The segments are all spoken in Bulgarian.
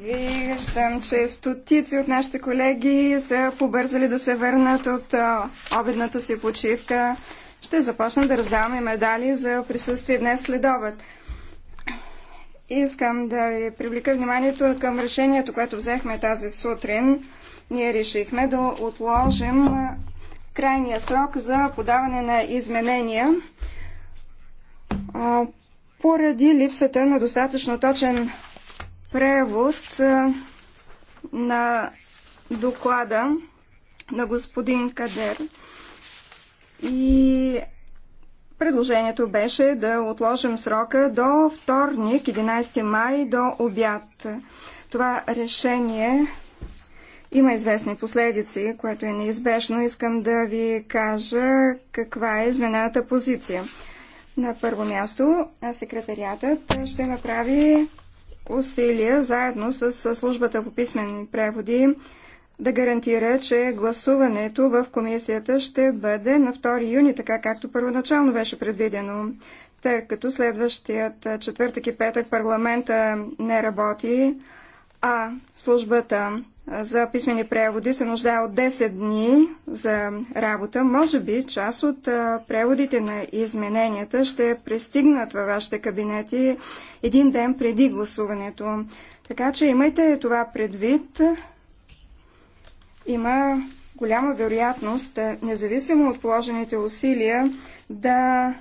Виждам, че стотици от нашите колеги са побързали да се върнат от обедната си почивка. Ще започна да раздаваме медали за присъствие днес след обед. Искам да ви привлека вниманието към решението, което взехме тази сутрин. Ние решихме да отложим крайния срок за подаване на изменения поради липсата на достатъчно точен превод на доклада на господин Кадер и предложението беше да отложим срока до вторник, 11 май, до обяд. Това решение има известни последици, което е неизбежно. Искам да ви кажа каква е изменената позиция. На първо място секретариатът ще направи усилия заедно с службата по писмени преводи да гарантира, че гласуването в комисията ще бъде на 2 юни, така както първоначално беше предвидено. Тъй като следващият четвъртък и петък парламента не работи, а службата за писмени преводи се нуждае от 10 дни за работа. Може би част от преводите на измененията ще пристигнат във вашите кабинети един ден преди гласуването. Така че имайте това предвид. Има голяма вероятност, е, независимо от положените усилия, да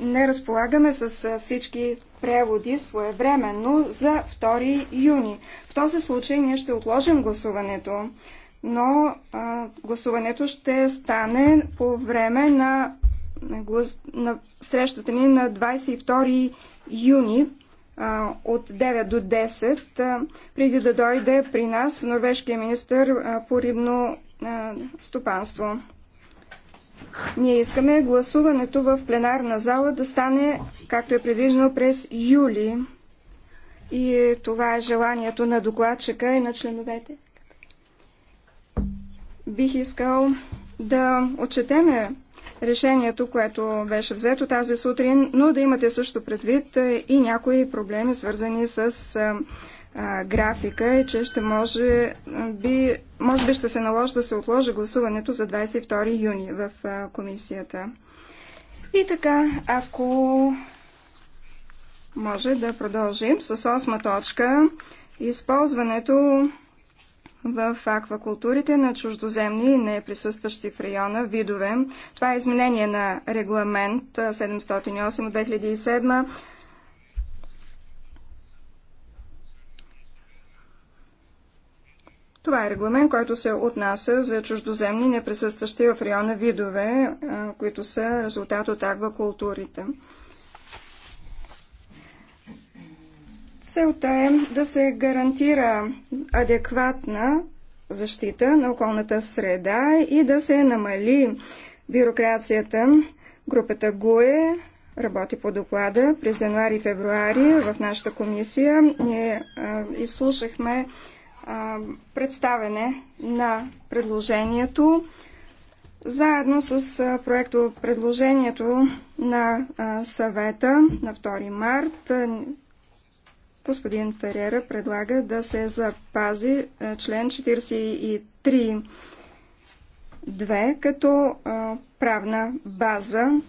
не разполагаме с всички преводи своевременно за 2 юни. В този случай ние ще отложим гласуването, но а, гласуването ще стане по време на, глас... на срещата ни на 22 юни а, от 9 до 10, а, преди да дойде при нас норвежкия министр а, по рибно а, стопанство. Ние искаме гласуването в пленарна зала да стане, както е предвидено, през юли. И това е желанието на докладчика и на членовете. Бих искал да отчетеме решението, което беше взето тази сутрин, но да имате също предвид и някои проблеми, свързани с графика е, че ще може би, може би ще се наложи да се отложи гласуването за 22 юни в комисията. И така, ако може да продължим с осма точка използването в аквакултурите на чуждоземни и неприсъстващи в района видове. Това е изменение на регламент 708 от 2007 Това е регламент, който се отнася за чуждоземни неприсъстващи в района видове, които са резултат от аквакултурите. Целта е да се гарантира адекватна защита на околната среда и да се намали бюрокрацията. Групата ГУЕ работи по доклада. През януари и февруари в нашата комисия ние а, изслушахме представене на предложението, заедно с проекто предложението на съвета на 2 март. Господин Ферера предлага да се запази член 43 2 като правна база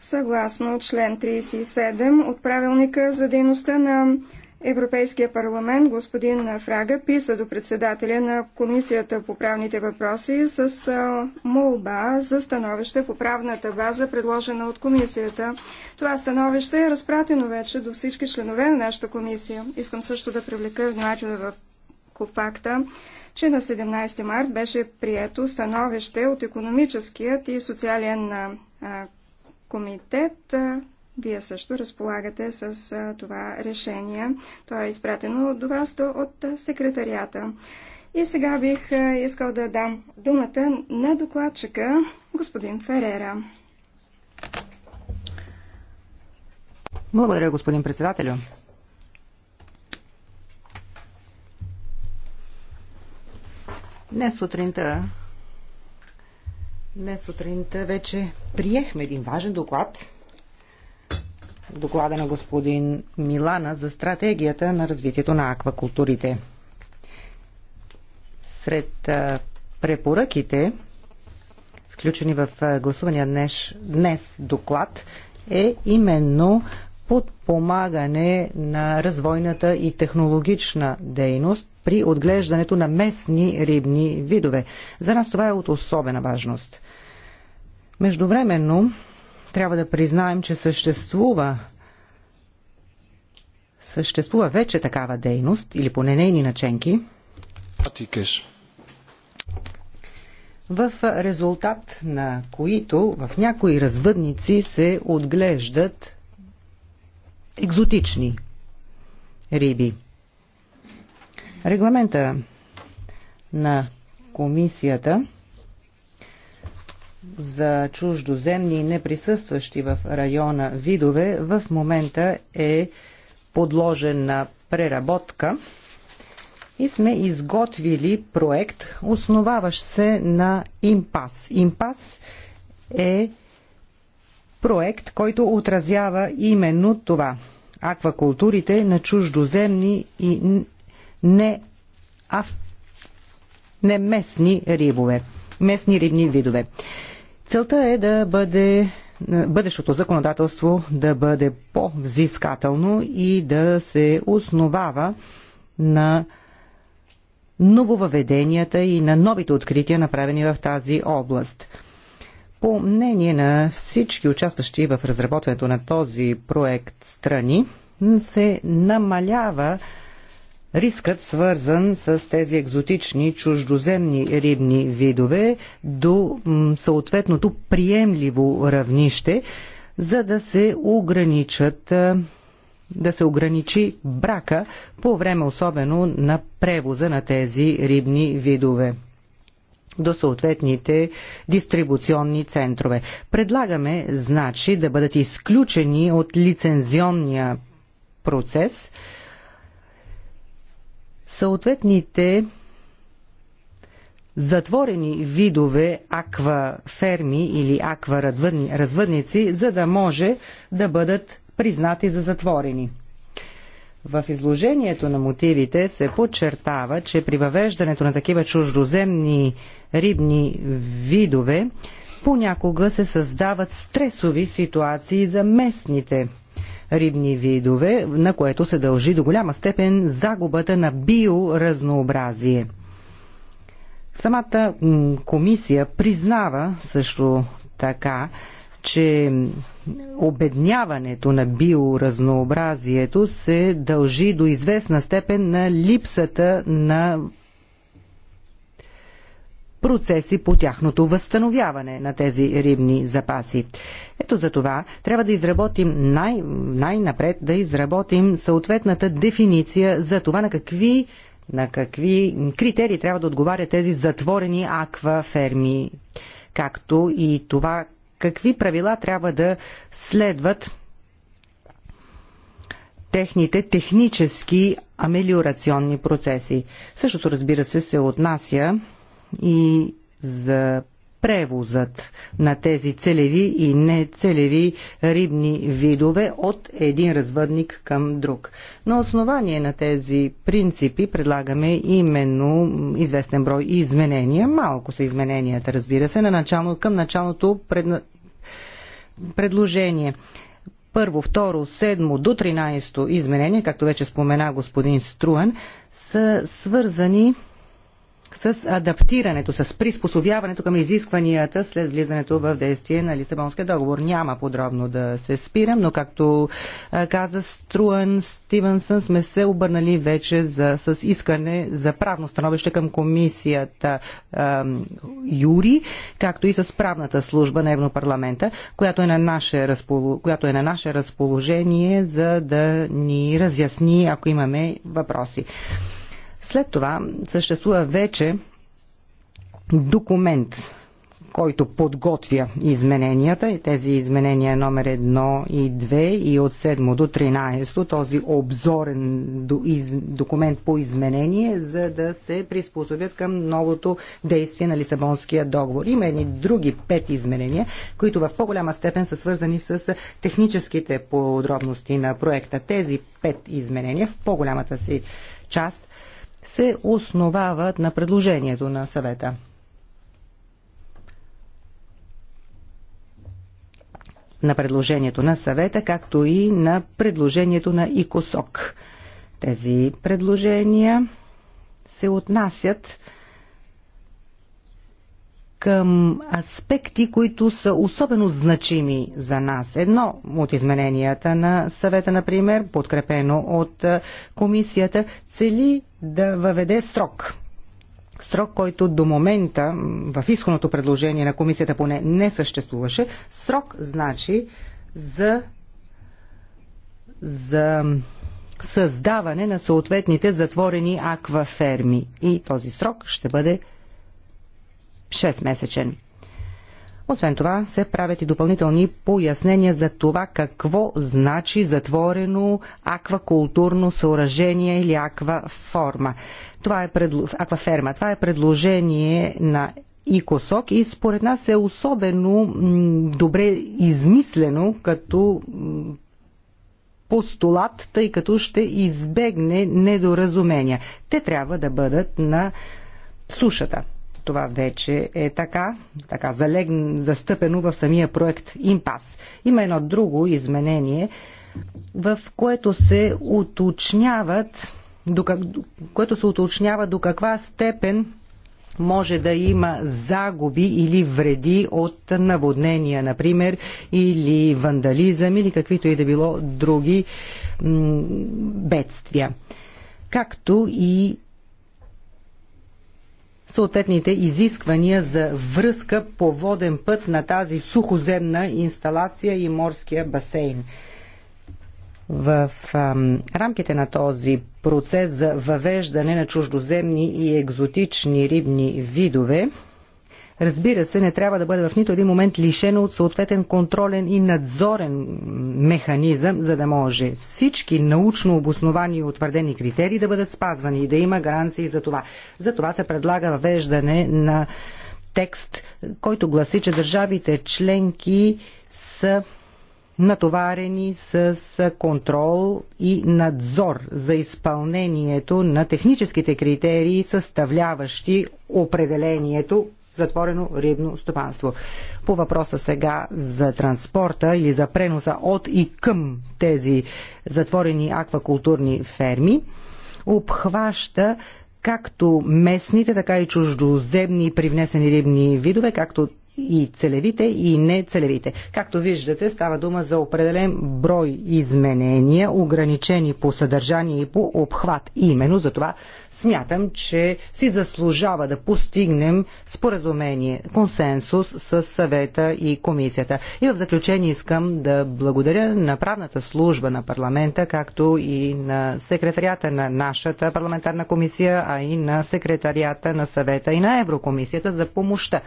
съгласно член 37 от правилника за дейността на Европейския парламент господин Фрага писа до председателя на Комисията по правните въпроси с молба за становище по правната база, предложена от Комисията. Това становище е разпратено вече до всички членове на нашата комисия. Искам също да привлека внимателно в факта, че на 17 март беше прието становище от економическият и социален комитет вие също разполагате с това решение. То е изпратено до вас от секретарията. И сега бих искал да дам думата на докладчика господин Ферера. Благодаря, господин председателю. Днес сутринта Днес сутринта вече приехме един важен доклад доклада на господин Милана за стратегията на развитието на аквакултурите. Сред препоръките, включени в гласувания днес, днес доклад, е именно подпомагане на развойната и технологична дейност при отглеждането на местни рибни видове. За нас това е от особена важност. Междувременно, трябва да признаем, че съществува съществува вече такава дейност, или поне нейни наченки, в резултат на които в някои развъдници се отглеждат екзотични риби. Регламента на комисията за чуждоземни неприсъстващи в района видове в момента е подложен на преработка и сме изготвили проект, основаващ се на импас. Импас е проект, който отразява именно това – аквакултурите на чуждоземни и не, а, не местни рибове, местни рибни видове. Целта е да бъде бъдещото законодателство да бъде по-взискателно и да се основава на нововъведенията и на новите открития, направени в тази област. По мнение на всички участващи в разработването на този проект страни, се намалява рискът свързан с тези екзотични чуждоземни рибни видове до съответното приемливо равнище, за да се ограничат да се ограничи брака по време особено на превоза на тези рибни видове до съответните дистрибуционни центрове. Предлагаме, значи, да бъдат изключени от лицензионния процес – Съответните затворени видове акваферми или акваразвъдници, за да може да бъдат признати за затворени. В изложението на мотивите се подчертава, че при въвеждането на такива чуждоземни рибни видове понякога се създават стресови ситуации за местните рибни видове, на което се дължи до голяма степен загубата на биоразнообразие. Самата комисия признава също така, че обедняването на биоразнообразието се дължи до известна степен на липсата на процеси по тяхното възстановяване на тези рибни запаси. Ето за това трябва да изработим най- най-напред, да изработим съответната дефиниция за това на какви на какви критерии трябва да отговарят тези затворени акваферми, както и това какви правила трябва да следват техните технически амелиорационни процеси. Същото, разбира се, се отнася и за превозът на тези целеви и нецелеви рибни видове от един развъдник към друг. На основание на тези принципи предлагаме именно известен брой изменения. Малко са измененията, разбира се, на начало, към началото пред... предложение. Първо, второ, седмо до тринайсто изменение, както вече спомена господин Струен, са свързани с адаптирането, с приспособяването към изискванията след влизането в действие на Лисабонския договор. Няма подробно да се спирам, но както каза Струан Стивенсън, сме се обърнали вече за, с искане за правно становище към комисията ем, Юри, както и с правната служба на Европарламента, която е на наше, разполу... която е на наше разположение, за да ни разясни, ако имаме въпроси. След това съществува вече документ, който подготвя измененията и тези изменения номер 1 и 2 и от 7 до 13 този обзорен документ по изменение, за да се приспособят към новото действие на Лисабонския договор. Има едни други пет изменения, които в по-голяма степен са свързани с техническите подробности на проекта. Тези пет изменения в по-голямата си част се основават на предложението на съвета. на предложението на съвета, както и на предложението на ИКОСОК. Тези предложения се отнасят към аспекти, които са особено значими за нас. Едно от измененията на съвета, например, подкрепено от комисията, цели да въведе срок. Срок, който до момента в изходното предложение на комисията поне не съществуваше. Срок значи за, за създаване на съответните затворени акваферми. И този срок ще бъде 6 месечен. Освен това се правят и допълнителни пояснения за това какво значи затворено аквакултурно съоръжение или акваформа. Това е предл... акваферма. Това е предложение на ИКОСОК и според нас е особено добре измислено като постулат, тъй като ще избегне недоразумения. Те трябва да бъдат на сушата. Това вече е така, така залег, застъпено в самия проект Импас. Има едно друго изменение, в което се уточняват до как, което се уточнява до каква степен може да има загуби или вреди от наводнения, например, или вандализъм, или каквито и да било други бедствия. Както и съответните изисквания за връзка по воден път на тази сухоземна инсталация и морския басейн. В ам, рамките на този процес за въвеждане на чуждоземни и екзотични рибни видове, разбира се, не трябва да бъде в нито един момент лишено от съответен контролен и надзорен механизъм, за да може всички научно обосновани и утвърдени критерии да бъдат спазвани и да има гаранции за това. За това се предлага въвеждане на текст, който гласи, че държавите членки са натоварени с контрол и надзор за изпълнението на техническите критерии, съставляващи определението затворено рибно стопанство. По въпроса сега за транспорта или за преноса от и към тези затворени аквакултурни ферми, обхваща както местните, така и чуждоземни и привнесени рибни видове, както и целевите, и нецелевите. Както виждате, става дума за определен брой изменения, ограничени по съдържание и по обхват. Именно за това смятам, че си заслужава да постигнем споразумение, консенсус с съвета и комисията. И в заключение искам да благодаря на правната служба на парламента, както и на секретарията на нашата парламентарна комисия, а и на секретарията на съвета и на Еврокомисията за помощта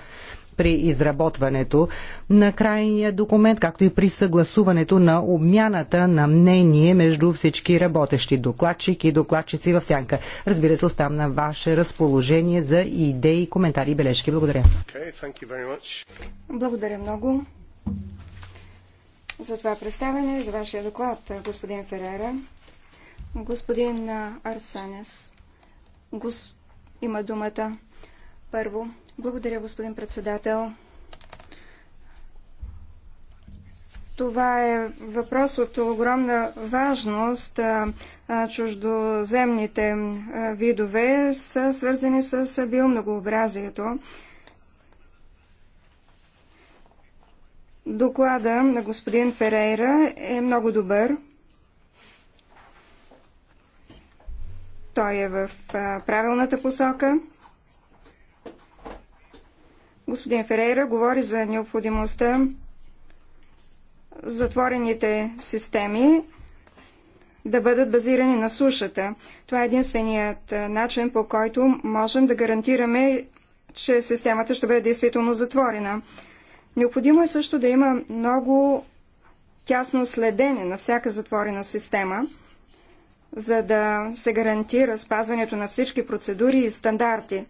при изработването на крайния документ, както и при съгласуването на обмяната на мнение между всички работещи докладчики и докладчици в сянка. Разбира се, оставам на ваше разположение за идеи, коментари и бележки. Благодаря. Okay, Благодаря много за това представяне, за вашия доклад, господин Ферера. Господин Арсенес, гос... има думата. Първо, благодаря, господин председател. Това е въпрос от огромна важност. Чуждоземните видове са свързани с биомногообразието. Доклада на господин Ферейра е много добър. Той е в правилната посока. Господин Ферейра говори за необходимостта затворените системи да бъдат базирани на сушата. Това е единственият начин, по който можем да гарантираме, че системата ще бъде действително затворена. Необходимо е също да има много тясно следение на всяка затворена система, за да се гарантира спазването на всички процедури и стандарти.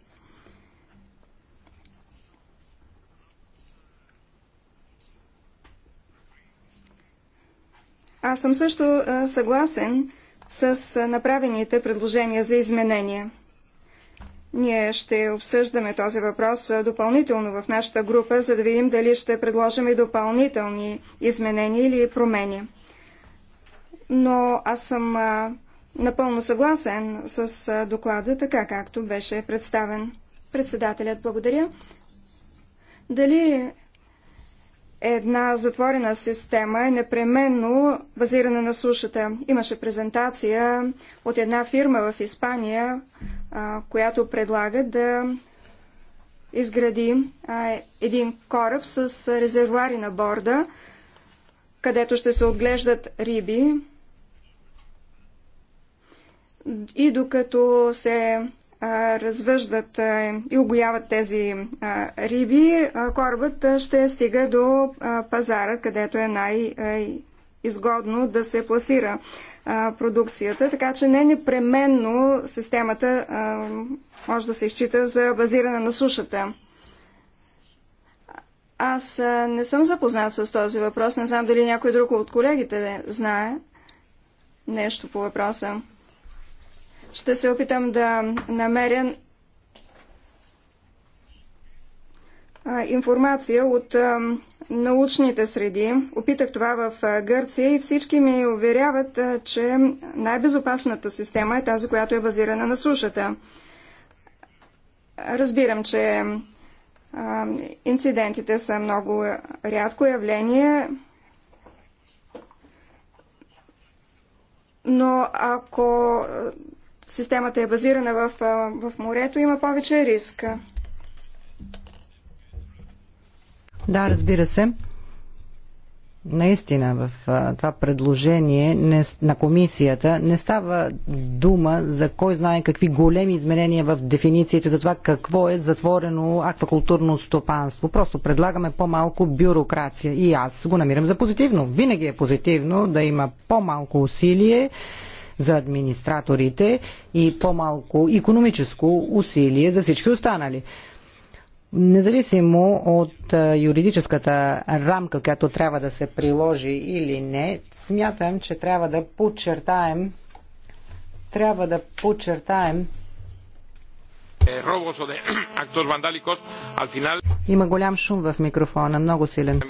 Аз съм също съгласен с направените предложения за изменения. Ние ще обсъждаме този въпрос допълнително в нашата група, за да видим дали ще предложим и допълнителни изменения или промени. Но аз съм напълно съгласен с доклада, така както беше представен. Председателят благодаря. Дали една затворена система е непременно базирана на сушата. Имаше презентация от една фирма в Испания, която предлага да изгради един кораб с резервуари на борда, където ще се отглеждат риби. И докато се развъждат и обояват тези риби, корабът ще стига до пазара, където е най-изгодно да се пласира продукцията. Така че не непременно системата може да се изчита за базиране на сушата. Аз не съм запознат с този въпрос. Не знам дали някой друг от колегите знае нещо по въпроса. Ще се опитам да намеря информация от научните среди. Опитах това в Гърция и всички ми уверяват, че най-безопасната система е тази, която е базирана на сушата. Разбирам, че инцидентите са много рядко явление, но ако системата е базирана в, в морето, има повече риск. Да, разбира се. Наистина, в това предложение не, на комисията не става дума за кой знае какви големи изменения в дефинициите за това какво е затворено аквакултурно стопанство. Просто предлагаме по-малко бюрокрация и аз го намирам за позитивно. Винаги е позитивно да има по-малко усилие за администраторите и по-малко економическо усилие за всички останали. Независимо от юридическата рамка, която трябва да се приложи или не, смятам, че трябва да подчертаем трябва да подчертаем е, има голям шум в микрофона, много силен.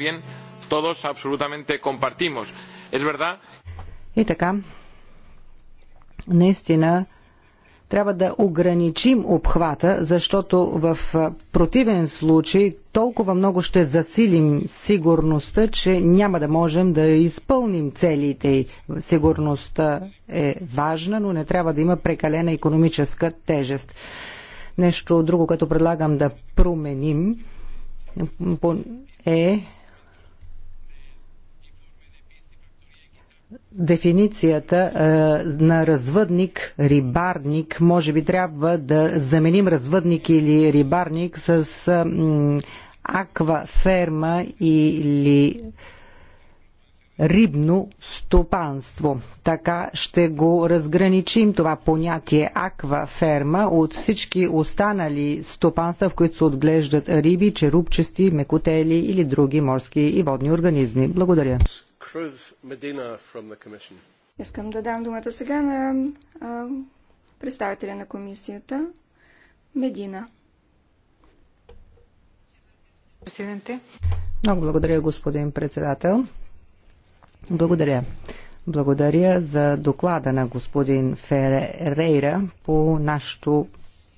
Е, и така, наистина трябва да ограничим обхвата, защото в противен случай толкова много ще засилим сигурността, че няма да можем да изпълним целите Сигурността е важна, но не трябва да има прекалена економическа тежест. Нещо друго, като предлагам да променим е дефиницията е, на развъдник, рибарник. Може би трябва да заменим развъдник или рибарник с е, аква ферма или рибно стопанство. Така ще го разграничим това понятие аква ферма от всички останали стопанства, в които се отглеждат риби, черупчести, мекотели или други морски и водни организми. Благодаря. Cruz Medina from the Commission. Искам да дам думата сега на а, представителя на комисията Медина. Президенте. Много благодаря, господин председател. Благодаря. Благодаря за доклада на господин Ферейра по нашото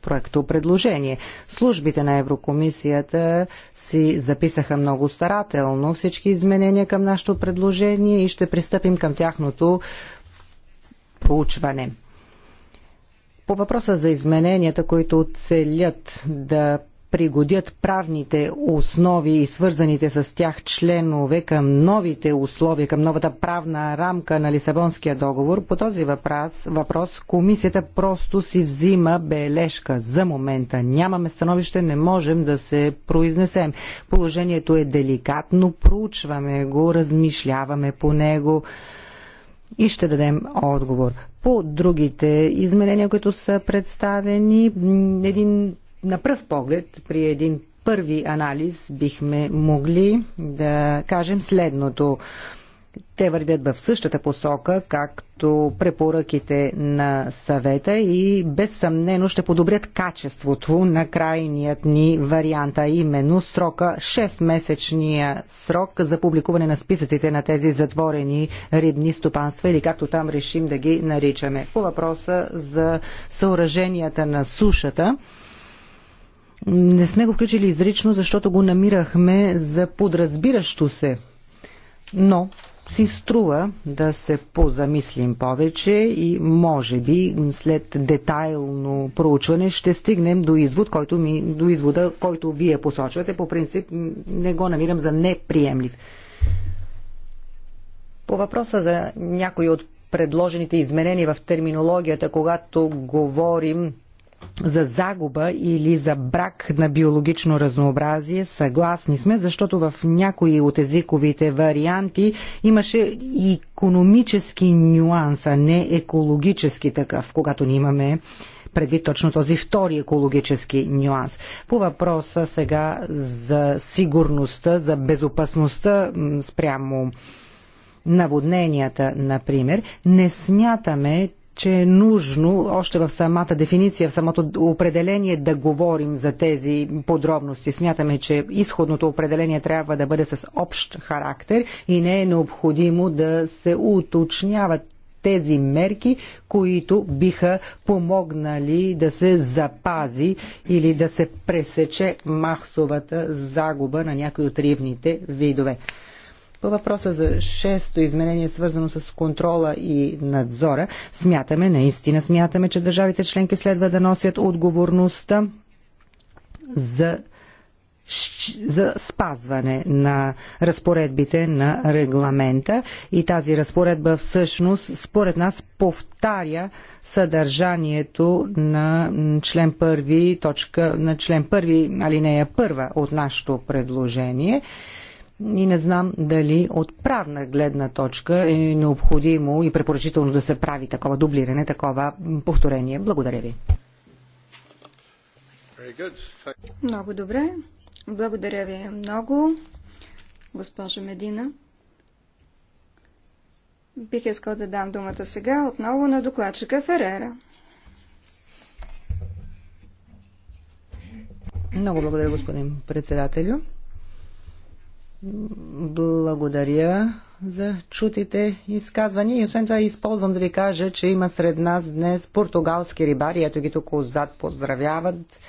проекто предложение. Службите на Еврокомисията си записаха много старателно всички изменения към нашето предложение и ще пристъпим към тяхното проучване. По въпроса за измененията, които целят да пригодят правните основи и свързаните с тях членове към новите условия, към новата правна рамка на Лисабонския договор, по този въпрос, въпрос комисията просто си взима бележка. За момента нямаме становище, не можем да се произнесем. Положението е деликатно, проучваме го, размишляваме по него и ще дадем отговор. По другите изменения, които са представени, един на пръв поглед, при един първи анализ, бихме могли да кажем следното. Те вървят в същата посока, както препоръките на съвета и безсъмнено ще подобрят качеството на крайният ни вариант, а именно срока 6-месечния срок за публикуване на списъците на тези затворени рибни стопанства или както там решим да ги наричаме. По въпроса за съоръженията на сушата, не сме го включили изрично, защото го намирахме за подразбиращо се. Но си струва да се позамислим повече и може би след детайлно проучване ще стигнем до извод, който ми, до извода, който вие посочвате. По принцип не го намирам за неприемлив. По въпроса за някои от предложените изменения в терминологията, когато говорим за загуба или за брак на биологично разнообразие. Съгласни сме, защото в някои от езиковите варианти имаше и економически нюанс, а не екологически такъв, когато ни имаме преди точно този втори екологически нюанс. По въпроса сега за сигурността, за безопасността спрямо наводненията, например, не смятаме, че е нужно още в самата дефиниция, в самото определение да говорим за тези подробности. Смятаме, че изходното определение трябва да бъде с общ характер и не е необходимо да се уточняват тези мерки, които биха помогнали да се запази или да се пресече масовата загуба на някои от ривните видове. По въпроса за шесто изменение, свързано с контрола и надзора, смятаме, наистина смятаме, че държавите членки следва да носят отговорността за за спазване на разпоредбите на регламента и тази разпоредба всъщност според нас повтаря съдържанието на член 1, точка, на член 1, алинея 1 от нашето предложение и не знам дали от правна гледна точка е необходимо и препоръчително да се прави такова дублиране, такова повторение. Благодаря ви. Много добре. Благодаря ви много, госпожа Медина. Бих искал да дам думата сега отново на докладчика Ферера. Много благодаря, господин председателю. Благодаря за чутите изказвания. И освен това използвам да ви кажа, че има сред нас днес португалски рибари. Ето ги тук отзад поздравяват.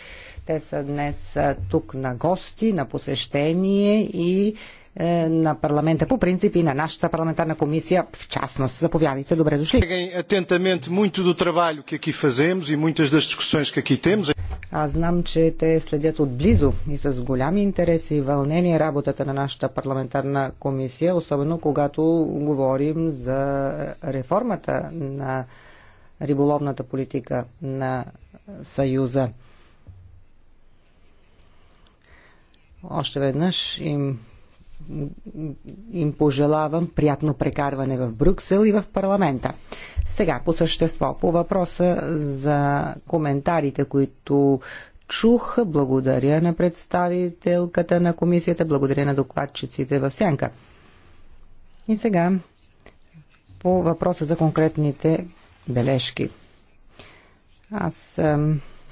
Те са днес тук на гости, на посещение и е, на парламента по принцип и на нашата парламентарна комисия в частност. Заповядайте, добре дошли. E Аз знам, че те следят отблизо и с голям интерес и вълнение работата на нашата парламентарна комисия, особено когато говорим за реформата на риболовната политика на Съюза. Още веднъж им им пожелавам приятно прекарване в Брюксел и в парламента. Сега по същество, по въпроса за коментарите, които чух, благодаря на представителката на комисията, благодаря на докладчиците в Сянка. И сега по въпроса за конкретните бележки. Аз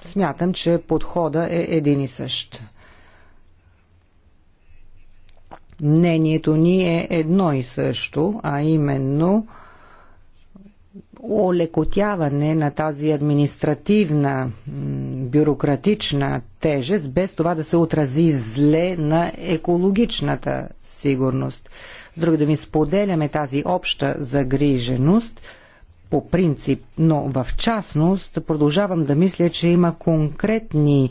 смятам, че подхода е един и същ. мнението ни е едно и също, а именно олекотяване на тази административна, бюрократична тежест, без това да се отрази зле на екологичната сигурност. С други ми споделяме тази обща загриженост по принцип, но в частност продължавам да мисля, че има конкретни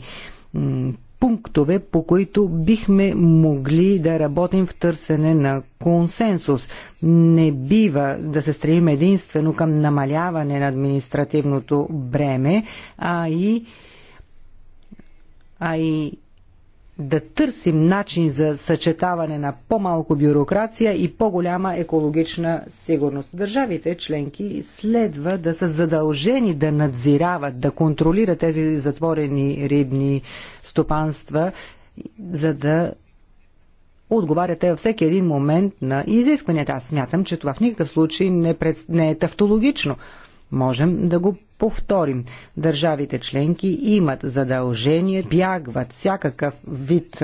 пунктове, по които бихме могли да работим в търсене на консенсус. Не бива да се стремим единствено към намаляване на административното бреме, а и, а и да търсим начин за съчетаване на по-малко бюрокрация и по-голяма екологична сигурност. Държавите членки следва да са задължени да надзирават, да контролират тези затворени рибни стопанства, за да отговаряте във всеки един момент на изискванията. Аз смятам, че това в никакъв случай не, пред... не е тавтологично. Можем да го повторим. Държавите членки имат задължение, бягват всякакъв вид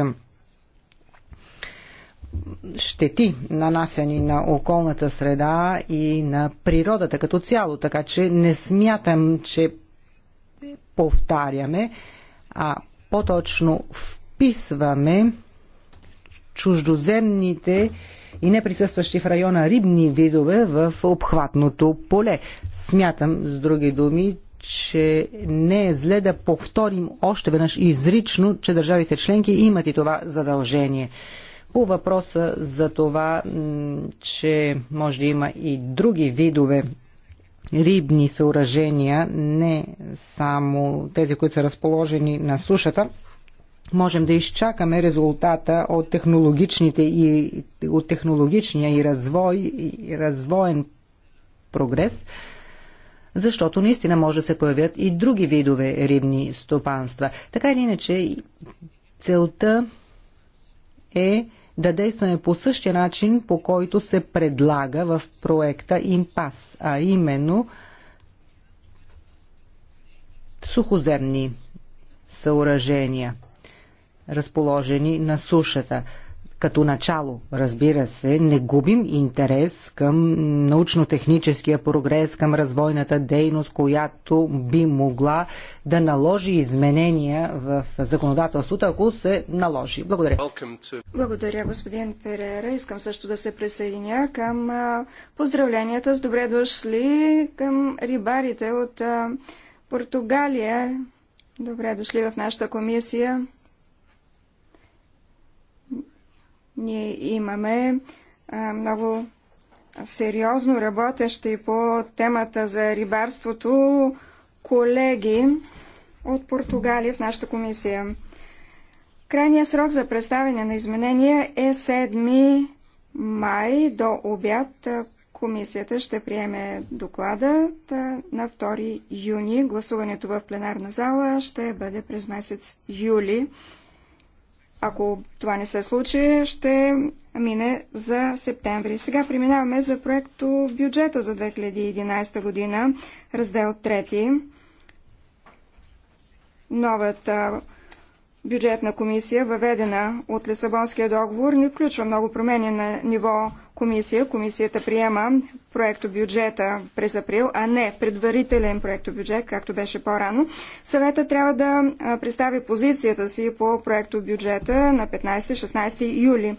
щети, нанасяни на околната среда и на природата като цяло. Така че не смятам, че повтаряме, а по-точно вписваме чуждоземните и неприсъстващи в района рибни видове в обхватното поле. Смятам, с други думи, че не е зле да повторим още веднъж изрично, че държавите членки имат и това задължение. По въпроса за това, че може да има и други видове рибни съоръжения, не само тези, които са разположени на сушата, можем да изчакаме резултата от, технологичните и, от технологичния и, развой, и развоен прогрес, защото наистина може да се появят и други видове рибни стопанства. Така или иначе, целта е да действаме по същия начин, по който се предлага в проекта Импас, а именно сухоземни съоръжения – разположени на сушата. Като начало, разбира се, не губим интерес към научно-техническия прогрес, към развойната дейност, която би могла да наложи изменения в законодателството, ако се наложи. Благодаря. Благодаря, господин Перера. Искам също да се присъединя към поздравленията с добре дошли към рибарите от Португалия. Добре дошли в нашата комисия. Ние имаме много сериозно работещи по темата за рибарството колеги от Португалия в нашата комисия. Крайният срок за представяне на изменения е 7 май до обяд. Комисията ще приеме доклада на 2 юни. Гласуването в пленарна зала ще бъде през месец юли. Ако това не се случи, ще мине за септември. Сега преминаваме за проекто бюджета за 2011 година, раздел 3. Новата бюджетна комисия, въведена от Лисабонския договор, не включва много промени на ниво комисия. Комисията приема проекто бюджета през април, а не предварителен проекто бюджет, както беше по-рано. Съвета трябва да представи позицията си по проекто бюджета на 15-16 юли.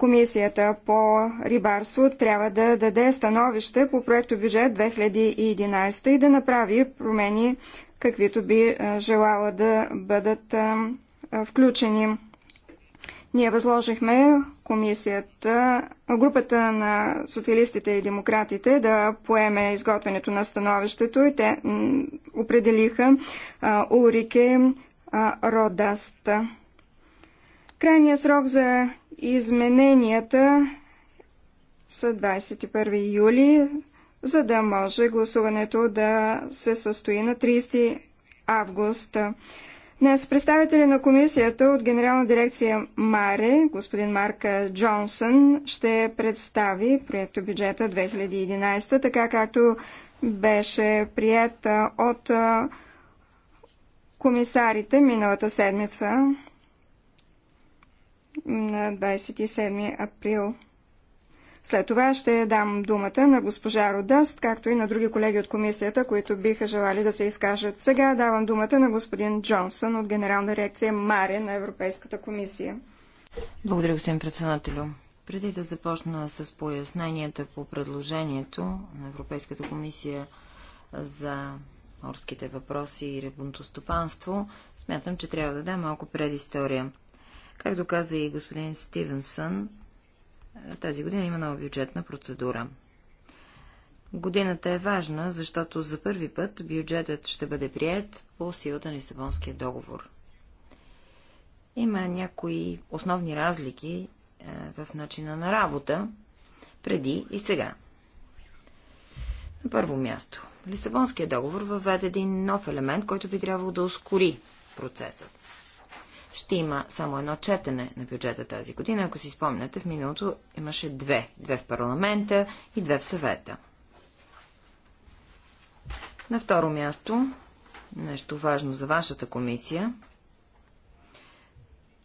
Комисията по рибарство трябва да даде становище по проекто бюджет 2011 и да направи промени каквито би желала да бъдат включени. Ние възложихме комисията, групата на социалистите и демократите да поеме изготвянето на становището и те определиха Урике Родаст. Крайният срок за измененията са 21 юли, за да може гласуването да се състои на 30 август. Днес представители на комисията от Генерална дирекция МАРЕ, господин Марка Джонсън, ще представи проекто бюджета 2011, така както беше прият от комисарите миналата седмица на 27 април. След това ще дам думата на госпожа Родаст, както и на други колеги от комисията, които биха желали да се изкажат. Сега давам думата на господин Джонсън от Генерална реакция Маре на Европейската комисия. Благодаря, господин председателю. Преди да започна с поясненията по предложението на Европейската комисия за морските въпроси и рибното стопанство, смятам, че трябва да дам малко предистория. Както каза и господин Стивенсън, тази година има нова бюджетна процедура. Годината е важна, защото за първи път бюджетът ще бъде прият по силата на Лисабонския договор. Има някои основни разлики е, в начина на работа преди и сега. На първо място, Лисабонския договор въведе един нов елемент, който би трябвало да ускори процесът ще има само едно четене на бюджета тази година. Ако си спомняте, в миналото имаше две. Две в парламента и две в съвета. На второ място, нещо важно за вашата комисия,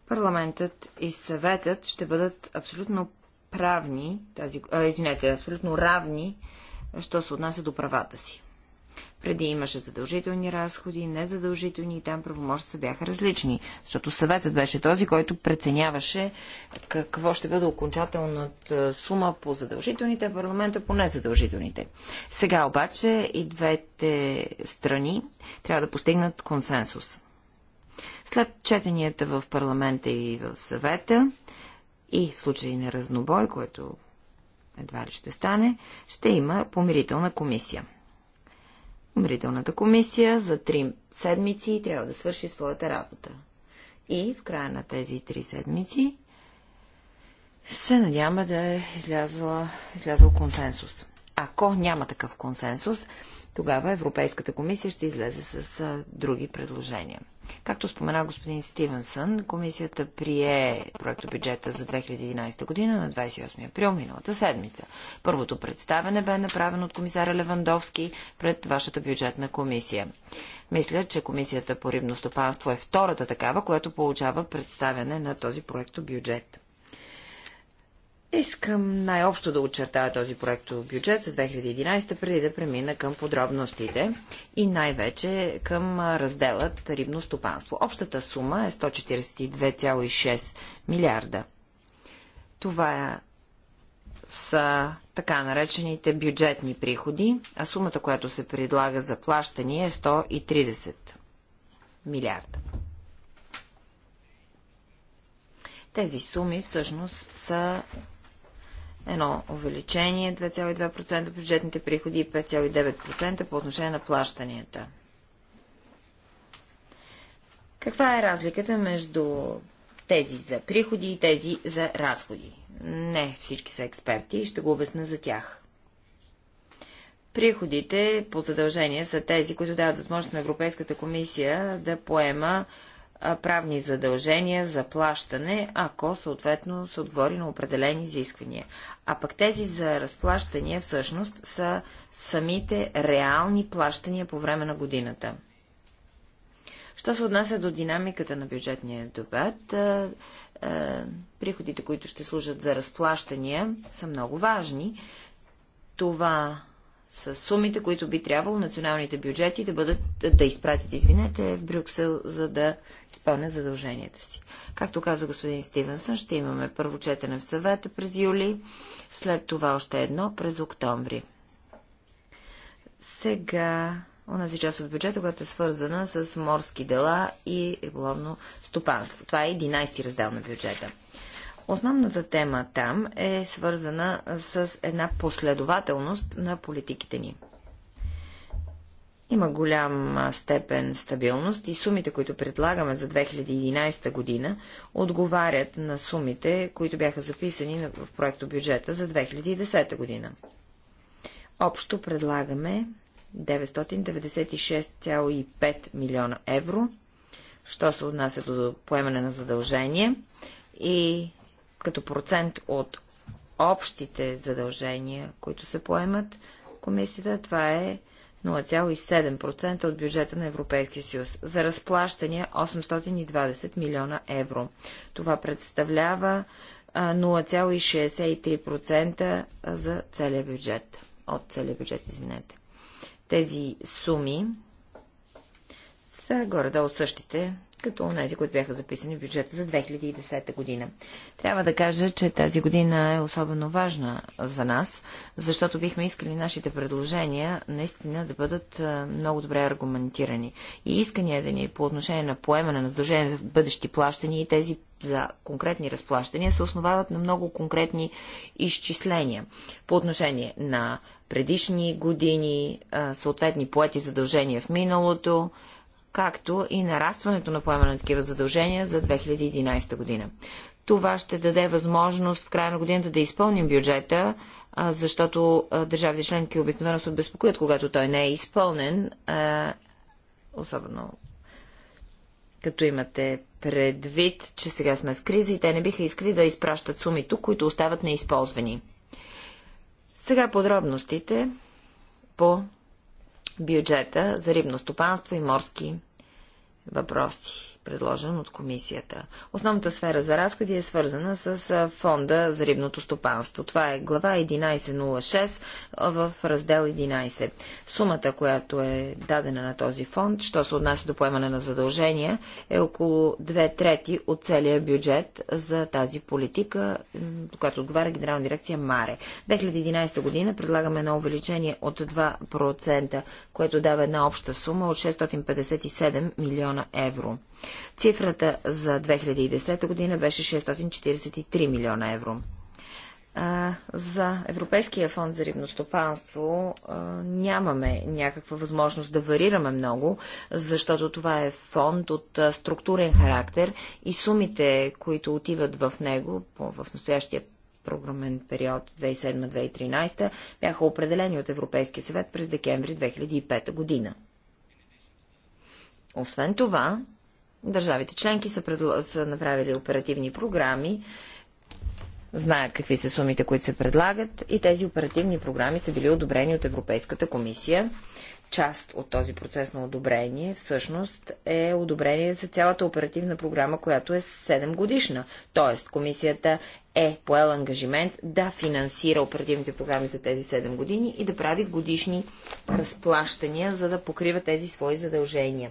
парламентът и съветът ще бъдат абсолютно правни, тази, а, извинете, абсолютно равни, що се отнася до правата си. Преди имаше задължителни разходи, незадължителни и там правомощите бяха различни, защото съветът беше този, който преценяваше какво ще бъде окончателната сума по задължителните, а парламента по незадължителните. Сега обаче и двете страни трябва да постигнат консенсус. След четенията в парламента и в съвета и в случай на разнобой, който едва ли ще стане, ще има помирителна комисия. Умрителната комисия за три седмици трябва да свърши своята работа. И в края на тези три седмици се надяваме да е излязла, излязъл консенсус. Ако няма такъв консенсус, тогава Европейската комисия ще излезе с а, други предложения. Както спомена господин Стивенсън, комисията прие проекта бюджета за 2011 година на 28 април миналата седмица. Първото представене бе направено от комисаря Левандовски пред вашата бюджетна комисия. Мисля, че комисията по рибно стопанство е втората такава, която получава представяне на този проекто бюджет. Искам най-общо да очертая този проект бюджет за 2011, преди да премина към подробностите и най-вече към разделът рибно стопанство. Общата сума е 142,6 милиарда. Това е, са така наречените бюджетни приходи, а сумата, която се предлага за плащане е 130 милиарда. Тези суми всъщност са едно увеличение 2,2% бюджетните приходи и 5,9% по отношение на плащанията. Каква е разликата между тези за приходи и тези за разходи? Не всички са експерти и ще го обясна за тях. Приходите по задължение са тези, които дават възможност на Европейската комисия да поема правни задължения за плащане, ако съответно се отговори на определени изисквания. А пък тези за разплащания всъщност са самите реални плащания по време на годината. Що се отнася до динамиката на бюджетния дебат, приходите, които ще служат за разплащания, са много важни. Това с сумите, които би трябвало националните бюджети да бъдат, да изпратят, извинете, в Брюксел, за да изпълнят задълженията си. Както каза господин Стивенсън, ще имаме първо четене в съвета през юли, след това още едно през октомври. Сега, онази част от бюджета, която е свързана с морски дела и риболовно стопанство. Това е 11 ти раздел на бюджета. Основната тема там е свързана с една последователност на политиките ни. Има голяма степен стабилност и сумите, които предлагаме за 2011 година, отговарят на сумите, които бяха записани в проекто бюджета за 2010 година. Общо предлагаме 996,5 милиона евро, що се отнася до поемане на задължение и като процент от общите задължения, които се поемат комисията, това е 0,7% от бюджета на Европейския съюз. За разплащане 820 милиона евро. Това представлява 0,63% за целия бюджет. От целия бюджет, извинете. Тези суми са горе-долу същите, като онези, които бяха записани в бюджета за 2010 година. Трябва да кажа, че тази година е особено важна за нас, защото бихме искали нашите предложения наистина да бъдат много добре аргументирани. И исканията ни по отношение на поемане на задължения за бъдещи плащания и тези за конкретни разплащания се основават на много конкретни изчисления по отношение на предишни години, съответни поети задължения в миналото, както и нарастването на поема на такива задължения за 2011 година. Това ще даде възможност в края на годината да изпълним бюджета, защото държавите членки обикновено се обезпокоят, когато той не е изпълнен, особено като имате предвид, че сега сме в криза и те не биха искали да изпращат суми тук, които остават неизползвани. Сега подробностите по бюджета за рибно стопанство и морски въпроси предложен от комисията. Основната сфера за разходи е свързана с фонда за рибното стопанство. Това е глава 1106 в раздел 11. Сумата, която е дадена на този фонд, що се отнася до поемане на задължения, е около 2 трети от целия бюджет за тази политика, която отговаря Генерална дирекция МАРЕ. 2011 година предлагаме едно увеличение от 2%, което дава една обща сума от 657 милиона евро. Цифрата за 2010 година беше 643 милиона евро. За Европейския фонд за рибностопанство нямаме някаква възможност да варираме много, защото това е фонд от структурен характер и сумите, които отиват в него в настоящия програмен период 2007-2013 бяха определени от Европейския съвет през декември 2005 година. Освен това, Държавите членки са, предл... са направили оперативни програми, знаят какви са сумите, които се предлагат и тези оперативни програми са били одобрени от Европейската комисия. Част от този процес на одобрение всъщност е одобрение за цялата оперативна програма, която е 7 годишна. Тоест, комисията е поел ангажимент да финансира оперативните програми за тези 7 години и да прави годишни разплащания, за да покрива тези свои задължения.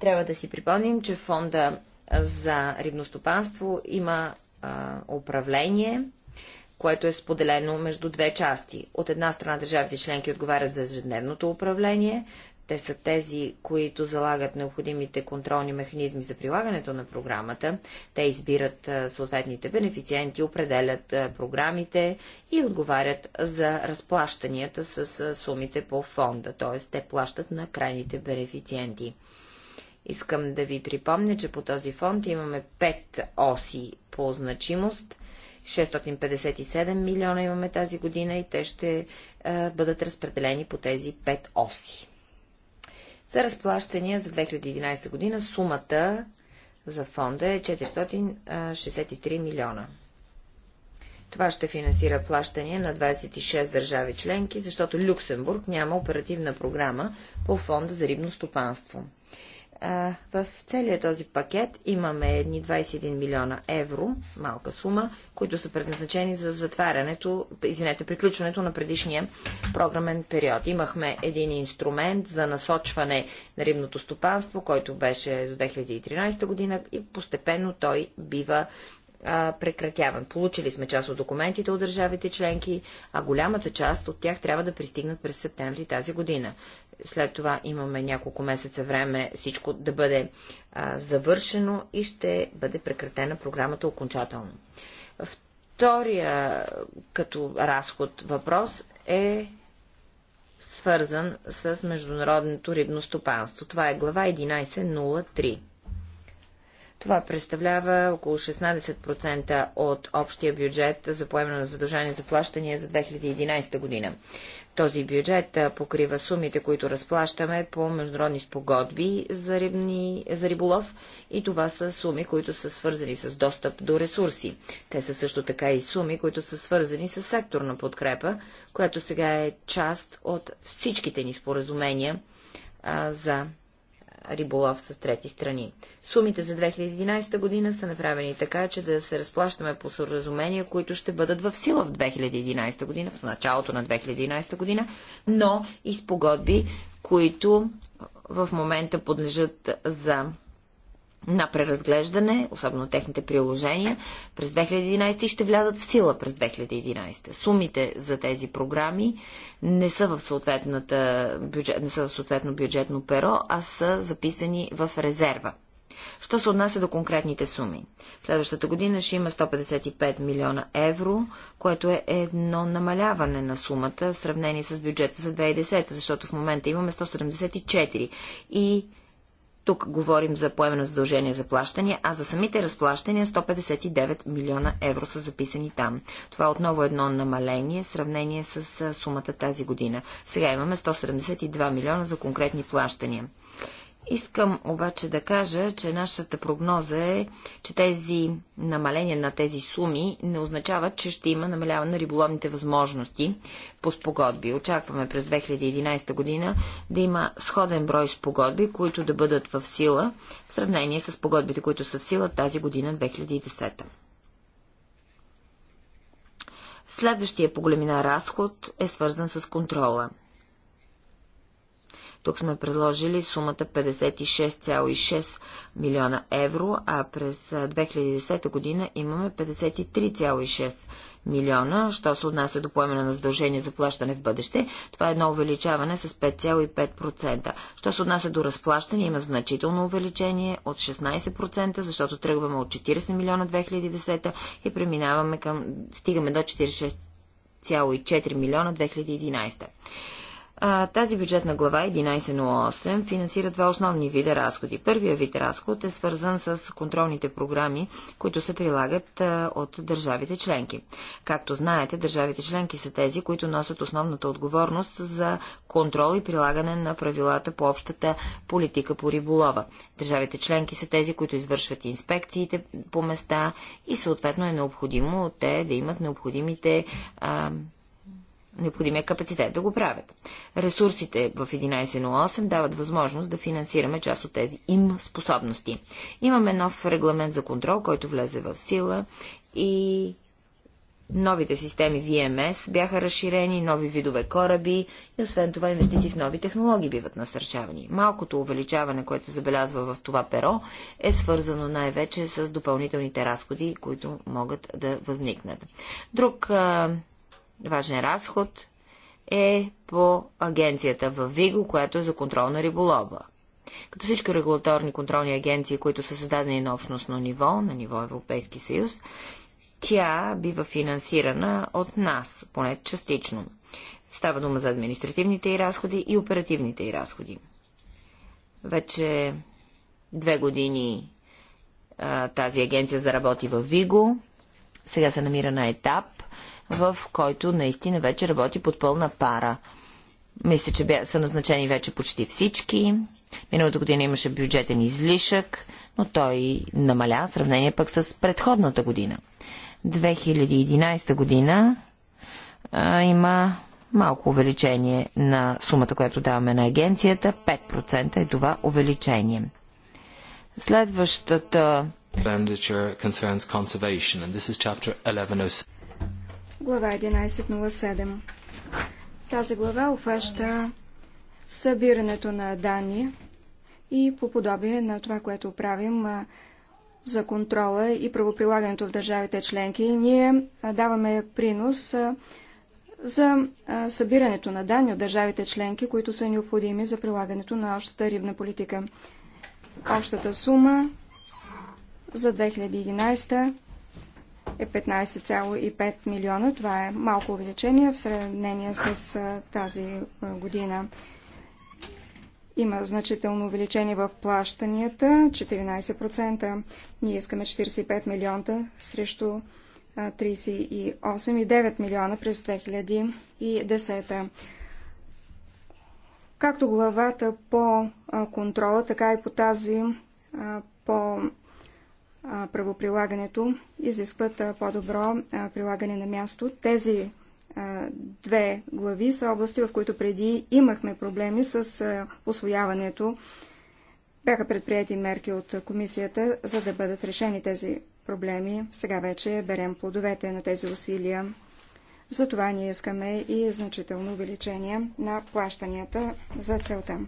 Трябва да си припомним, че фонда за рибностопанство има а, управление, което е споделено между две части. От една страна държавите членки отговарят за ежедневното управление, те са тези, които залагат необходимите контролни механизми за прилагането на програмата. Те избират съответните бенефициенти, определят програмите и отговарят за разплащанията с сумите по фонда, т.е. те плащат на крайните бенефициенти. Искам да ви припомня, че по този фонд имаме 5 оси по значимост. 657 милиона имаме тази година и те ще а, бъдат разпределени по тези 5 оси. За разплащания за 2011 година сумата за фонда е 463 милиона. Това ще финансира плащания на 26 държави членки, защото Люксембург няма оперативна програма по фонда за рибно стопанство в целия този пакет имаме едни 21 милиона евро, малка сума, които са предназначени за затварянето, извинете, приключването на предишния програмен период. Имахме един инструмент за насочване на рибното стопанство, който беше до 2013 година и постепенно той бива прекратяван. Получили сме част от документите от държавите членки, а голямата част от тях трябва да пристигнат през септември тази година. След това имаме няколко месеца време всичко да бъде а, завършено и ще бъде прекратена програмата окончателно. Втория като разход въпрос е свързан с международното рибно стопанство. Това е глава 11.03. Това представлява около 16% от общия бюджет за поемане на задължение за плащания за 2011 година. Този бюджет покрива сумите, които разплащаме по международни спогодби за, рибни, за риболов и това са суми, които са свързани с достъп до ресурси. Те са също така и суми, които са свързани с секторна подкрепа, която сега е част от всичките ни споразумения а, за риболов с трети страни. Сумите за 2011 година са направени така, че да се разплащаме по съразумения, които ще бъдат в сила в 2011 година, в началото на 2011 година, но и с погодби, които в момента подлежат за на преразглеждане, особено техните приложения, през 2011 и ще влязат в сила през 2011. Сумите за тези програми не са в, съответната бюджет, не са в съответно бюджетно перо, а са записани в резерва. Що се отнася до конкретните суми? Следващата година ще има 155 милиона евро, което е едно намаляване на сумата в сравнение с бюджета за 2010, защото в момента имаме 174 и тук говорим за поеме на задължение за плащания, а за самите разплащания 159 милиона евро са записани там. Това е отново е едно намаление в сравнение с сумата тази година. Сега имаме 172 милиона за конкретни плащания. Искам обаче да кажа, че нашата прогноза е, че тези намаления на тези суми не означават, че ще има намаляване на риболовните възможности по спогодби. Очакваме през 2011 година да има сходен брой спогодби, които да бъдат в сила в сравнение с спогодбите, които са в сила тази година 2010. Следващия по големина разход е свързан с контрола – тук сме предложили сумата 56,6 милиона евро, а през 2010 година имаме 53,6 милиона. Що се отнася до поемане на задължение за плащане в бъдеще, това е едно увеличаване с 5,5%. Що се отнася до разплащане, има значително увеличение от 16%, защото тръгваме от 40 милиона 2010 и преминаваме към, стигаме до 46,4 милиона 2011. А, тази бюджетна глава 1108 финансира два основни вида разходи. Първия вид разход е свързан с контролните програми, които се прилагат а, от държавите членки. Както знаете, държавите членки са тези, които носят основната отговорност за контрол и прилагане на правилата по общата политика по риболова. Държавите членки са тези, които извършват инспекциите по места и съответно е необходимо те да имат необходимите а, необходимия капацитет да го правят. Ресурсите в 11.08 дават възможност да финансираме част от тези им способности. Имаме нов регламент за контрол, който влезе в сила и новите системи VMS бяха разширени, нови видове кораби и освен това инвестиции в нови технологии биват насърчавани. Малкото увеличаване, което се забелязва в това перо, е свързано най-вече с допълнителните разходи, които могат да възникнат. Друг а, важен разход е по агенцията в Виго, която е за контрол на риболова. Като всички регулаторни контролни агенции, които са създадени на общностно ниво, на ниво Европейски съюз, тя бива финансирана от нас, поне частично. Става дума за административните и разходи и оперативните и разходи. Вече две години а, тази агенция заработи в Виго. Сега се намира на етап, в който наистина вече работи под пълна пара. Мисля, че бя, са назначени вече почти всички. Миналата година имаше бюджетен излишък, но той намаля в сравнение пък с предходната година. 2011 година а, има малко увеличение на сумата, която даваме на агенцията. 5% е това увеличение. Следващата глава 1107. Тази глава обхваща събирането на данни и по подобие на това, което правим за контрола и правоприлагането в държавите членки, ние даваме принос за събирането на данни от държавите членки, които са необходими за прилагането на общата рибна политика. Общата сума за 2011 е 15,5 милиона. Това е малко увеличение в сравнение с тази година. Има значително увеличение в плащанията 14%. Ние искаме 45 милиона срещу 38,9 милиона през 2010. Както главата по контрола, така и по тази по правоприлагането изискват по-добро прилагане на място. Тези две глави са области, в които преди имахме проблеми с освояването. Бяха предприяти мерки от комисията, за да бъдат решени тези проблеми. Сега вече берем плодовете на тези усилия. Затова ние искаме и значително увеличение на плащанията за целта.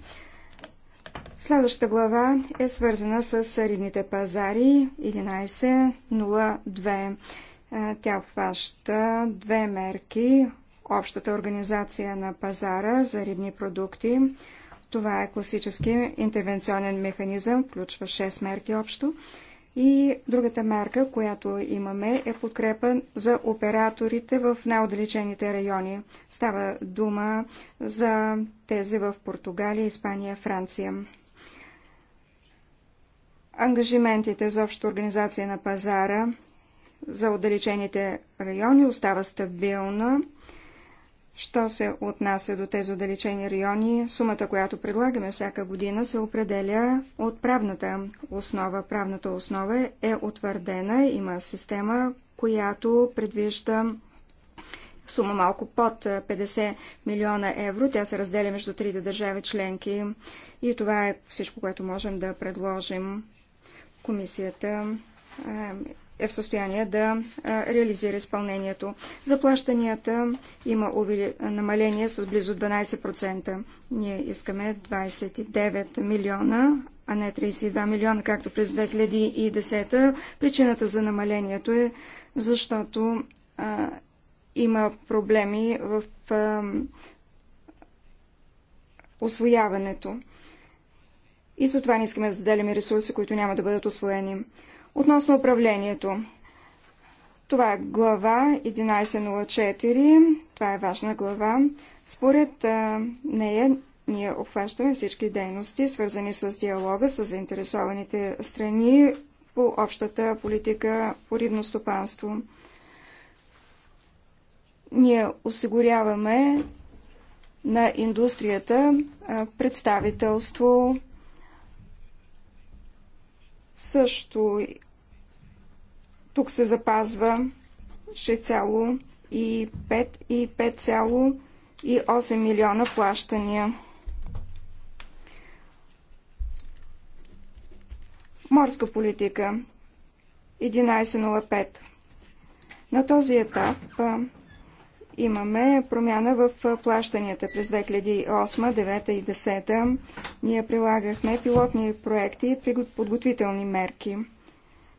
Следващата глава е свързана с рибните пазари 11.02. Е, тя обхваща две мерки. Общата организация на пазара за рибни продукти. Това е класически интервенционен механизъм, включва 6 мерки общо. И другата мерка, която имаме, е подкрепа за операторите в най-отдалечените райони. Става дума за тези в Португалия, Испания, Франция. Ангажиментите за общата организация на пазара за отдалечените райони остава стабилна. Що се отнася до тези отдалечени райони, сумата, която предлагаме всяка година, се определя от правната основа. Правната основа е утвърдена, има система, която предвижда сума малко под 50 милиона евро. Тя се разделя между трите държави членки и това е всичко, което можем да предложим комисията е в състояние да реализира изпълнението. Заплащанията има намаление с близо 12%. Ние искаме 29 милиона, а не 32 милиона, както през 2010. Причината за намалението е защото има проблеми в освояването. И за това не искаме да заделяме ресурси, които няма да бъдат освоени. Относно управлението. Това е глава 1104. Това е важна глава. Според а, нея ние обхващаме всички дейности, свързани с диалога с заинтересованите страни по общата политика по рибно стопанство. Ние осигуряваме на индустрията представителство също тук се запазва 6,5 и 5,8 милиона плащания. Морска политика 1105. На този етап имаме промяна в плащанията през 2008, 2009 и 2010. Ние прилагахме пилотни проекти при подготвителни мерки.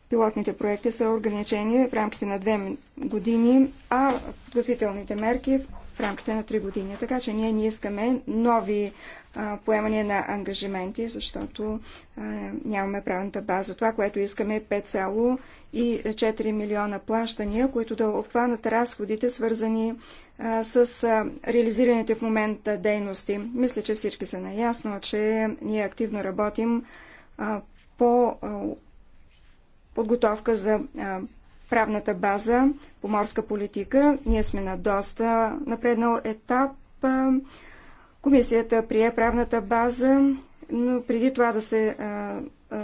Пилотните проекти са ограничени в рамките на две години, а подготвителните мерки рамките на 3 години. Така че ние не искаме нови а, поемания на ангажименти, защото а, нямаме правната база. Това, което искаме е 5,4 милиона плащания, които да обхванат разходите, свързани а, с а, реализираните в момента дейности. Мисля, че всички са наясно, че ние активно работим а, по а, подготовка за а, правната база по морска политика. Ние сме на доста напреднал етап. Комисията прие правната база, но преди това да се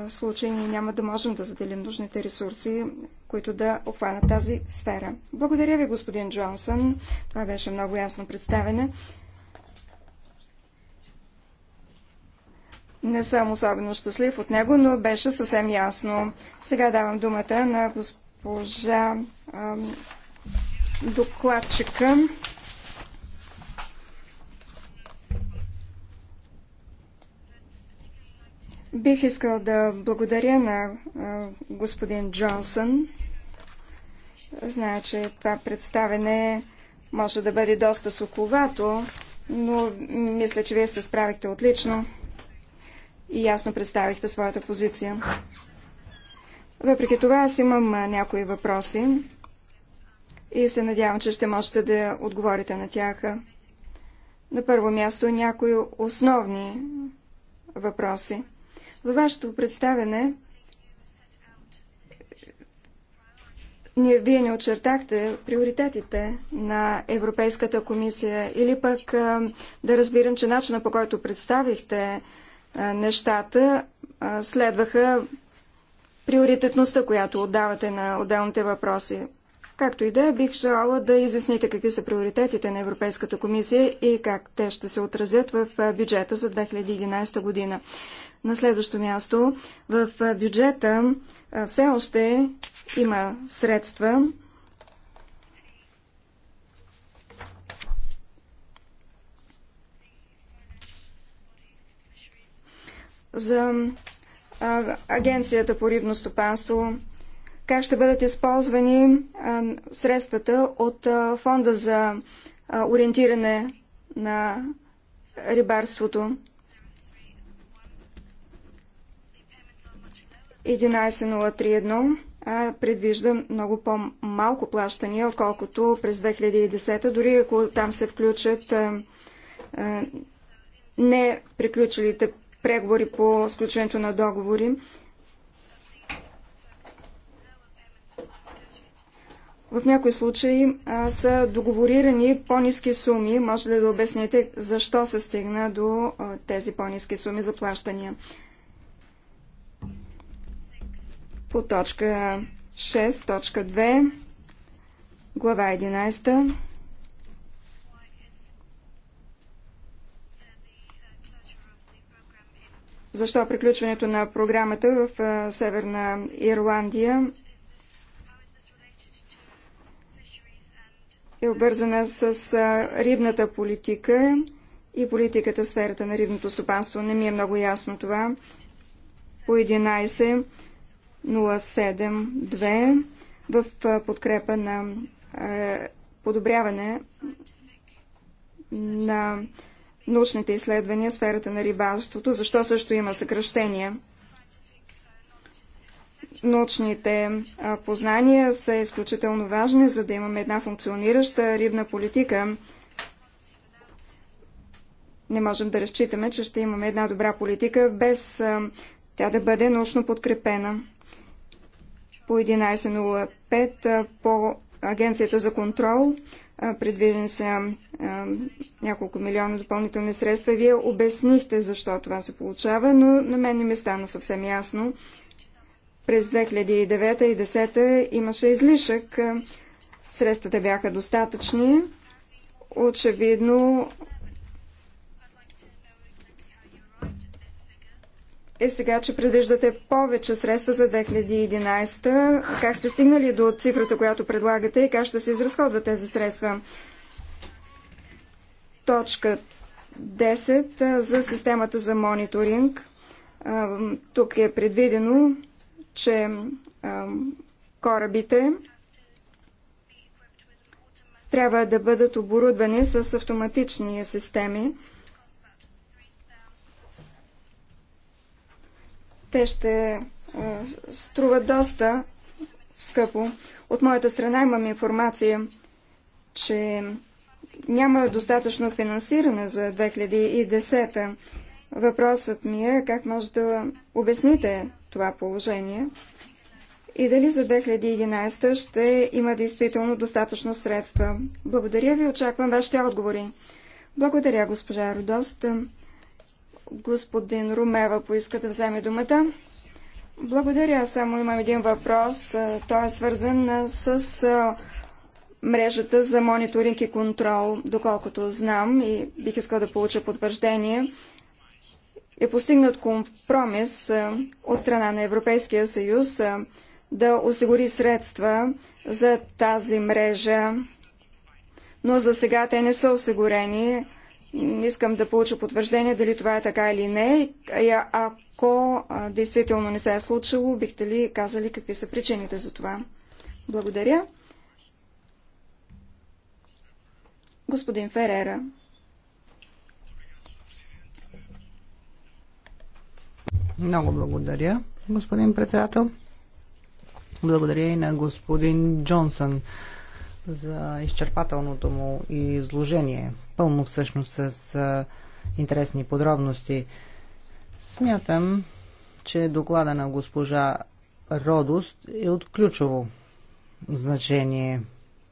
случи, ние няма да можем да заделим нужните ресурси, които да обхванат тази сфера. Благодаря ви, господин Джонсън. Това беше много ясно представене. Не съм особено щастлив от него, но беше съвсем ясно. Сега давам думата на господин госпожа докладчика. Бих искал да благодаря на господин Джонсън. Зная, че това представене може да бъде доста суховато, но мисля, че вие сте справихте отлично и ясно представихте своята позиция. Въпреки това аз имам някои въпроси и се надявам, че ще можете да отговорите на тях. На първо място някои основни въпроси. Във вашето представене вие не очертахте приоритетите на Европейската комисия или пък да разбирам, че начина по който представихте нещата следваха приоритетността, която отдавате на отделните въпроси. Както и да, е, бих желала да изясните какви са приоритетите на Европейската комисия и как те ще се отразят в бюджета за 2011 година. На следващо място, в бюджета все още има средства, за Агенцията по рибно стопанство, как ще бъдат използвани средствата от фонда за ориентиране на рибарството. 11.031 предвижда много по-малко плащания, отколкото през 2010, дори ако там се включат не приключилите преговори по сключването на договори. В някои случаи а, са договорирани по-низки суми. Може ли да обясните защо се стигна до а, тези по-низки суми за плащания? По точка 6, точка 2, глава 11. защо приключването на програмата в Северна Ирландия е обвързана с рибната политика и политиката в сферата на рибното стопанство. Не ми е много ясно това. По 11.07.2 в подкрепа на подобряване на научните изследвания в сферата на рибалството. защо също има съкръщения. Научните познания са изключително важни, за да имаме една функционираща рибна политика. Не можем да разчитаме, че ще имаме една добра политика без тя да бъде научно подкрепена. По 11.05 по Агенцията за контрол Предвидени са няколко милиона допълнителни средства. Вие обяснихте защо това се получава, но на мен не ми стана съвсем ясно. През 2009 и 2010 имаше излишък. Средствата бяха достатъчни. Очевидно е сега, че предвиждате повече средства за 2011. Как сте стигнали до цифрата, която предлагате и как ще се изразходват тези средства? Точка 10 за системата за мониторинг. Тук е предвидено, че корабите трябва да бъдат оборудвани с автоматични системи. Те ще струват доста скъпо. От моята страна имам информация, че няма достатъчно финансиране за 2010 -та. Въпросът ми е как може да обясните това положение и дали за 2011 ще има действително достатъчно средства. Благодаря ви, очаквам вашите отговори. Благодаря, госпожа Родост. Господин Румева поиска да вземе думата. Благодаря. Само имам един въпрос. Той е свързан с мрежата за мониторинг и контрол, доколкото знам и бих искал да получа потвърждение. Е постигнат компромис от страна на Европейския съюз да осигури средства за тази мрежа, но за сега те не са осигурени. Искам да получа потвърждение дали това е така или не. Ако действително не се е случило, бихте ли казали какви са причините за това? Благодаря. Господин Ферера. Много благодаря, господин председател. Благодаря и на господин Джонсън за изчерпателното му изложение. Пълно всъщност с интересни подробности. Смятам, че доклада на госпожа Родост е от ключово значение.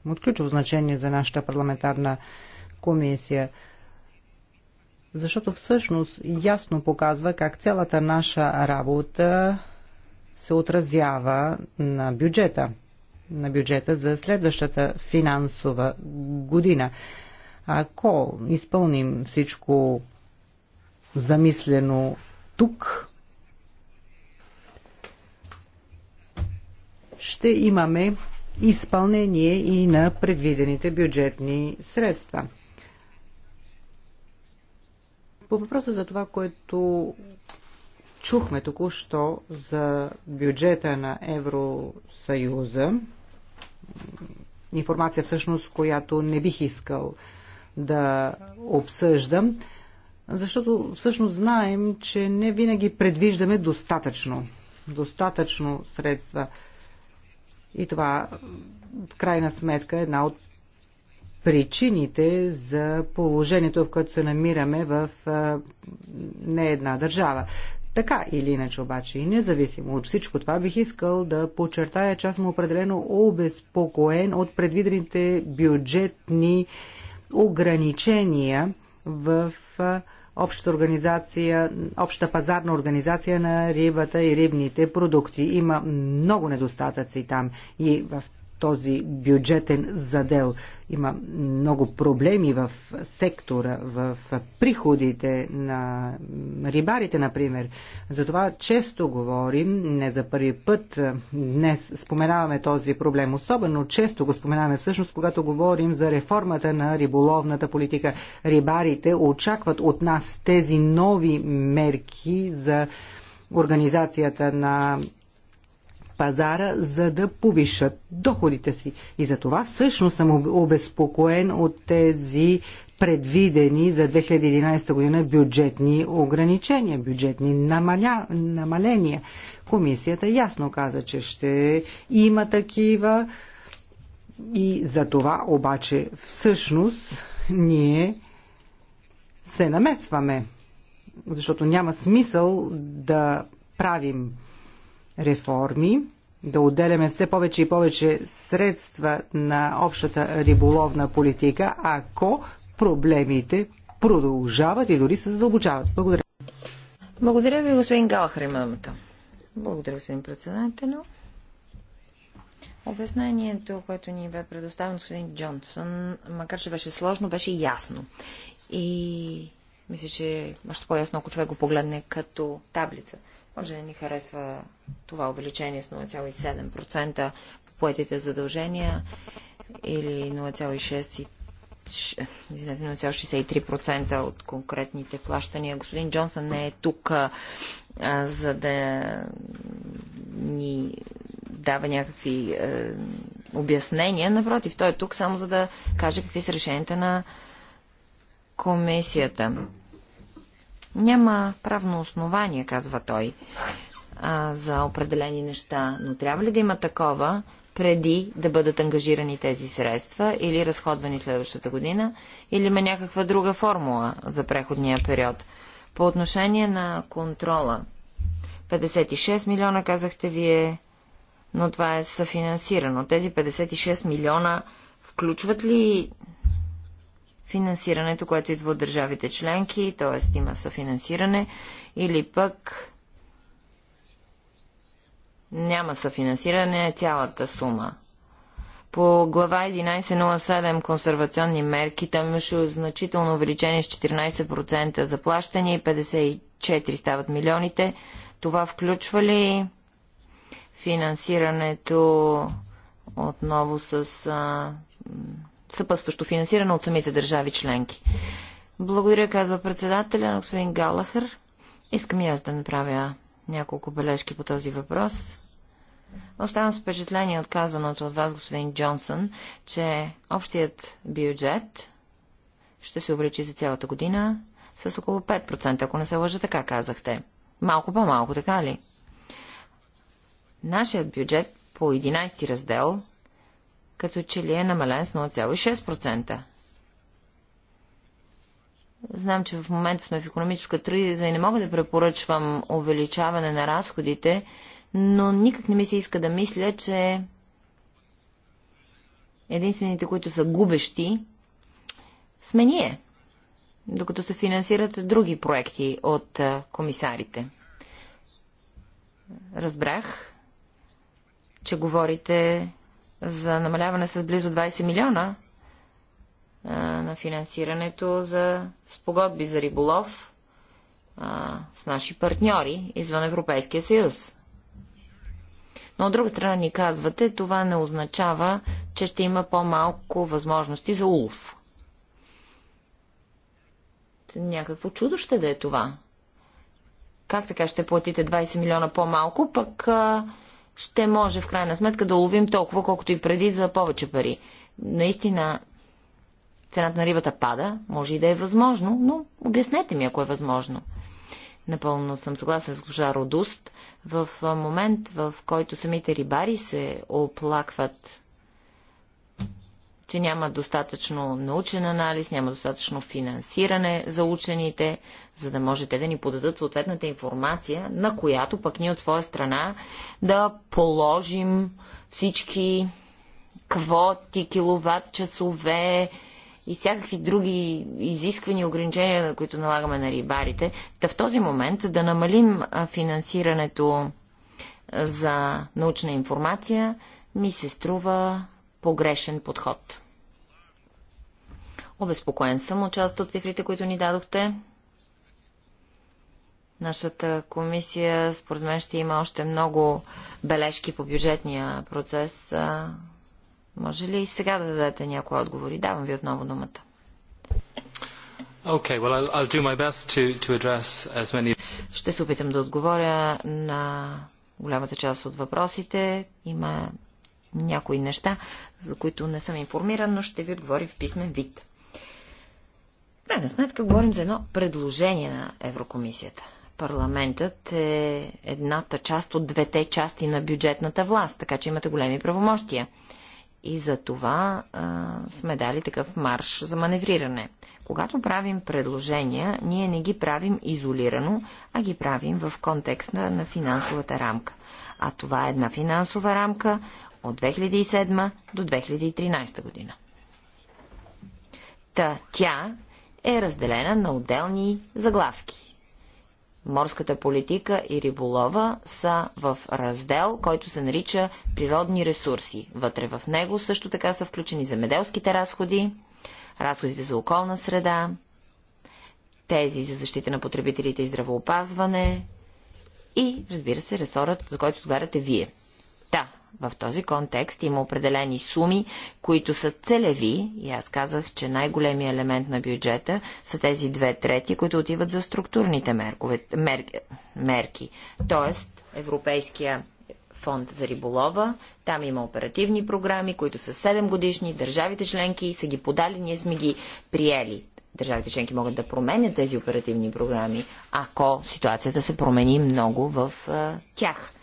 От ключово значение за нашата парламентарна комисия. Защото всъщност ясно показва как цялата наша работа се отразява на бюджета – на бюджета за следващата финансова година. Ако изпълним всичко замислено тук, ще имаме изпълнение и на предвидените бюджетни средства. По въпроса за това, което Чухме току-що за бюджета на Евросъюза. Информация всъщност, която не бих искал да обсъждам, защото всъщност знаем, че не винаги предвиждаме достатъчно. Достатъчно средства. И това в крайна сметка е една от причините за положението, в което се намираме в не една държава. Така или иначе обаче и независимо от всичко това бих искал да подчертая, че аз съм определено обезпокоен от предвидените бюджетни ограничения в общата организация, обща пазарна организация на рибата и рибните продукти. Има много недостатъци там и в този бюджетен задел. Има много проблеми в сектора, в приходите на рибарите, например. Затова често говорим, не за първи път днес споменаваме този проблем. Особено често го споменаваме всъщност, когато говорим за реформата на риболовната политика. Рибарите очакват от нас тези нови мерки за организацията на пазара, за да повишат доходите си. И за това всъщност съм обезпокоен от тези предвидени за 2011 година бюджетни ограничения, бюджетни намаля, намаления. Комисията ясно каза, че ще има такива и за това обаче всъщност ние се намесваме, защото няма смисъл да правим реформи, да отделяме все повече и повече средства на общата риболовна политика, ако проблемите продължават и дори се задълбочават. Благодаря. Благодаря ви, господин Галахар, имамата. Благодаря, господин председател. Обяснението, което ни бе предоставено господин Джонсън, макар че беше сложно, беше ясно. И мисля, че е още по-ясно, ако човек го погледне като таблица. Може да ни харесва това увеличение с 0,7% по поетите задължения или 0,63% от конкретните плащания. Господин Джонсън не е тук, а, за да ни дава някакви е, обяснения. Напротив, той е тук само за да каже какви са решенията на комисията. Няма правно основание, казва той, а, за определени неща, но трябва ли да има такова преди да бъдат ангажирани тези средства или разходвани следващата година, или има някаква друга формула за преходния период? По отношение на контрола, 56 милиона казахте вие, но това е съфинансирано. Тези 56 милиона включват ли финансирането, което идва от държавите членки, т.е. има съфинансиране, или пък няма съфинансиране, е цялата сума. По глава 1107 консервационни мерки, там имаше значително увеличение с 14% за плащане и 54 стават милионите. Това включва ли финансирането отново с а, съпътстващо финансиране от самите държави членки. Благодаря, казва председателя на господин Галахър. Искам и аз да направя няколко бележки по този въпрос. Оставам с впечатление от казаното от вас, господин Джонсън, че общият бюджет ще се увеличи за цялата година с около 5%, ако не се лъжа, така казахте. Малко по-малко, така ли? Нашият бюджет по 11 раздел като че ли е намален с 0,6%. Знам, че в момента сме в економическа криза и не мога да препоръчвам увеличаване на разходите, но никак не ми се иска да мисля, че единствените, които са губещи, сме ние, докато се финансират други проекти от комисарите. Разбрах, че говорите за намаляване с близо 20 милиона на финансирането за спогодби за риболов а, с наши партньори извън Европейския съюз. Но от друга страна ни казвате, това не означава, че ще има по-малко възможности за улов. Някакво чудо ще да е това. Как така ще платите 20 милиона по-малко, пък а, ще може в крайна сметка да ловим толкова, колкото и преди за повече пари. Наистина, цената на рибата пада, може и да е възможно, но обяснете ми, ако е възможно. Напълно съм съгласен с госпожа Родуст. В момент, в който самите рибари се оплакват че няма достатъчно научен анализ, няма достатъчно финансиране за учените, за да може те да ни подадат съответната информация, на която пък ние от своя страна да положим всички квоти, киловатт, часове и всякакви други изисквани ограничения, които налагаме на рибарите. да в този момент да намалим финансирането за научна информация ми се струва погрешен подход. Обезпокоен съм от част от цифрите, които ни дадохте. Нашата комисия, според мен, ще има още много бележки по бюджетния процес. Може ли и сега да дадете някои отговори? Давам ви отново думата. Okay, well, I'll, I'll do my best to, to address as many... Ще се опитам да отговоря на голямата част от въпросите. Има някои неща, за които не съм информиран, но ще ви отговоря в писмен вид крайна сметка говорим за едно предложение на Еврокомисията. Парламентът е едната част от двете части на бюджетната власт, така че имате големи правомощия. И за това а, сме дали такъв марш за маневриране. Когато правим предложения, ние не ги правим изолирано, а ги правим в контекста на, на финансовата рамка. А това е една финансова рамка от 2007 до 2013 година. Та тя е разделена на отделни заглавки. Морската политика и риболова са в раздел, който се нарича природни ресурси. Вътре в него също така са включени земеделските разходи, разходите за околна среда, тези за защита на потребителите и здравоопазване и, разбира се, ресорът, за който отговаряте вие. Та, в този контекст има определени суми, които са целеви, и аз казах, че най-големият елемент на бюджета са тези две трети, които отиват за структурните меркове, мер, мерки. Тоест, Европейския фонд за риболова, там има оперативни програми, които са 7 годишни, държавите членки са ги подали, ние сме ги приели държавите членки могат да променят тези оперативни програми, ако ситуацията се промени много в а, тях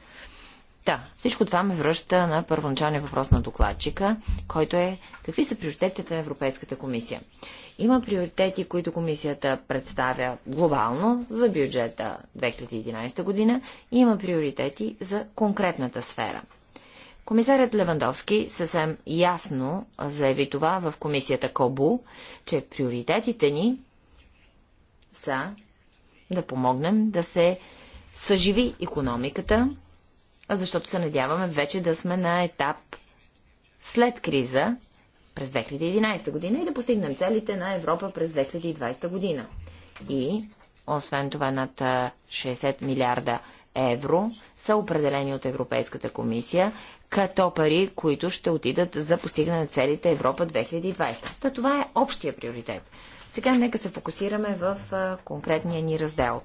да, всичко това ме връща на първоначалния въпрос на докладчика, който е какви са приоритетите на Европейската комисия. Има приоритети, които комисията представя глобално за бюджета 2011 година и има приоритети за конкретната сфера. Комисарят Левандовски съвсем ясно заяви това в комисията КОБУ, че приоритетите ни са да помогнем да се съживи економиката, защото се надяваме вече да сме на етап след криза през 2011 година и да постигнем целите на Европа през 2020 година. И, освен това, над 60 милиарда евро са определени от Европейската комисия като пари, които ще отидат за постигане на целите Европа 2020. Та това е общия приоритет. Сега нека се фокусираме в конкретния ни раздел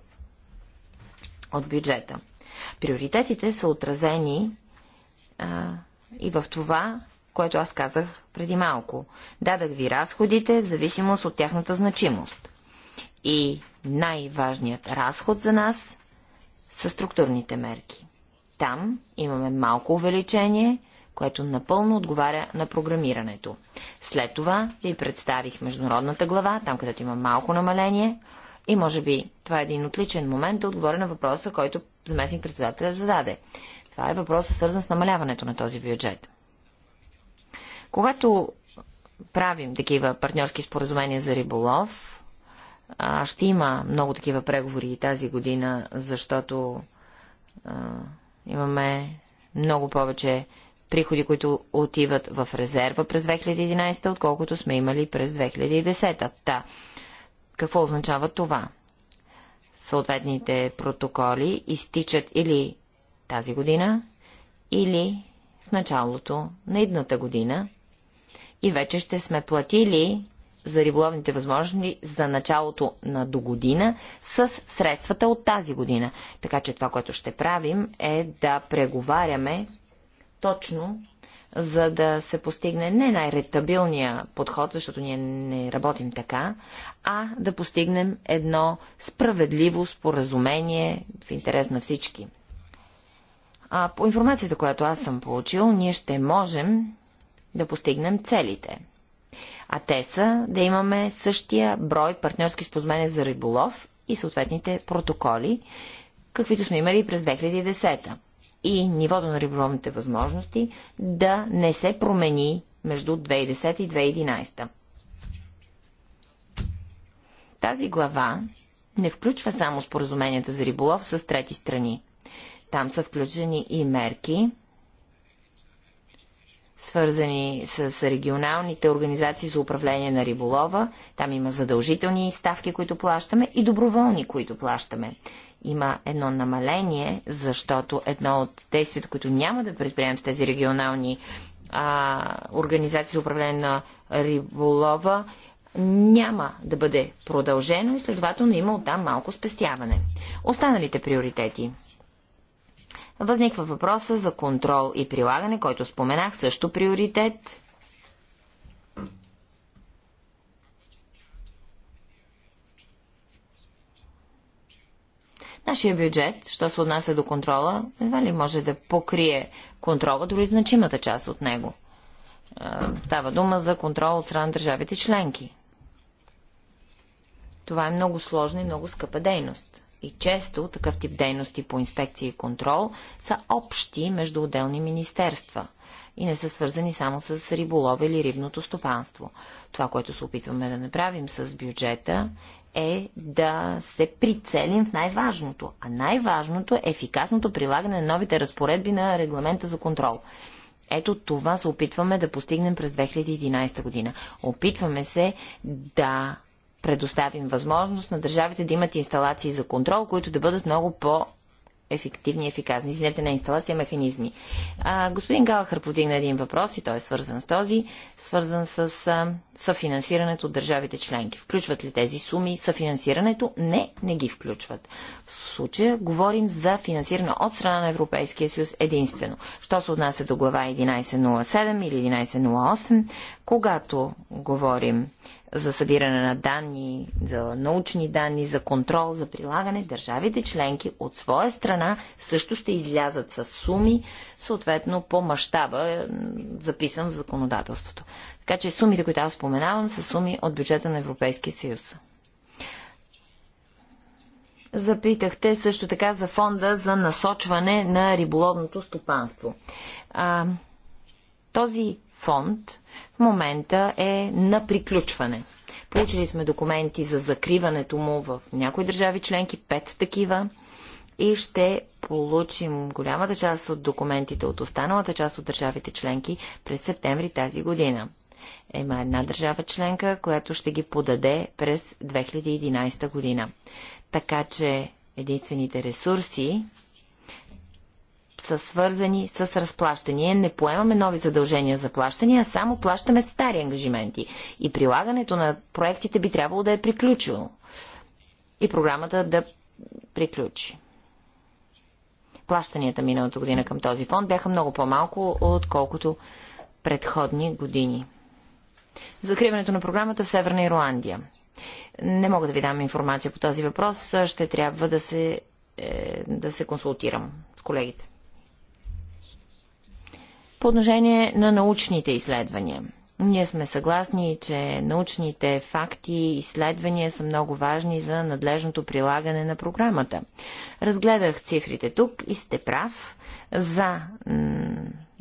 от бюджета. Приоритетите са отразени а, и в това, което аз казах преди малко. Дадах ви разходите в зависимост от тяхната значимост. И най-важният разход за нас са структурните мерки. Там имаме малко увеличение, което напълно отговаря на програмирането. След това ви представих международната глава, там където има малко намаление – и може би това е един отличен момент да отговоря на въпроса, който заместник председателя зададе. Това е въпросът свързан с намаляването на този бюджет. Когато правим такива партньорски споразумения за риболов, ще има много такива преговори и тази година, защото имаме много повече приходи, които отиват в резерва през 2011, отколкото сме имали през 2010. Та, какво означава това? Съответните протоколи изтичат или тази година, или в началото на едната година и вече ще сме платили за риболовните възможности за началото на до година с средствата от тази година. Така че това, което ще правим е да преговаряме точно за да се постигне не най-ретабилния подход, защото ние не работим така, а да постигнем едно справедливо споразумение в интерес на всички. А по информацията, която аз съм получил, ние ще можем да постигнем целите. А те са да имаме същия брой партньорски споразумения за риболов и съответните протоколи, каквито сме имали през 2010. -та и нивото на риболовните възможности да не се промени между 2010 и 2011. Тази глава не включва само споразуменията за риболов с трети страни. Там са включени и мерки, свързани с регионалните организации за управление на риболова. Там има задължителни ставки, които плащаме и доброволни, които плащаме има едно намаление, защото едно от действията, които няма да предприемем с тези регионални а, организации за управление на риболова, няма да бъде продължено и следователно има оттам малко спестяване. Останалите приоритети. Възниква въпроса за контрол и прилагане, който споменах също приоритет Нашия бюджет, що се отнася до контрола, едва ли може да покрие контрола, дори значимата част от него. Става дума за контрол от страна на държавите членки. Това е много сложна и много скъпа дейност. И често такъв тип дейности по инспекция и контрол са общи между отделни министерства и не са свързани само с риболова или рибното стопанство. Това, което се опитваме да направим с бюджета е да се прицелим в най-важното. А най-важното е ефикасното прилагане на новите разпоредби на регламента за контрол. Ето това се опитваме да постигнем през 2011 година. Опитваме се да предоставим възможност на държавите да имат инсталации за контрол, които да бъдат много по- ефективни, ефикасни, извинете, не инсталация, механизми. А, господин Галахър подигна един въпрос и той е свързан с този, свързан с а, съфинансирането от държавите членки. Включват ли тези суми съфинансирането? Не, не ги включват. В случая говорим за финансиране от страна на Европейския съюз единствено. Що се отнася до глава 1107 или 1108, когато говорим за събиране на данни, за научни данни, за контрол, за прилагане, държавите членки от своя страна също ще излязат с суми, съответно по мащаба, записан в законодателството. Така че сумите, които аз споменавам, са суми от бюджета на Европейския съюз. Запитахте също така за фонда за насочване на риболовното стопанство. А, този фонд в момента е на приключване. Получили сме документи за закриването му в някои държави членки, пет такива, и ще получим голямата част от документите от останалата част от държавите членки през септември тази година. Има една държава членка, която ще ги подаде през 2011 година. Така че единствените ресурси, са свързани с разплащания. Не поемаме нови задължения за плащания, а само плащаме стари ангажименти. И прилагането на проектите би трябвало да е приключило. И програмата да приключи. Плащанията миналата година към този фонд бяха много по-малко, отколкото предходни години. Закриването на програмата в Северна Ирландия. Не мога да ви дам информация по този въпрос. Ще трябва да се, е, да се консултирам с колегите. По отношение на научните изследвания. Ние сме съгласни, че научните факти и изследвания са много важни за надлежното прилагане на програмата. Разгледах цифрите тук и сте прав за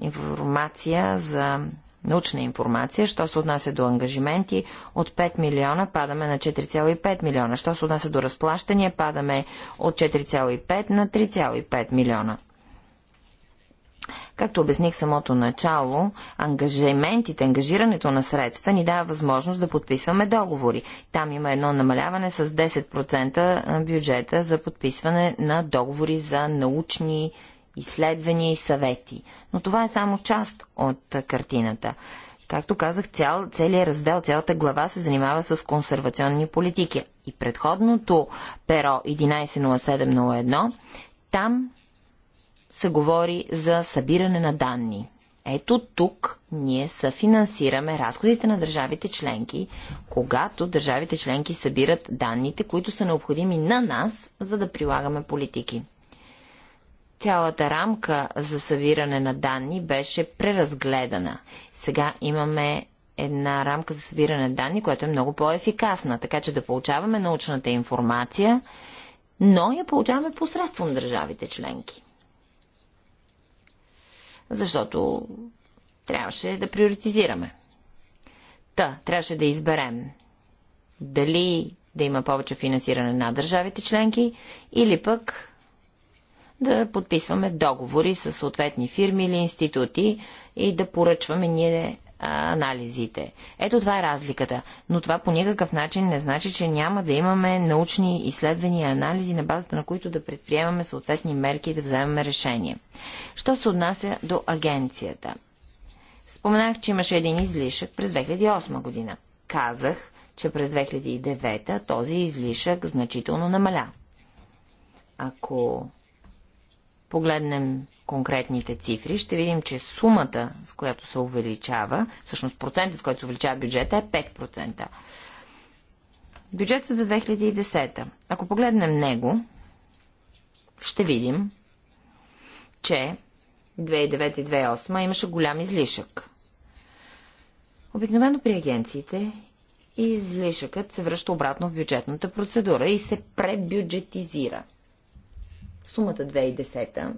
информация, за научна информация. Що се отнася до ангажименти, от 5 милиона падаме на 4,5 милиона. Що се отнася до разплащания, падаме от 4,5 на 3,5 милиона. Както обясних самото начало, ангажиментите, ангажирането на средства ни дава възможност да подписваме договори. Там има едно намаляване с 10% на бюджета за подписване на договори за научни изследвания и съвети. Но това е само част от картината. Както казах, цял, целият раздел, цялата глава се занимава с консервационни политики. И предходното перо 110701, там се говори за събиране на данни. Ето тук ние съфинансираме разходите на държавите членки, когато държавите членки събират данните, които са необходими на нас, за да прилагаме политики. Цялата рамка за събиране на данни беше преразгледана. Сега имаме една рамка за събиране на данни, която е много по-ефикасна, така че да получаваме научната информация, но я получаваме посредством държавите членки защото трябваше да приоритизираме. Та, трябваше да изберем дали да има повече финансиране на държавите членки или пък да подписваме договори с съответни фирми или институти и да поръчваме ние а, анализите. Ето това е разликата. Но това по никакъв начин не значи, че няма да имаме научни изследвания и анализи, на базата на които да предприемаме съответни мерки и да вземем решение. Що се отнася до агенцията? Споменах, че имаше един излишък през 2008 година. Казах, че през 2009 този излишък значително намаля. Ако погледнем конкретните цифри, ще видим, че сумата, с която се увеличава, всъщност процента, с който се увеличава бюджета е 5%. Бюджета за 2010. Ако погледнем него, ще видим, че 2009 и 2008 имаше голям излишък. Обикновено при агенциите излишъкът се връща обратно в бюджетната процедура и се пребюджетизира. Сумата 2010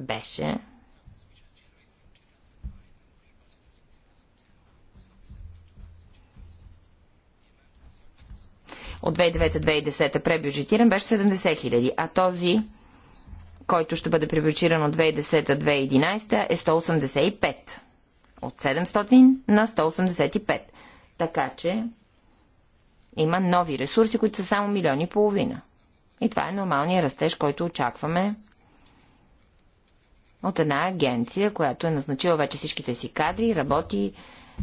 беше от 2009-2010 пребюджетиран беше 70 хиляди, а този, който ще бъде пребюджетиран от 2010-2011 е 185. От 700 на 185. Така че има нови ресурси, които са само милиони и половина. И това е нормалният растеж, който очакваме от една агенция, която е назначила вече всичките си кадри и работи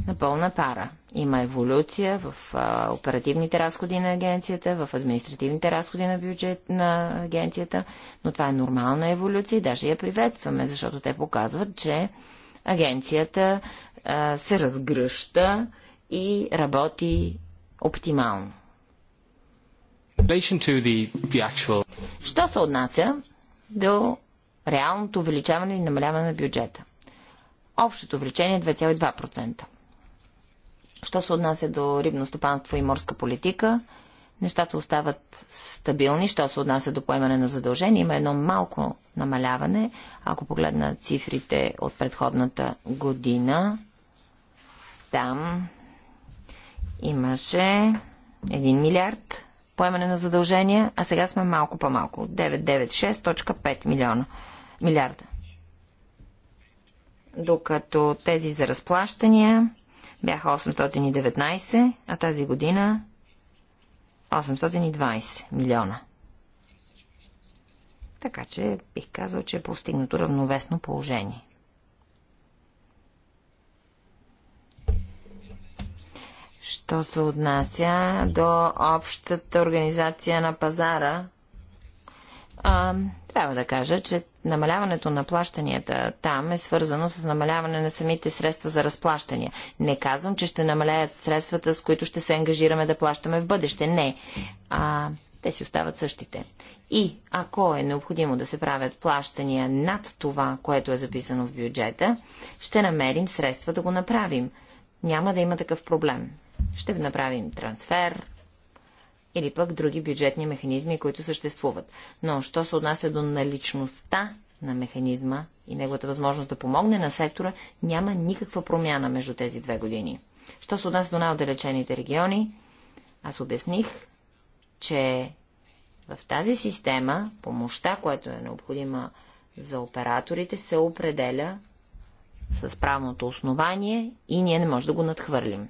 на пълна пара. Има еволюция в а, оперативните разходи на агенцията, в административните разходи на бюджет на агенцията, но това е нормална еволюция и даже я приветстваме, защото те показват, че агенцията а, се разгръща и работи оптимално. Що се отнася до реалното увеличаване и намаляване на бюджета. Общото увеличение е 2,2%. Що се отнася до рибно стопанство и морска политика, нещата остават стабилни, що се отнася до поемане на задължения. Има едно малко намаляване, ако погледна цифрите от предходната година. Там имаше 1 милиард поемане на задължения, а сега сме малко по-малко. 996.5 милиона милиарда. Докато тези за разплащания бяха 819, а тази година 820 милиона. Така че бих казал, че е постигнато равновесно положение. Що се отнася до общата организация на пазара а, трябва да кажа, че намаляването на плащанията там е свързано с намаляване на самите средства за разплащания. Не казвам, че ще намаляят средствата, с които ще се ангажираме да плащаме в бъдеще. Не. А, те си остават същите. И ако е необходимо да се правят плащания над това, което е записано в бюджета, ще намерим средства да го направим. Няма да има такъв проблем. Ще направим трансфер, или пък други бюджетни механизми, които съществуват. Но, що се отнася до наличността на механизма и неговата възможност да помогне на сектора, няма никаква промяна между тези две години. Що се отнася до най-отдалечените региони, аз обясних, че в тази система помощта, която е необходима за операторите, се определя с правното основание и ние не можем да го надхвърлим.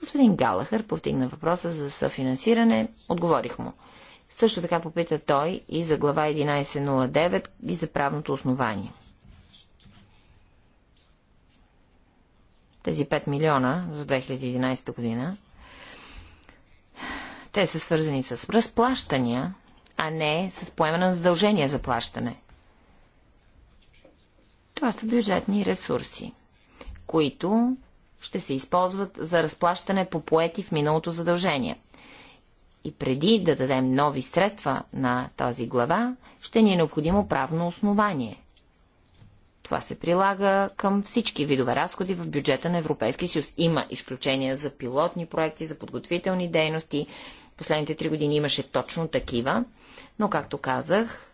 Господин Галахър повдигна въпроса за съфинансиране. Отговорих му. Също така попита той и за глава 1109 и за правното основание. Тези 5 милиона за 2011 година, те са свързани с разплащания, а не с поемане на задължения за плащане. Това са бюджетни ресурси, които ще се използват за разплащане по поети в миналото задължение. И преди да дадем нови средства на тази глава, ще ни е необходимо правно основание. Това се прилага към всички видове разходи в бюджета на Европейския съюз. Има изключения за пилотни проекти, за подготвителни дейности. Последните три години имаше точно такива, но, както казах,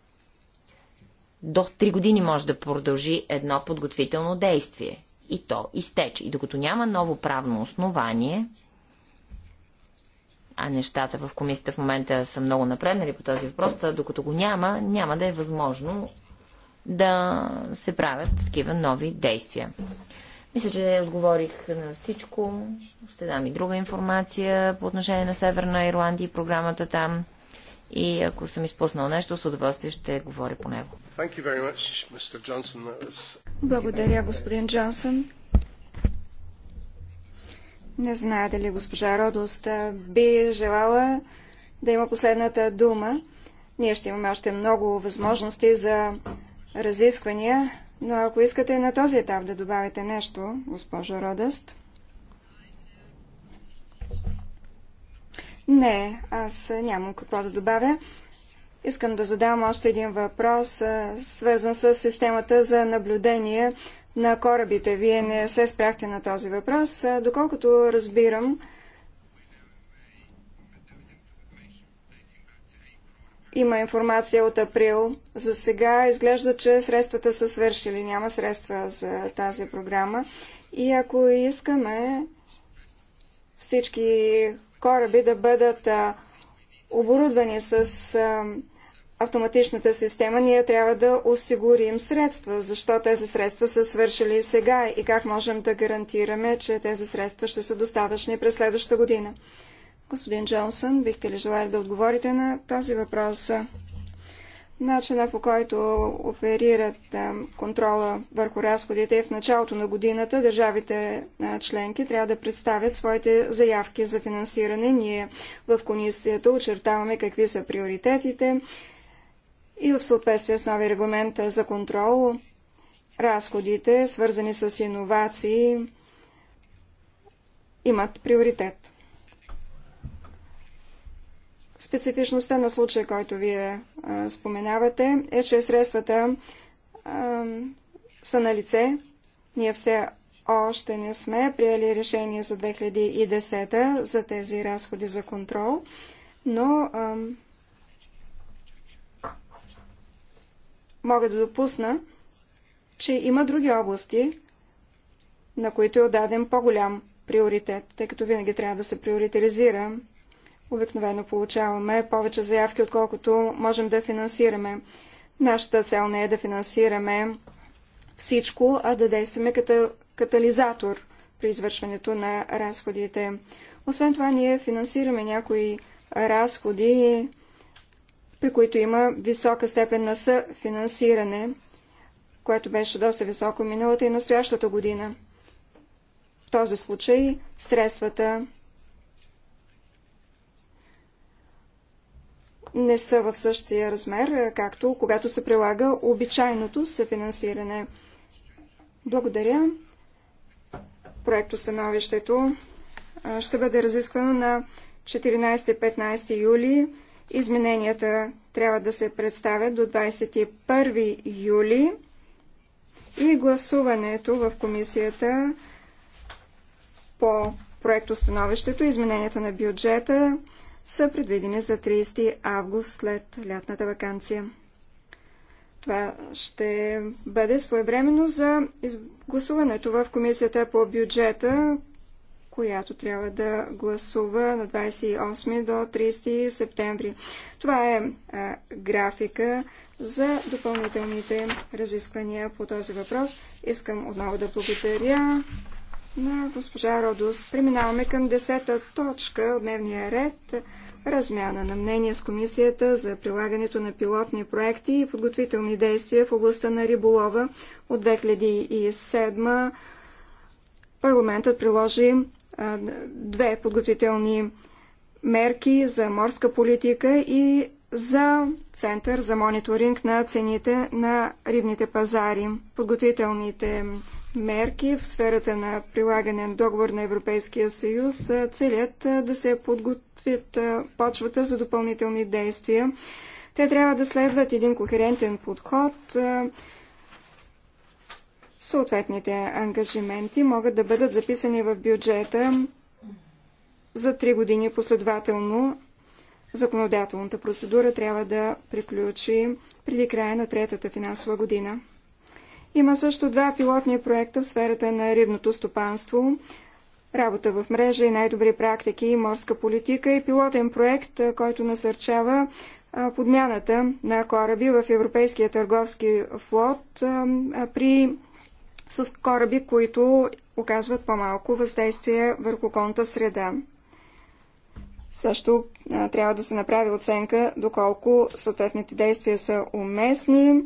до 3 години може да продължи едно подготвително действие и то изтече. И докато няма ново правно основание, а нещата в комисията в момента са много напреднали по този въпрос, а докато го няма, няма да е възможно да се правят такива нови действия. Мисля, че отговорих на всичко. Ще дам и друга информация по отношение на Северна Ирландия и програмата там. И ако съм изпуснал нещо, с удоволствие ще говоря по него. Much, was... Благодаря, господин Джонсън. Не зная дали госпожа Родост би желала да има последната дума. Ние ще имаме още много възможности за разисквания, но ако искате на този етап да добавите нещо, госпожо Родост. Не, аз нямам какво да добавя. Искам да задам още един въпрос, свързан с системата за наблюдение на корабите. Вие не се спряхте на този въпрос. Доколкото разбирам, има информация от април. За сега изглежда, че средствата са свършили. Няма средства за тази програма. И ако искаме всички кораби да бъдат оборудвани с автоматичната система, ние трябва да осигурим средства. Защо тези средства са свършили сега и как можем да гарантираме, че тези средства ще са достатъчни през следващата година? Господин Джонсън, бихте ли желали да отговорите на този въпрос? Начина по който оперират контрола върху разходите е в началото на годината. Държавите членки трябва да представят своите заявки за финансиране. Ние в комисията очертаваме какви са приоритетите, и в съответствие с нови регламент за контрол, разходите, свързани с иновации, имат приоритет. Специфичността на случая, който вие а, споменавате, е, че средствата а, са на лице. Ние все още не сме приели решение за 2010 за тези разходи за контрол, но а, мога да допусна, че има други области, на които е отдаден по-голям приоритет, тъй като винаги трябва да се приоритеризира, Обикновено получаваме повече заявки, отколкото можем да финансираме. Нашата цел не е да финансираме всичко, а да действаме като катализатор при извършването на разходите. Освен това, ние финансираме някои разходи, при които има висока степен на съфинансиране, което беше доста високо миналата и настоящата година. В този случай средствата не са в същия размер, както когато се прилага обичайното съфинансиране. Благодаря. Проектостановището ще бъде разисквано на 14-15 юли Измененията трябва да се представят до 21 юли и гласуването в комисията по проекто и измененията на бюджета са предвидени за 30 август след лятната вакансия. Това ще бъде своевременно за гласуването в Комисията по бюджета, която трябва да гласува на 28 до 30 септември. Това е а, графика за допълнителните разисквания по този въпрос. Искам отново да благодаря на госпожа Родос. Преминаваме към 10-та точка от дневния ред. Размяна на мнение с Комисията за прилагането на пилотни проекти и подготвителни действия в областта на риболова от 2007 парламентът приложи две подготвителни мерки за морска политика и за Център за мониторинг на цените на рибните пазари. Подготвителните мерки в сферата на прилагане на договор на Европейския съюз целят да се подготвят почвата за допълнителни действия. Те трябва да следват един кохерентен подход, Съответните ангажименти могат да бъдат записани в бюджета за три години последователно. Законодателната процедура трябва да приключи преди края на третата финансова година. Има също два пилотни проекта в сферата на рибното стопанство, работа в мрежа и най-добри практики и морска политика и пилотен проект, който насърчава подмяната на кораби в Европейския търговски флот при с кораби, които оказват по-малко въздействие върху конта среда. Също а, трябва да се направи оценка доколко съответните действия са уместни.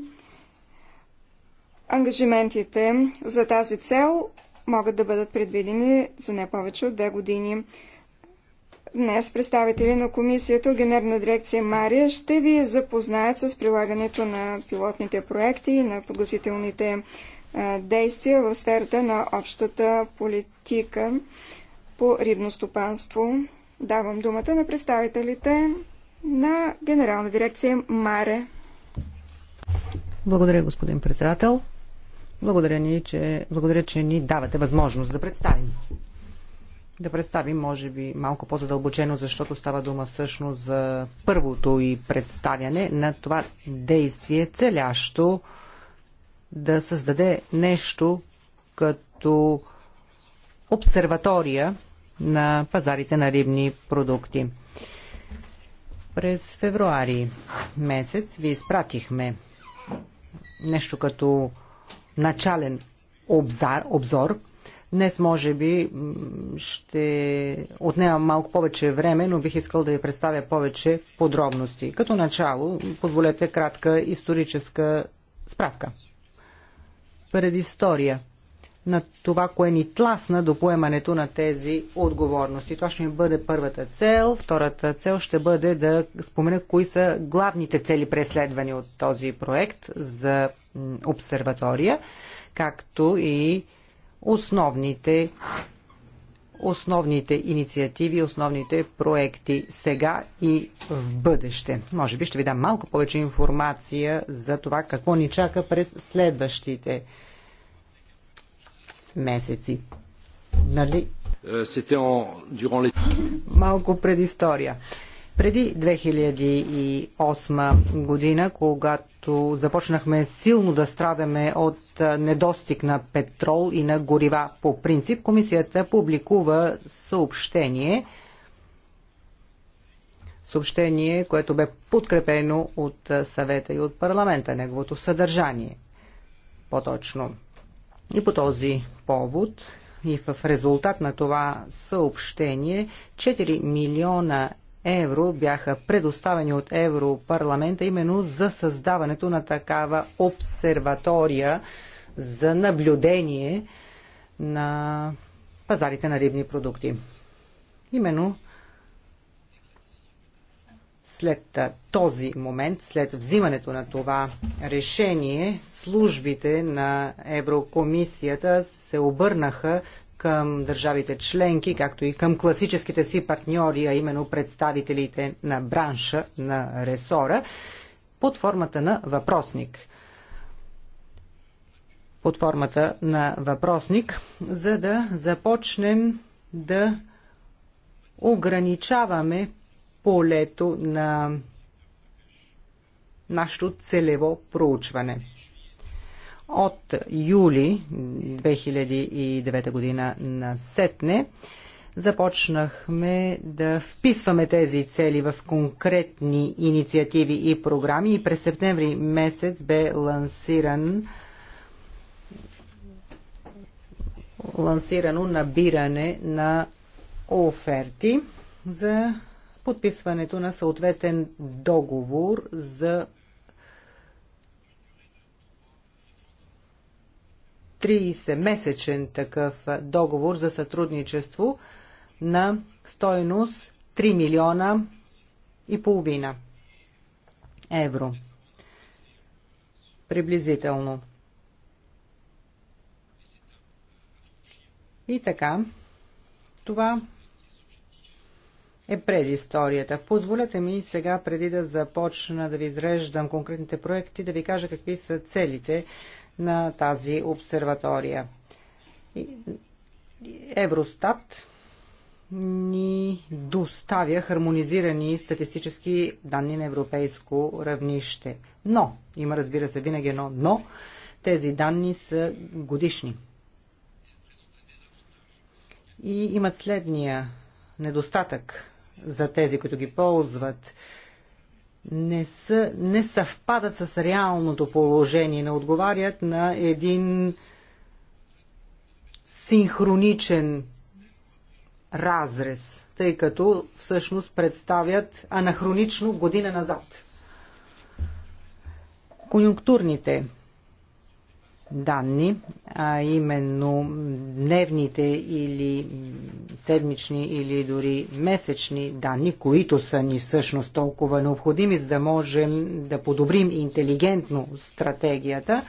Ангажиментите за тази цел могат да бъдат предвидени за не повече от две години. Днес представители на комисията Генерна дирекция Мария ще ви запознаят с прилагането на пилотните проекти и на подготвителните е, действия в сферата на общата политика по рибно стопанство. Давам думата на представителите на Генерална дирекция МАРЕ. Благодаря, господин председател. Благодаря, ни, че, благодаря, че ни давате възможност да представим. Да представим, може би, малко по-задълбочено, защото става дума всъщност за първото и представяне на това действие, целящо да създаде нещо като обсерватория на пазарите на рибни продукти. През февруари месец ви изпратихме нещо като начален обзор. обзор. Днес може би ще отнема малко повече време, но бих искал да ви представя повече подробности. Като начало, позволете кратка историческа справка предистория на това, кое ни тласна до поемането на тези отговорности. Това ще ни бъде първата цел. Втората цел ще бъде да спомена кои са главните цели преследвани от този проект за обсерватория, както и основните основните инициативи, основните проекти сега и в бъдеще. Може би ще ви дам малко повече информация за това какво ни чака през следващите месеци. Нали? Е, малко предистория. Преди 2008 година, когато започнахме силно да страдаме от недостиг на петрол и на горива по принцип, комисията публикува съобщение, съобщение, което бе подкрепено от съвета и от парламента, неговото съдържание по-точно. И по този повод и в резултат на това съобщение 4 милиона евро бяха предоставени от Европарламента именно за създаването на такава обсерватория за наблюдение на пазарите на рибни продукти. Именно след този момент, след взимането на това решение, службите на Еврокомисията се обърнаха към държавите членки, както и към класическите си партньори, а именно представителите на бранша, на ресора, под формата на въпросник. Под формата на въпросник, за да започнем да ограничаваме полето на нашето целево проучване от юли 2009 година на Сетне започнахме да вписваме тези цели в конкретни инициативи и програми и през септември месец бе лансиран лансирано набиране на оферти за подписването на съответен договор за 30-месечен такъв договор за сътрудничество на стойност 3 милиона и половина евро. Приблизително. И така, това е предисторията. Позволете ми сега, преди да започна да ви изреждам конкретните проекти, да ви кажа какви са целите на тази обсерватория. Евростат ни доставя хармонизирани статистически данни на европейско равнище. Но, има разбира се винаги едно но, тези данни са годишни. И имат следния недостатък за тези, които ги ползват – не, са, не съвпадат с реалното положение, не отговарят на един синхроничен разрез, тъй като всъщност представят анахронично година назад. Конюнктурните данни, а именно дневните или седмични или дори месечни данни, които са ни всъщност толкова необходими, за да можем да подобрим интелигентно стратегията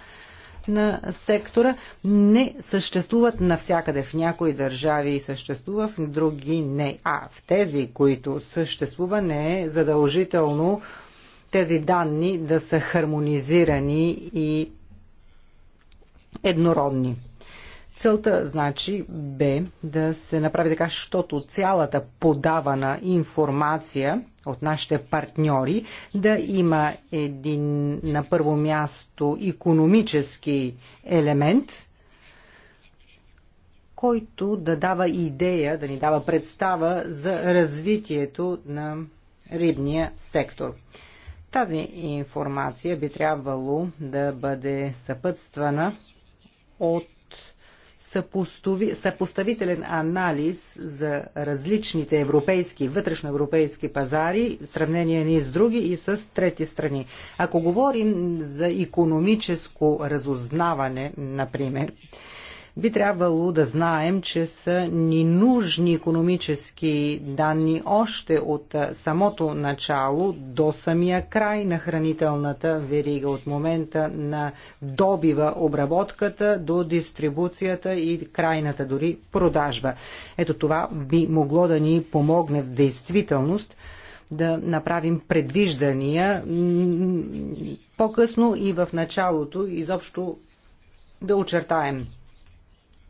на сектора, не съществуват навсякъде. В някои държави съществува, в други не. А в тези, които съществува, не е задължително тези данни да са хармонизирани и еднородни. Целта, значи, бе да се направи така, защото цялата подавана информация от нашите партньори да има един на първо място економически елемент, който да дава идея, да ни дава представа за развитието на рибния сектор. Тази информация би трябвало да бъде съпътствана от съпоставителен анализ за различните европейски, вътрешноевропейски пазари, сравнение ни с други и с трети страни. Ако говорим за економическо разузнаване, например, би трябвало да знаем, че са ни нужни економически данни още от самото начало до самия край на хранителната верига, от момента на добива, обработката до дистрибуцията и крайната дори продажба. Ето това би могло да ни помогне в действителност да направим предвиждания по-късно и в началото изобщо да очертаем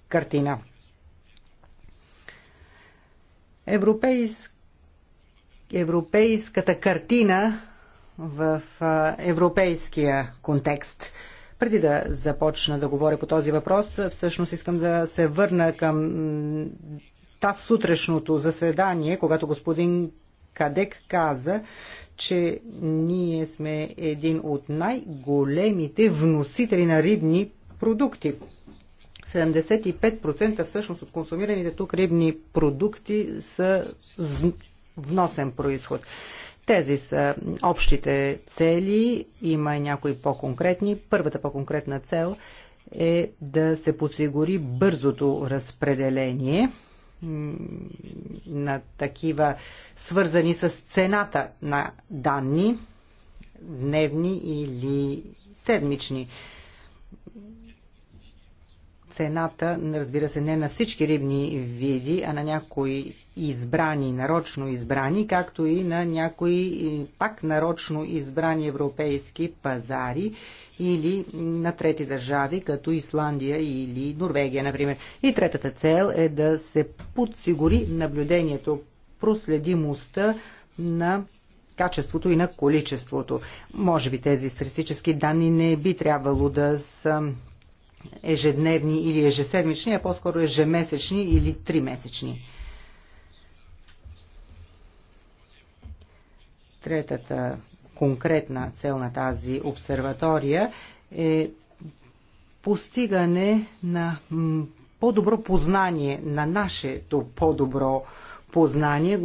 картина. Европейск... Европейската картина в европейския контекст. Преди да започна да говоря по този въпрос, всъщност искам да се върна към та сутрешното заседание, когато господин Кадек каза, че ние сме един от най-големите вносители на рибни продукти. 75% всъщност от консумираните тук рибни продукти са вносен происход. Тези са общите цели, има и някои по-конкретни. Първата по-конкретна цел е да се подсигури бързото разпределение на такива свързани с цената на данни, дневни или седмични цената, разбира се, не на всички рибни види, а на някои избрани, нарочно избрани, както и на някои пак нарочно избрани европейски пазари или на трети държави, като Исландия или Норвегия, например. И третата цел е да се подсигури наблюдението, проследимостта на качеството и на количеството. Може би тези статистически данни не би трябвало да са ежедневни или ежеседмични, а по-скоро ежемесечни или тримесечни. Третата конкретна цел на тази обсерватория е постигане на по-добро познание, на нашето по-добро познание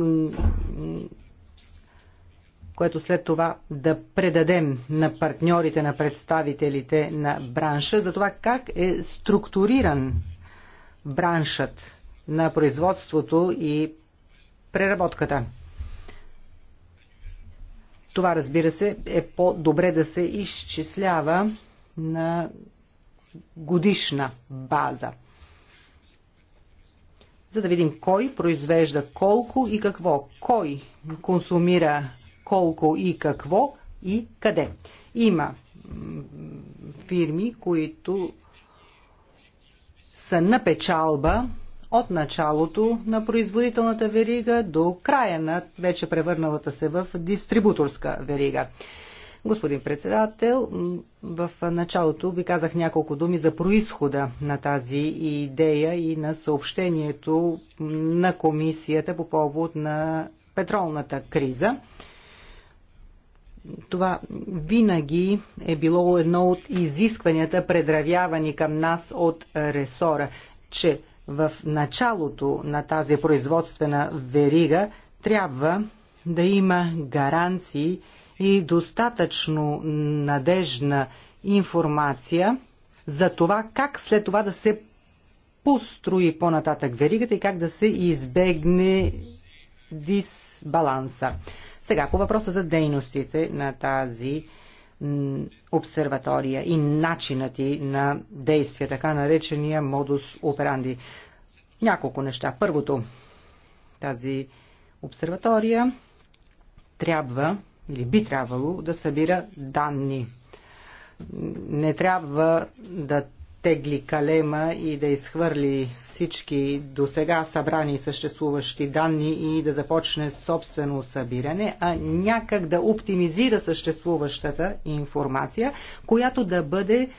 което след това да предадем на партньорите, на представителите на бранша, за това как е структуриран браншът на производството и преработката. Това, разбира се, е по-добре да се изчислява на годишна база. За да видим кой произвежда колко и какво, кой консумира колко и какво и къде. Има фирми, които са на печалба от началото на производителната верига до края на вече превърналата се в дистрибуторска верига. Господин председател, в началото ви казах няколко думи за происхода на тази идея и на съобщението на комисията по повод на петролната криза това винаги е било едно от изискванията, предравявани към нас от ресора, че в началото на тази производствена верига трябва да има гаранции и достатъчно надежна информация за това как след това да се построи по-нататък веригата и как да се избегне дисбаланса. Сега, по въпроса за дейностите на тази обсерватория и начинът и на действие, така наречения модус операнди. Няколко неща. Първото, тази обсерватория трябва или би трябвало да събира данни. Не трябва да тегли калема и да изхвърли всички до сега събрани съществуващи данни и да започне собствено събиране, а някак да оптимизира съществуващата информация, която да бъде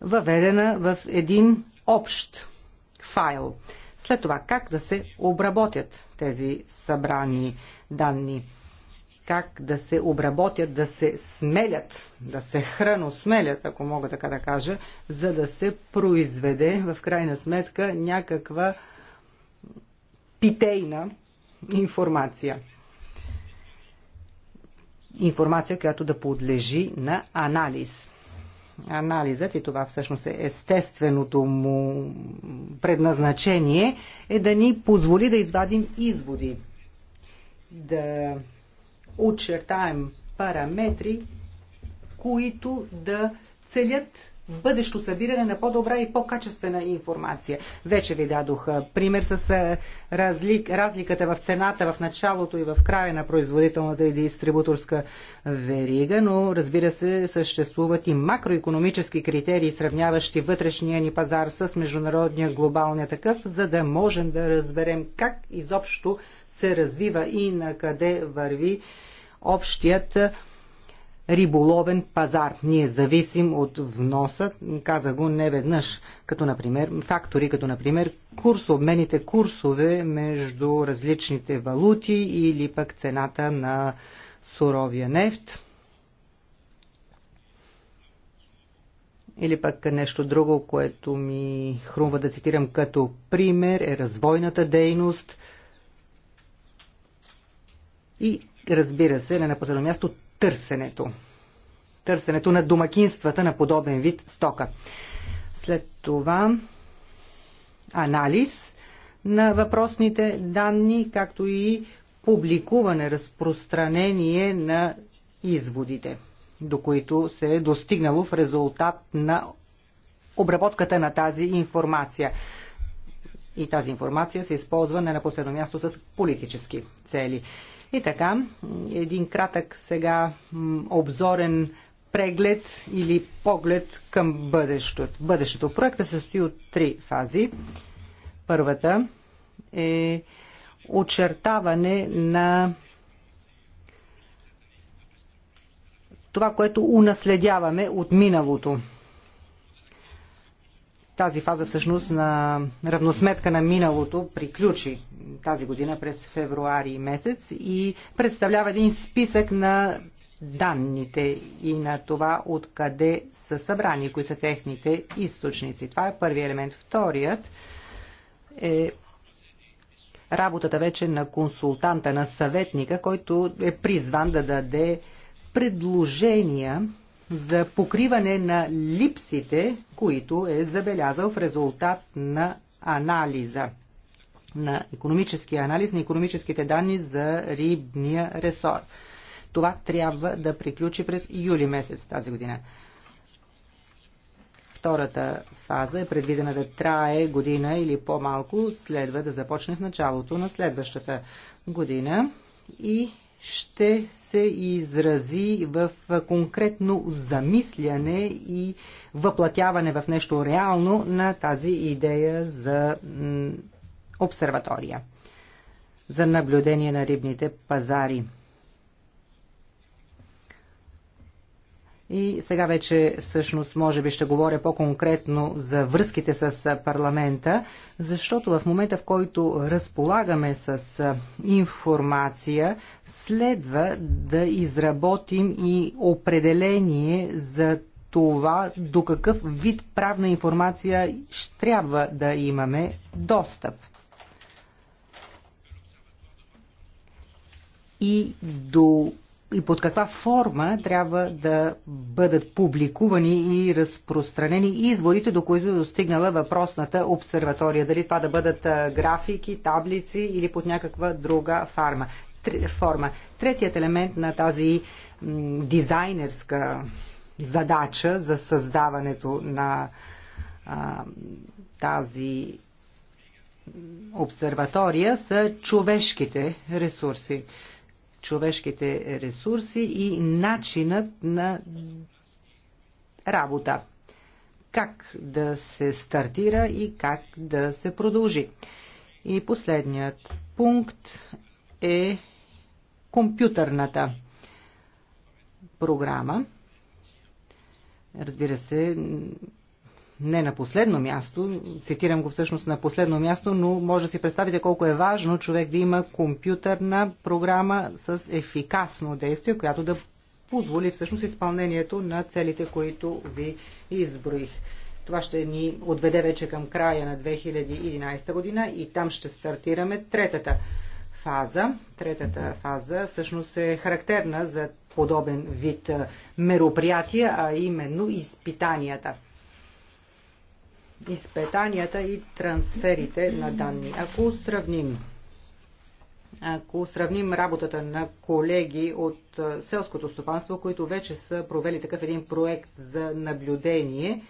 въведена в един общ файл. След това как да се обработят тези събрани данни как да се обработят, да се смелят, да се храносмелят, ако мога така да кажа, за да се произведе в крайна сметка някаква питейна информация. Информация, която да подлежи на анализ. Анализът, и това всъщност е естественото му предназначение, е да ни позволи да извадим изводи, да очертаем параметри, които да целят бъдещо събиране на по-добра и по-качествена информация. Вече ви дадох пример с разлик, разликата в цената в началото и в края на производителната и дистрибуторска верига, но разбира се съществуват и макроекономически критерии, сравняващи вътрешния ни пазар с международния глобалния такъв, за да можем да разберем как изобщо се развива и на къде върви общият риболовен пазар. Ние зависим от вноса, каза го не веднъж, като например фактори, като например курс, обмените курсове между различните валути или пък цената на суровия нефт. Или пък нещо друго, което ми хрумва да цитирам като пример е развойната дейност и разбира се, не на последно място, търсенето. Търсенето на домакинствата на подобен вид стока. След това анализ на въпросните данни, както и публикуване, разпространение на изводите, до които се е достигнало в резултат на обработката на тази информация. И тази информация се използва не на последно място с политически цели. И така, един кратък сега обзорен преглед или поглед към бъдещето. бъдещето. проекта се състои от три фази. Първата е очертаване на това, което унаследяваме от миналото. Тази фаза всъщност на равносметка на миналото приключи тази година през февруари месец и представлява един списък на данните и на това откъде са събрани, кои са техните източници. Това е първият елемент. Вторият е работата вече на консултанта, на съветника, който е призван да даде предложения за покриване на липсите, които е забелязал в резултат на анализа на економическия анализ на економическите данни за рибния ресор. Това трябва да приключи през юли месец тази година. Втората фаза е предвидена да трае година или по-малко, следва да започне в началото на следващата година и ще се изрази в конкретно замисляне и въплатяване в нещо реално на тази идея за обсерватория, за наблюдение на рибните пазари. И сега вече всъщност може би ще говоря по-конкретно за връзките с парламента, защото в момента в който разполагаме с информация, следва да изработим и определение за това до какъв вид правна информация ще трябва да имаме достъп. И до и под каква форма трябва да бъдат публикувани и разпространени изворите, до които е достигнала въпросната обсерватория. Дали това да бъдат графики, таблици или под някаква друга фарма, форма. Третият елемент на тази дизайнерска задача за създаването на а, тази обсерватория са човешките ресурси човешките ресурси и начинът на работа. Как да се стартира и как да се продължи. И последният пункт е компютърната програма. Разбира се, не на последно място, цитирам го всъщност на последно място, но може да си представите колко е важно човек да има компютърна програма с ефикасно действие, която да позволи всъщност изпълнението на целите, които ви изброих. Това ще ни отведе вече към края на 2011 година и там ще стартираме третата фаза. Третата фаза всъщност е характерна за подобен вид мероприятия, а именно изпитанията – изпитанията и трансферите на данни. Ако сравним ако сравним работата на колеги от селското стопанство, които вече са провели такъв един проект за наблюдение,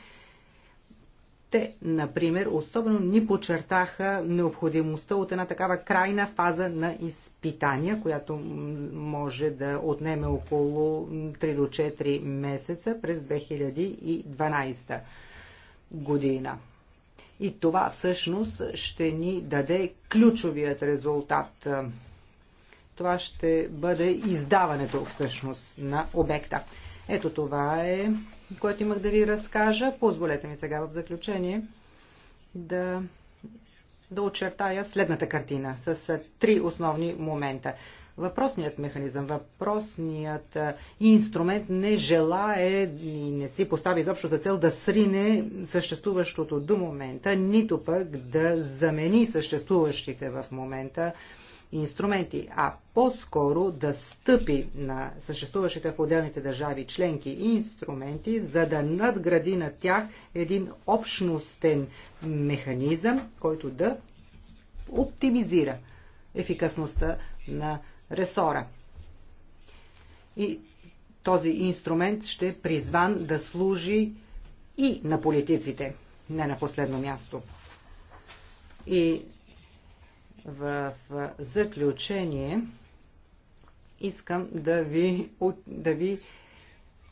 те, например, особено ни подчертаха необходимостта от една такава крайна фаза на изпитания, която може да отнеме около 3 до 4 месеца през 2012 година. И това всъщност ще ни даде ключовият резултат. Това ще бъде издаването всъщност на обекта. Ето това е, което имах да ви разкажа. Позволете ми сега в заключение да, да очертая следната картина с три основни момента въпросният механизъм, въпросният инструмент не желае и не си постави изобщо за цел да срине съществуващото до момента, нито пък да замени съществуващите в момента инструменти, а по-скоро да стъпи на съществуващите в отделните държави членки и инструменти, за да надгради на тях един общностен механизъм, който да оптимизира ефикасността на ресора. И този инструмент ще е призван да служи и на политиците, не на последно място. И в заключение искам да ви, да ви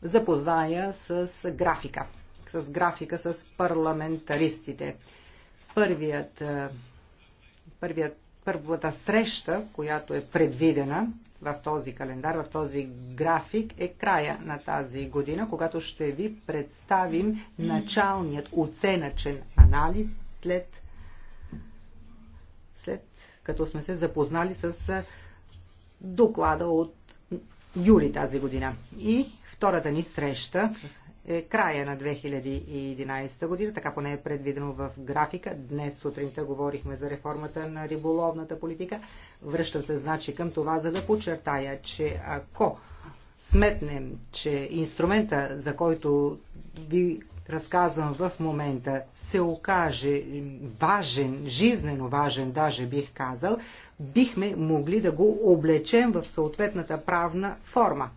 запозная с графика. С графика с парламентаристите. Първият, е, първият Първата среща, която е предвидена в този календар, в този график, е края на тази година, когато ще ви представим началният оценъчен анализ след, след като сме се запознали с доклада от юли тази година. И втората ни среща е края на 2011 година, така поне е предвидено в графика. Днес сутринта говорихме за реформата на риболовната политика. Връщам се значи към това, за да подчертая, че ако сметнем, че инструмента, за който ви разказвам в момента, се окаже важен, жизнено важен, даже бих казал, бихме могли да го облечем в съответната правна форма.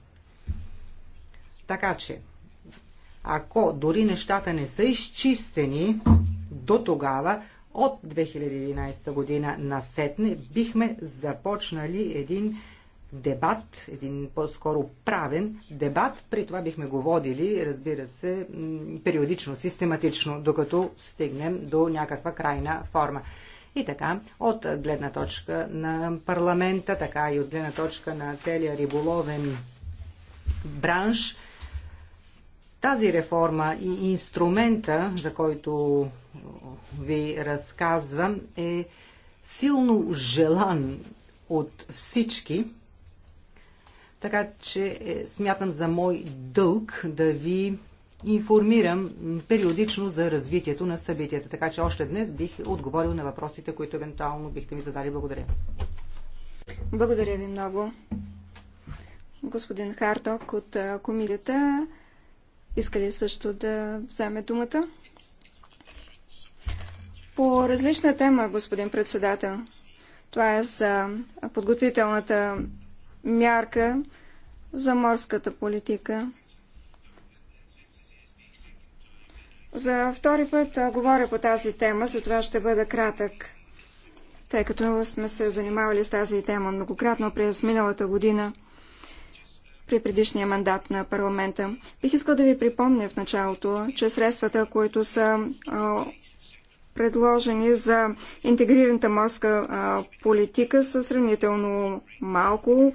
Така че, ако дори нещата не са изчистени до тогава, от 2011 година на сетне, бихме започнали един дебат, един по-скоро правен дебат. При това бихме го водили, разбира се, периодично, систематично, докато стигнем до някаква крайна форма. И така, от гледна точка на парламента, така и от гледна точка на целия риболовен бранш, тази реформа и инструмента, за който ви разказвам, е силно желан от всички, така че е, смятам за мой дълг да ви информирам периодично за развитието на събитията. Така че още днес бих отговорил на въпросите, които евентуално бихте ми задали. Благодаря. Благодаря ви много. Господин Харток от комитета. Иска ли също да вземе думата? По различна тема, господин председател. Това е за подготвителната мярка за морската политика. За втори път говоря по тази тема, затова ще бъда кратък, тъй като сме се занимавали с тази тема многократно през миналата година – при предишния мандат на парламента. Бих искал да ви припомня в началото, че средствата, които са предложени за интегрираната морска политика са сравнително малко.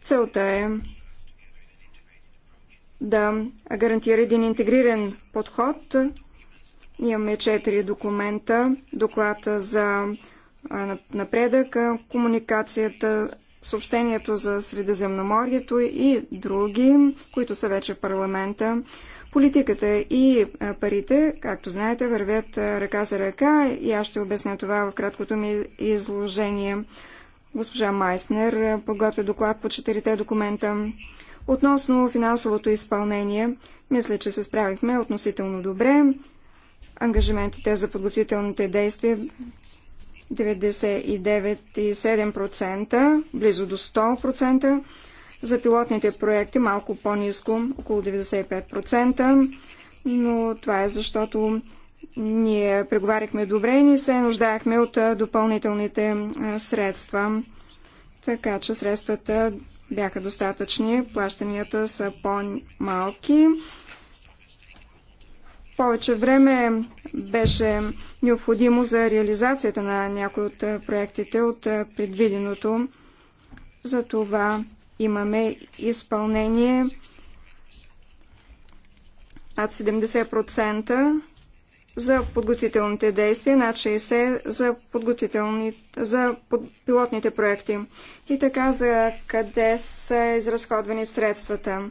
Целта е да гарантира един интегриран подход. Имаме четири документа. Доклад за напредък, комуникацията съобщението за Средиземноморието и други, които са вече в парламента. Политиката и парите, както знаете, вървят ръка за ръка и аз ще обясня това в краткото ми изложение. Госпожа Майснер подготвя доклад по четирите документа. Относно финансовото изпълнение, мисля, че се справихме относително добре. Ангажиментите за подготвителните действия 99,7%, близо до 100%. За пилотните проекти малко по-низко, около 95%, но това е защото ние преговаряхме добре и не се нуждаехме от допълнителните средства. Така че средствата бяха достатъчни, плащанията са по-малки. Повече време беше необходимо за реализацията на някои от е, проектите от е, предвиденото. За това имаме изпълнение над 70% за подготвителните действия, над 60% за, подготвителни, за под, пилотните проекти. И така за къде са изразходвани средствата.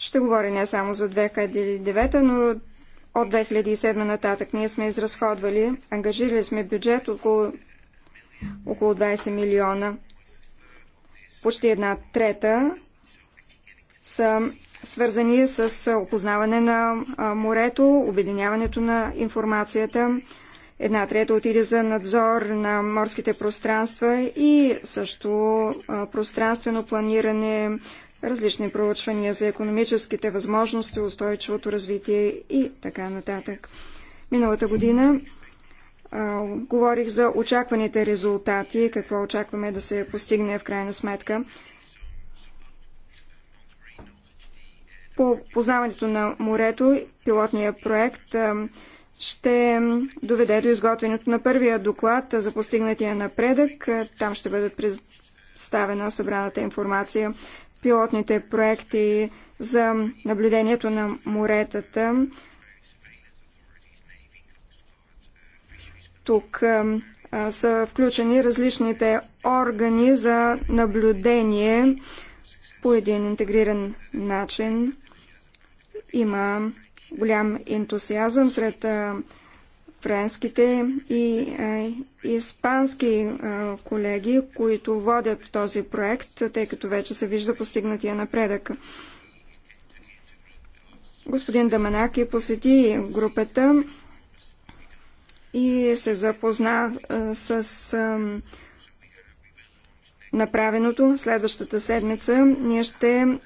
Ще говоря не само за 2009, но от 2007 нататък ние сме изразходвали, ангажирали сме бюджет около, около 20 милиона. Почти една трета са свързани с опознаване на морето, обединяването на информацията. Една трета отиде за надзор на морските пространства и също пространствено планиране, различни проучвания за економическите възможности, устойчивото развитие и така нататък. Миналата година а, говорих за очакваните резултати, какво очакваме да се постигне в крайна сметка. По познаването на морето, пилотния проект а, ще доведе до изготвянето на първия доклад за постигнатия напредък. Там ще бъдат представена събраната информация пилотните проекти за наблюдението на моретата. Тук са включени различните органи за наблюдение по един интегриран начин. Има голям ентусиазъм сред а, френските и а, испански а, колеги, които водят този проект, тъй като вече се вижда постигнатия напредък. Господин Даманаки посети групата и се запозна с направеното. Следващата седмица ние ще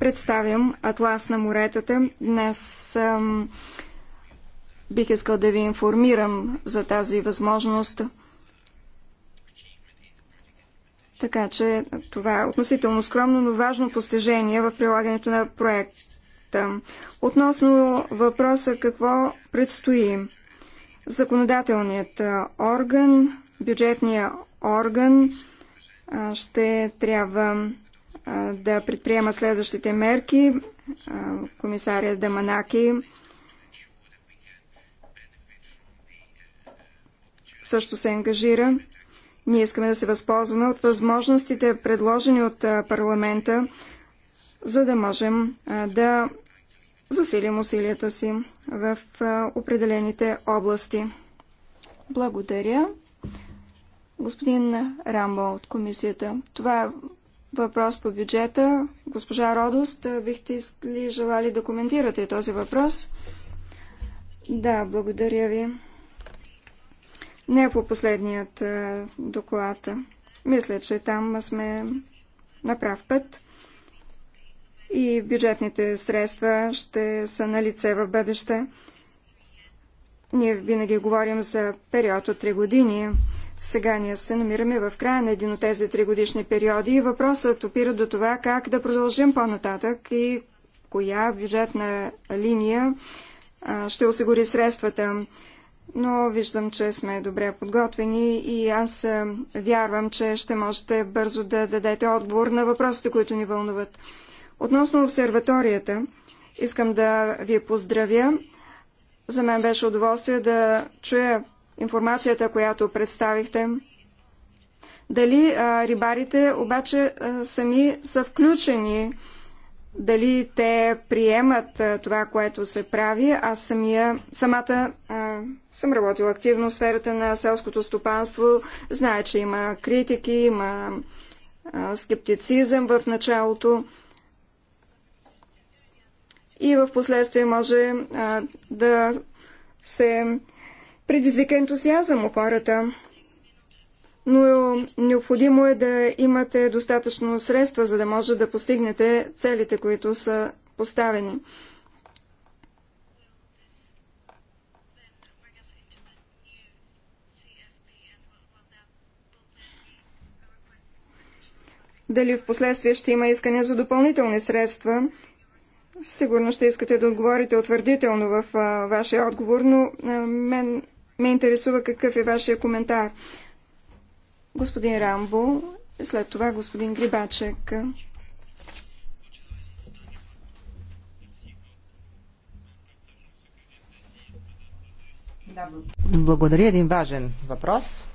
представим Атлас на моретата. Днес Бих искал да ви информирам за тази възможност. Така че това е относително скромно, но важно постижение в прилагането на проекта. Относно въпроса какво предстои. Законодателният орган, бюджетният орган ще трябва да предприема следващите мерки. Комисария Даманаки също се ангажира. Ние искаме да се възползваме от възможностите, предложени от парламента, за да можем да засилим усилията си в определените области. Благодаря. Господин Рамбо от комисията. Това е въпрос по бюджета. Госпожа Родост, бихте ли желали да коментирате този въпрос? Да, благодаря ви. Не по последният е, доклад. Мисля, че там сме на прав път и бюджетните средства ще са на лице в бъдеще. Ние винаги говорим за период от 3 години. Сега ние се намираме в края на един от тези годишни периоди и въпросът опира до това как да продължим по-нататък и коя бюджетна линия ще осигури средствата но виждам, че сме добре подготвени и аз е, вярвам, че ще можете бързо да дадете отговор на въпросите, които ни вълнуват. Относно обсерваторията, искам да ви поздравя. За мен беше удоволствие да чуя информацията, която представихте. Дали а, рибарите обаче а, сами са включени дали те приемат това, което се прави. Аз самия, самата а, съм работила активно в сферата на селското стопанство. Знае, че има критики, има а, скептицизъм в началото. И в последствие може а, да се предизвика ентусиазъм у хората но е, необходимо е да имате достатъчно средства, за да може да постигнете целите, които са поставени. Дали в последствие ще има искане за допълнителни средства? Сигурно ще искате да отговорите утвърдително в а, вашия отговор, но а, мен ме интересува какъв е вашия коментар господин Рамбо, след това господин Грибачек. Благодаря. Един важен въпрос,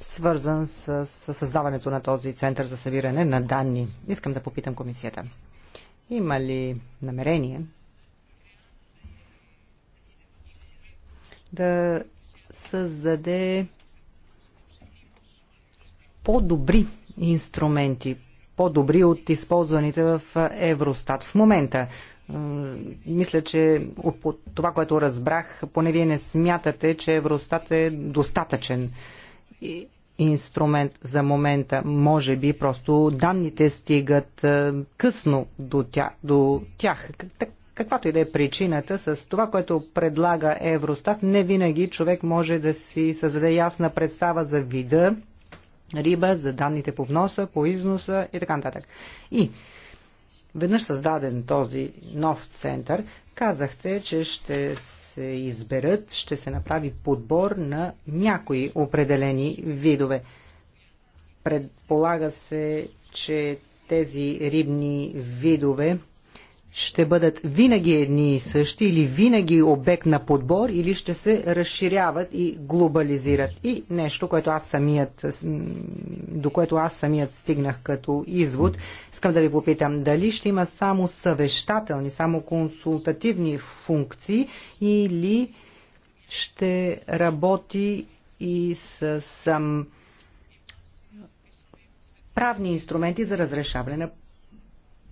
свързан с, с създаването на този център за събиране на данни. Искам да попитам комисията. Има ли намерение да създаде по-добри инструменти, по-добри от използваните в Евростат в момента. Мисля, че от това, което разбрах, поне вие не смятате, че Евростат е достатъчен инструмент за момента. Може би просто данните стигат е, късно до, тя, до тях. Каквато и да е причината, с това, което предлага Евростат, не винаги човек може да си създаде ясна представа за вида риба, за данните по вноса, по износа и така нататък. И веднъж създаден този нов център, казахте, че ще се изберат, ще се направи подбор на някои определени видове. Предполага се, че тези рибни видове ще бъдат винаги едни и същи или винаги обект на подбор или ще се разширяват и глобализират. И нещо, което аз самият, до което аз самият стигнах като извод, искам да ви попитам, дали ще има само съвещателни, само консултативни функции или ще работи и с, с правни инструменти за разрешаване на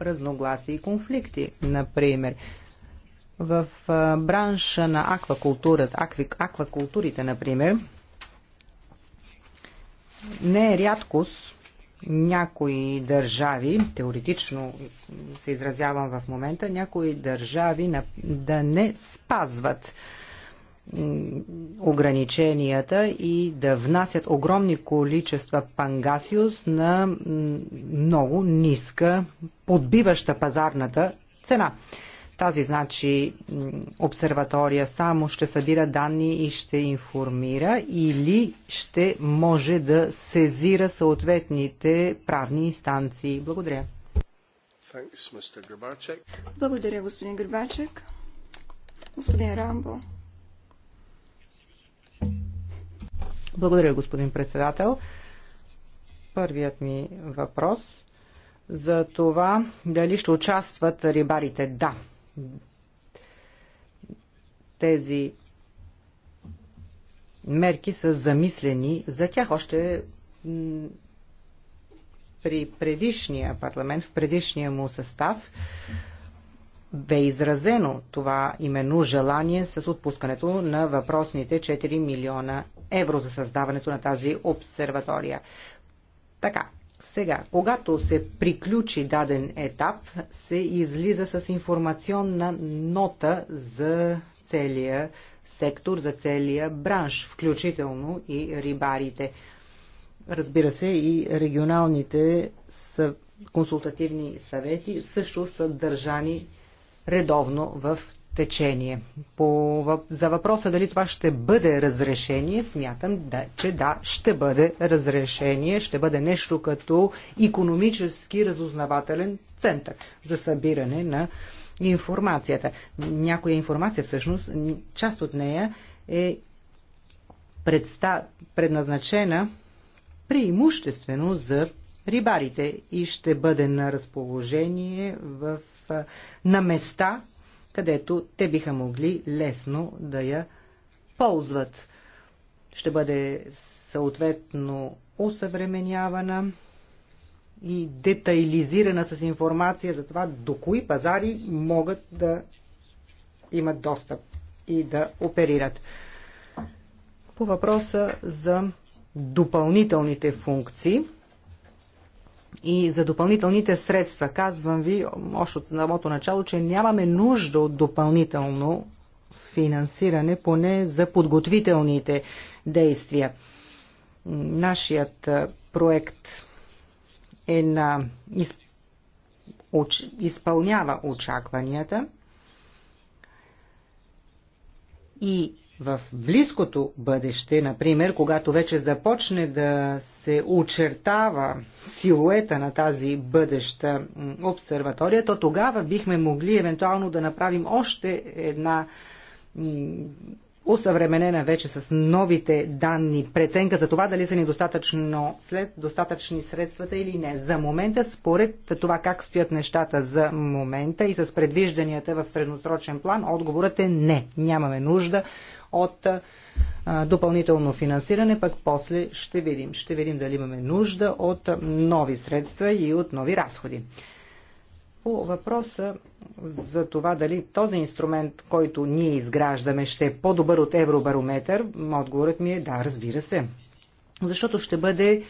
разногласия и конфликти, например. В бранша на аквакултурата, акви, аквакултурите, например, не е рядкост някои държави, теоретично се изразявам в момента, някои държави да не спазват ограниченията и да внасят огромни количества пангасиус на много ниска, подбиваща пазарната цена. Тази значи обсерватория само ще събира данни и ще информира или ще може да сезира съответните правни инстанции. Благодаря. Thanks, Благодаря, господин Грибачек. Господин Рамбо. Благодаря, господин председател. Първият ми въпрос за това дали ще участват рибарите. Да. Тези мерки са замислени за тях още при предишния парламент, в предишния му състав бе изразено това именно желание с отпускането на въпросните 4 милиона евро за създаването на тази обсерватория. Така, сега, когато се приключи даден етап, се излиза с информационна нота за целия сектор, за целия бранш, включително и рибарите. Разбира се, и регионалните консултативни съвети също са държани редовно в течение. По, за въпроса дали това ще бъде разрешение, смятам, да, че да, ще бъде разрешение, ще бъде нещо като економически разузнавателен център за събиране на информацията. Някоя информация, всъщност, част от нея е предста, предназначена преимуществено за рибарите и ще бъде на разположение в на места, където те биха могли лесно да я ползват. Ще бъде съответно усъвременявана и детайлизирана с информация за това до кои пазари могат да имат достъп и да оперират. По въпроса за допълнителните функции, и за допълнителните средства. Казвам ви още от самото начало, че нямаме нужда от допълнително финансиране, поне за подготвителните действия. Нашият проект е на уч... изпълнява очакванията и в близкото бъдеще, например, когато вече започне да се очертава силуета на тази бъдеща обсерватория, то тогава бихме могли евентуално да направим още една усъвременена вече с новите данни преценка за това дали са ни достатъчно след достатъчни средствата или не. За момента, според това как стоят нещата за момента и с предвижданията в средносрочен план, отговорът е не. Нямаме нужда от допълнително финансиране, пък после ще видим. Ще видим дали имаме нужда от нови средства и от нови разходи. По въпроса за това дали този инструмент, който ние изграждаме, ще е по-добър от евробарометър, отговорът ми е да, разбира се. Защото ще бъде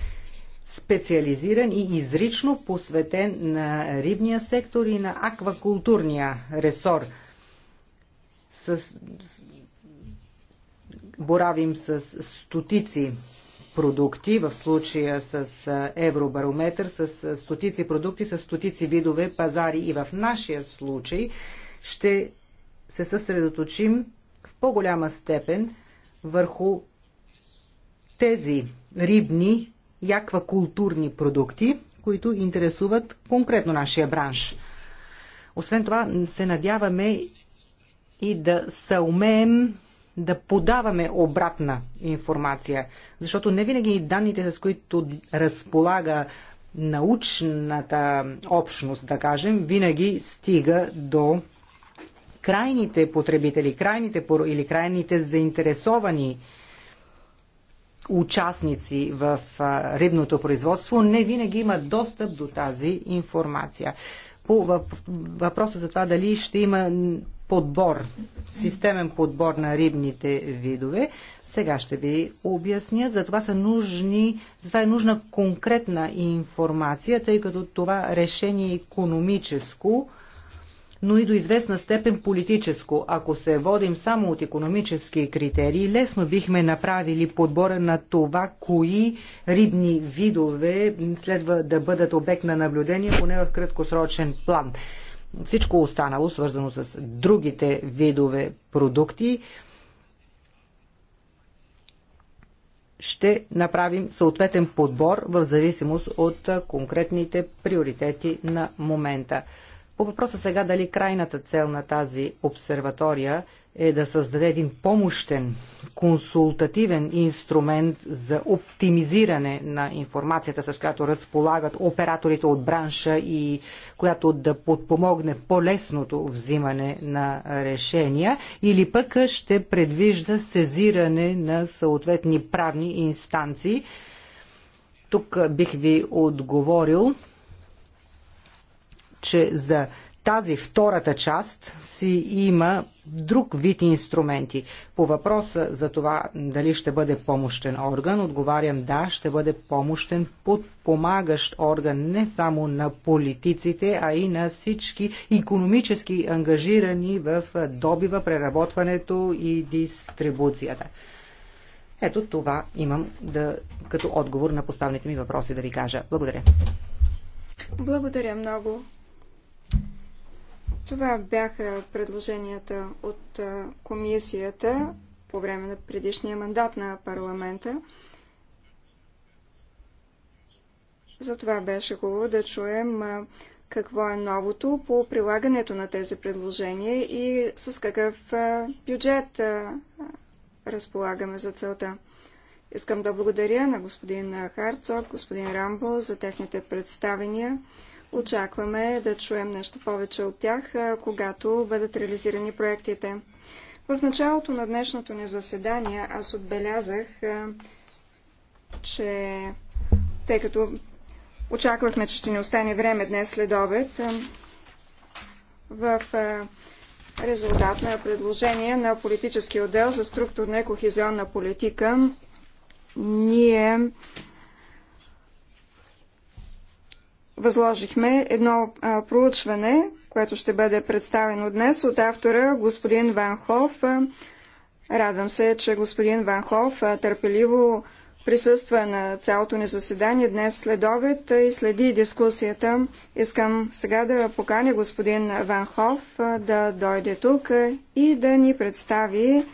специализиран и изрично посветен на рибния сектор и на аквакултурния ресор. С, боравим с стотици продукти, в случая с Евробарометър, с стотици продукти, с стотици видове пазари и в нашия случай ще се съсредоточим в по-голяма степен върху тези рибни и аквакултурни продукти, които интересуват конкретно нашия бранш. Освен това, се надяваме и да съумеем да подаваме обратна информация, защото не винаги данните, с които разполага научната общност, да кажем, винаги стига до крайните потребители, крайните или крайните заинтересовани участници в рибното производство, не винаги имат достъп до тази информация. По въпроса за това дали ще има подбор, системен подбор на рибните видове. Сега ще ви обясня. За това, са нужни, за това е нужна конкретна информация, тъй като това решение е економическо, но и до известна степен политическо. Ако се водим само от економически критерии, лесно бихме направили подбора на това, кои рибни видове следва да бъдат обект на наблюдение, поне в краткосрочен план всичко останало, свързано с другите видове продукти, ще направим съответен подбор в зависимост от конкретните приоритети на момента. По въпроса сега дали крайната цел на тази обсерватория е да създаде един помощен, консултативен инструмент за оптимизиране на информацията, с която разполагат операторите от бранша и която да подпомогне по-лесното взимане на решения или пък ще предвижда сезиране на съответни правни инстанции. Тук бих ви отговорил, че за тази втората част си има друг вид инструменти. По въпроса за това дали ще бъде помощен орган, отговарям да, ще бъде помощен подпомагащ орган не само на политиците, а и на всички економически ангажирани в добива, преработването и дистрибуцията. Ето това имам да, като отговор на поставните ми въпроси да ви кажа. Благодаря. Благодаря много. Това бяха предложенията от комисията по време на предишния мандат на парламента. Затова беше хубаво да чуем какво е новото по прилагането на тези предложения и с какъв бюджет разполагаме за целта. Искам да благодаря на господин Харцог, господин Рамбо за техните представения. Очакваме да чуем нещо повече от тях, когато бъдат реализирани проектите. В началото на днешното ни заседание аз отбелязах, че тъй като очаквахме, че ще ни остане време днес след обед, в резултат на предложение на политически отдел за структурна и кохезионна политика, ние възложихме едно а, проучване, което ще бъде представено днес от автора господин Ван Хоф. Радвам се, че господин Ван Хоф търпеливо присъства на цялото ни заседание днес след обед и следи дискусията. Искам сега да поканя господин Ван Хоф да дойде тук и да ни представи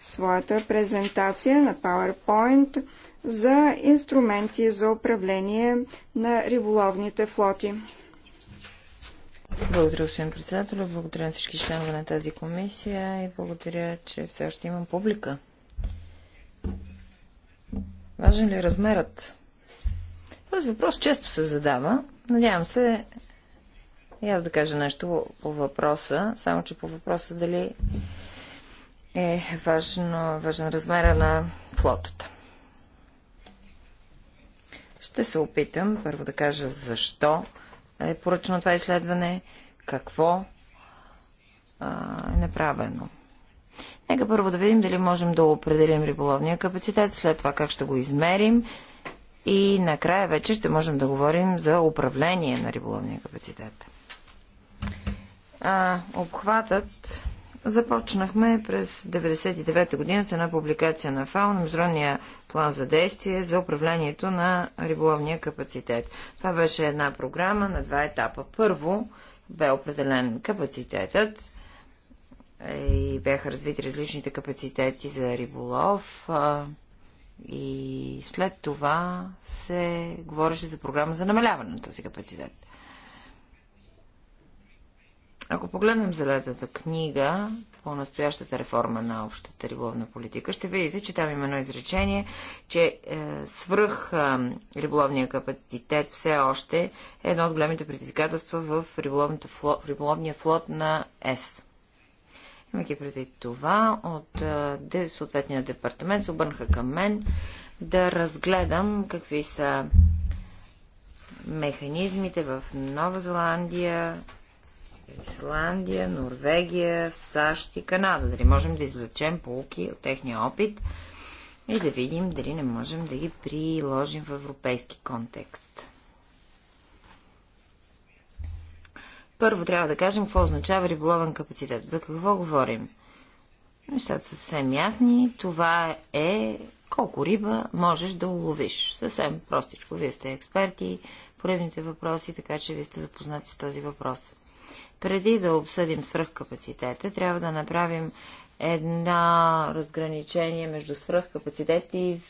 своята презентация на PowerPoint – за инструменти за управление на риболовните флоти. Благодаря, господин председател. Благодаря на всички членове на тази комисия и благодаря, че все още имам публика. Важен ли е размерът? Този въпрос често се задава. Надявам се и аз да кажа нещо по въпроса, само че по въпроса дали е важно, важен размера на флотата. Ще се опитам първо да кажа защо е поръчено това изследване, какво е направено. Нека първо да видим дали можем да определим риболовния капацитет, след това как ще го измерим и накрая вече ще можем да говорим за управление на риболовния капацитет. А, обхватът Започнахме през 1999 година с една публикация на ФАО на Международния план за действие за управлението на риболовния капацитет. Това беше една програма на два етапа. Първо бе определен капацитетът е, и бяха развити различните капацитети за риболов. И след това се говореше за програма за намаляване на този капацитет. Ако погледнем зелената книга по настоящата реформа на общата риболовна политика, ще видите, че там има едно изречение, че е, свръх е, риболовния капацитет все още е едно от големите предизвикателства в флот, риболовния флот на ЕС. Имайки преди това, от е, съответния департамент се обърнаха към мен да разгледам какви са механизмите в Нова Зеландия, Исландия, Норвегия, САЩ и Канада. Дали можем да извлечем полуки от техния опит и да видим дали не можем да ги приложим в европейски контекст. Първо трябва да кажем какво означава риболовен капацитет. За какво говорим? Нещата са съвсем ясни. Това е колко риба можеш да уловиш. Съвсем простичко. Вие сте експерти по рибните въпроси, така че вие сте запознати с този въпрос. Преди да обсъдим свръхкапацитета, трябва да направим една разграничение между свръхкапацитет и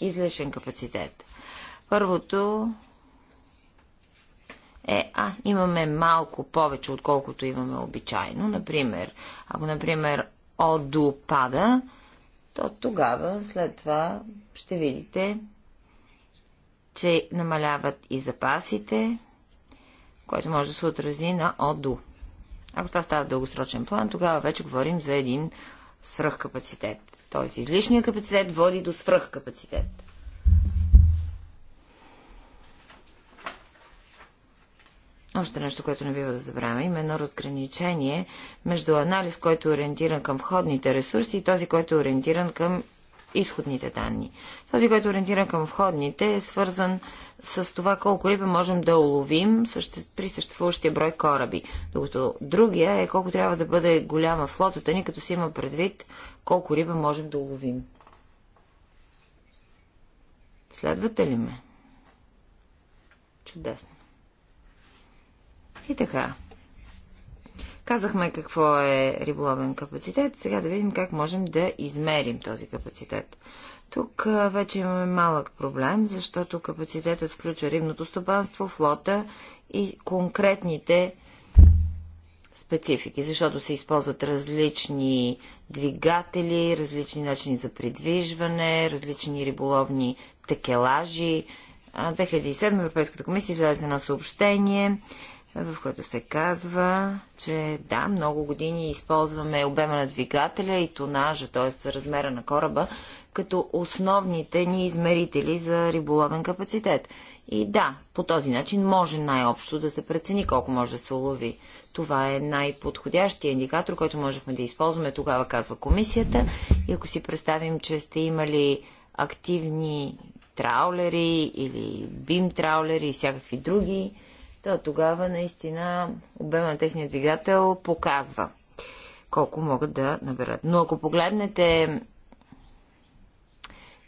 излишен капацитет. Първото е, а, имаме малко повече, отколкото имаме обичайно. Например, ако, например, ОДУ пада, то тогава, след това, ще видите, че намаляват и запасите, който може да се отрази на ОДУ. Ако това става в дългосрочен план, тогава вече говорим за един свръхкапацитет. Тоест, излишният капацитет води до свръхкапацитет. Още нещо, което не бива да забравяме, има едно разграничение между анализ, който е ориентиран към входните ресурси и този, който е ориентиран към изходните данни. Този, който е ориентиран към входните, е свързан с това колко риба можем да уловим при съществуващия брой кораби, докато другия е колко трябва да бъде голяма флотата ни, като си има предвид колко риба можем да уловим. Следвате ли ме? Чудесно. И така. Казахме какво е риболовен капацитет, сега да видим как можем да измерим този капацитет. Тук вече имаме малък проблем, защото капацитетът включва рибното стопанство, флота и конкретните специфики, защото се използват различни двигатели, различни начини за придвижване, различни риболовни текелажи. 2007 Европейската комисия излезе на съобщение в което се казва, че да, много години използваме обема на двигателя и тонажа, т.е. размера на кораба, като основните ни измерители за риболовен капацитет. И да, по този начин може най-общо да се прецени колко може да се улови. Това е най-подходящия индикатор, който можехме да използваме, тогава казва комисията. И ако си представим, че сте имали активни траулери или бим траулери и всякакви други то тогава наистина обема на техния двигател показва колко могат да наберат. Но ако погледнете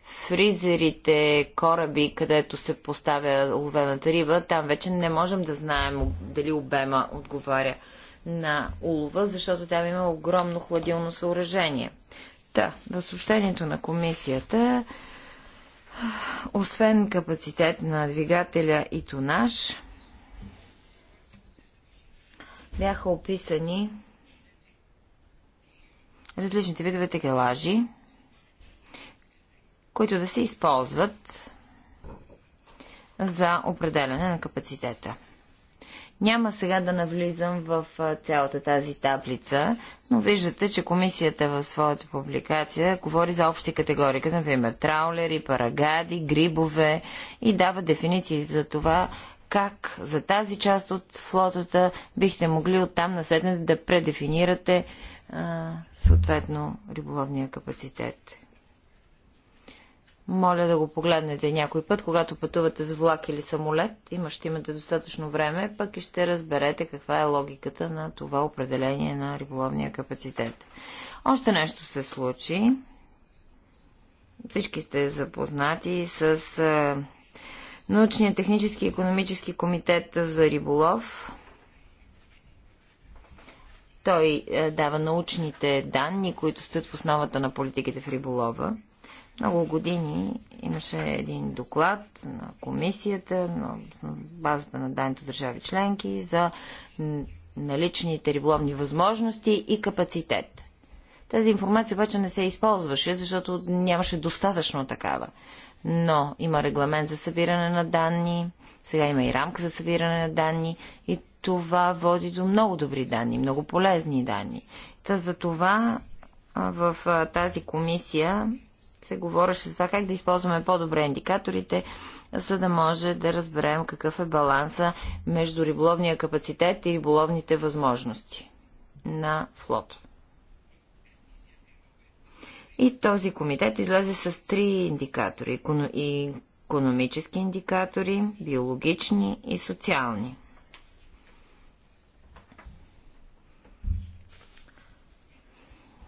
фризерите, кораби, където се поставя уловената риба, там вече не можем да знаем дали обема отговаря на улова, защото там има огромно хладилно съоръжение. Та, да, в съобщението на комисията, освен капацитет на двигателя и тонаж, бяха описани различните видове текелажи, които да се използват за определене на капацитета. Няма сега да навлизам в цялата тази таблица, но виждате, че комисията в своята публикация говори за общи категории, като например траулери, парагади, грибове и дава дефиниции за това как за тази част от флотата бихте могли оттам наседнете да предефинирате а, съответно риболовния капацитет. Моля да го погледнете някой път, когато пътувате с влак или самолет, има, ще имате достатъчно време, пък и ще разберете каква е логиката на това определение на риболовния капацитет. Още нещо се случи. Всички сте запознати с научния технически и економически комитет за риболов. Той е, дава научните данни, които стоят в основата на политиките в риболова. Много години имаше един доклад на комисията на базата на данните от държави членки за наличните риболовни възможности и капацитет. Тази информация обаче не се използваше, защото нямаше достатъчно такава но има регламент за събиране на данни, сега има и рамка за събиране на данни и това води до много добри данни, много полезни данни. Та за това в тази комисия се говореше за това как да използваме по-добре индикаторите, за да може да разберем какъв е баланса между риболовния капацитет и риболовните възможности на флота. И този комитет излезе с три индикатори. И економически индикатори, биологични и социални.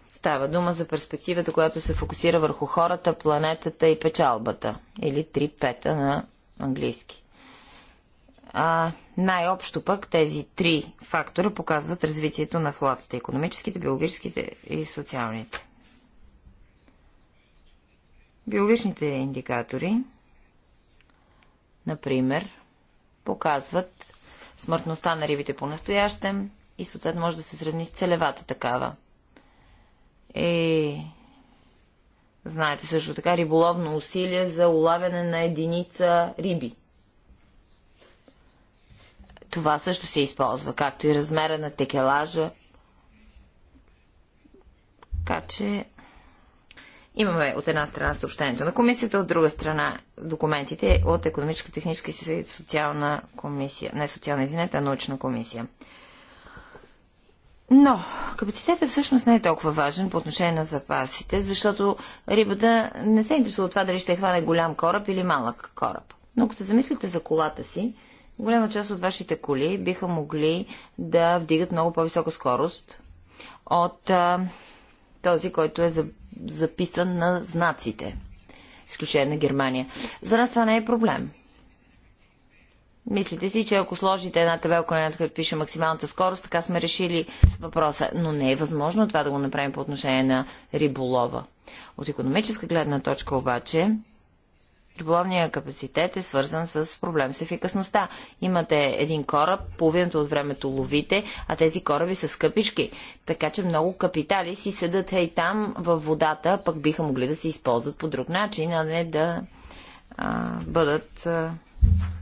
Става дума за перспективата, която се фокусира върху хората, планетата и печалбата, или три пета на английски. А, най-общо пък тези три фактора показват развитието на флотата – економическите, биологическите и социалните. Биологичните индикатори, например, показват смъртността на рибите по настоящем и съответно може да се сравни с целевата такава. Е, знаете също така риболовно усилие за улавяне на единица риби. Това също се използва, както и размера на текелажа. Така че Имаме от една страна съобщението на комисията, от друга страна документите от економическа, техническа и социална комисия. Не социална, извинете, а научна комисия. Но капацитетът всъщност не е толкова важен по отношение на запасите, защото рибата не се интересува от това дали ще хване голям кораб или малък кораб. Но ако се замислите за колата си, голяма част от вашите коли биха могли да вдигат много по-висока скорост от а, този, който е за записан на знаците. Изключение на Германия. За нас това не е проблем. Мислите си, че ако сложите една табелка, на която пише максималната скорост, така сме решили въпроса. Но не е възможно това да го направим по отношение на риболова. От економическа гледна точка обаче, Риболовният капацитет е свързан с проблем с ефикасността. Имате един кораб, половината от времето ловите, а тези кораби са скъпички. Така че много капитали си седат и там във водата, пък биха могли да се използват по друг начин, а не да а, бъдат а,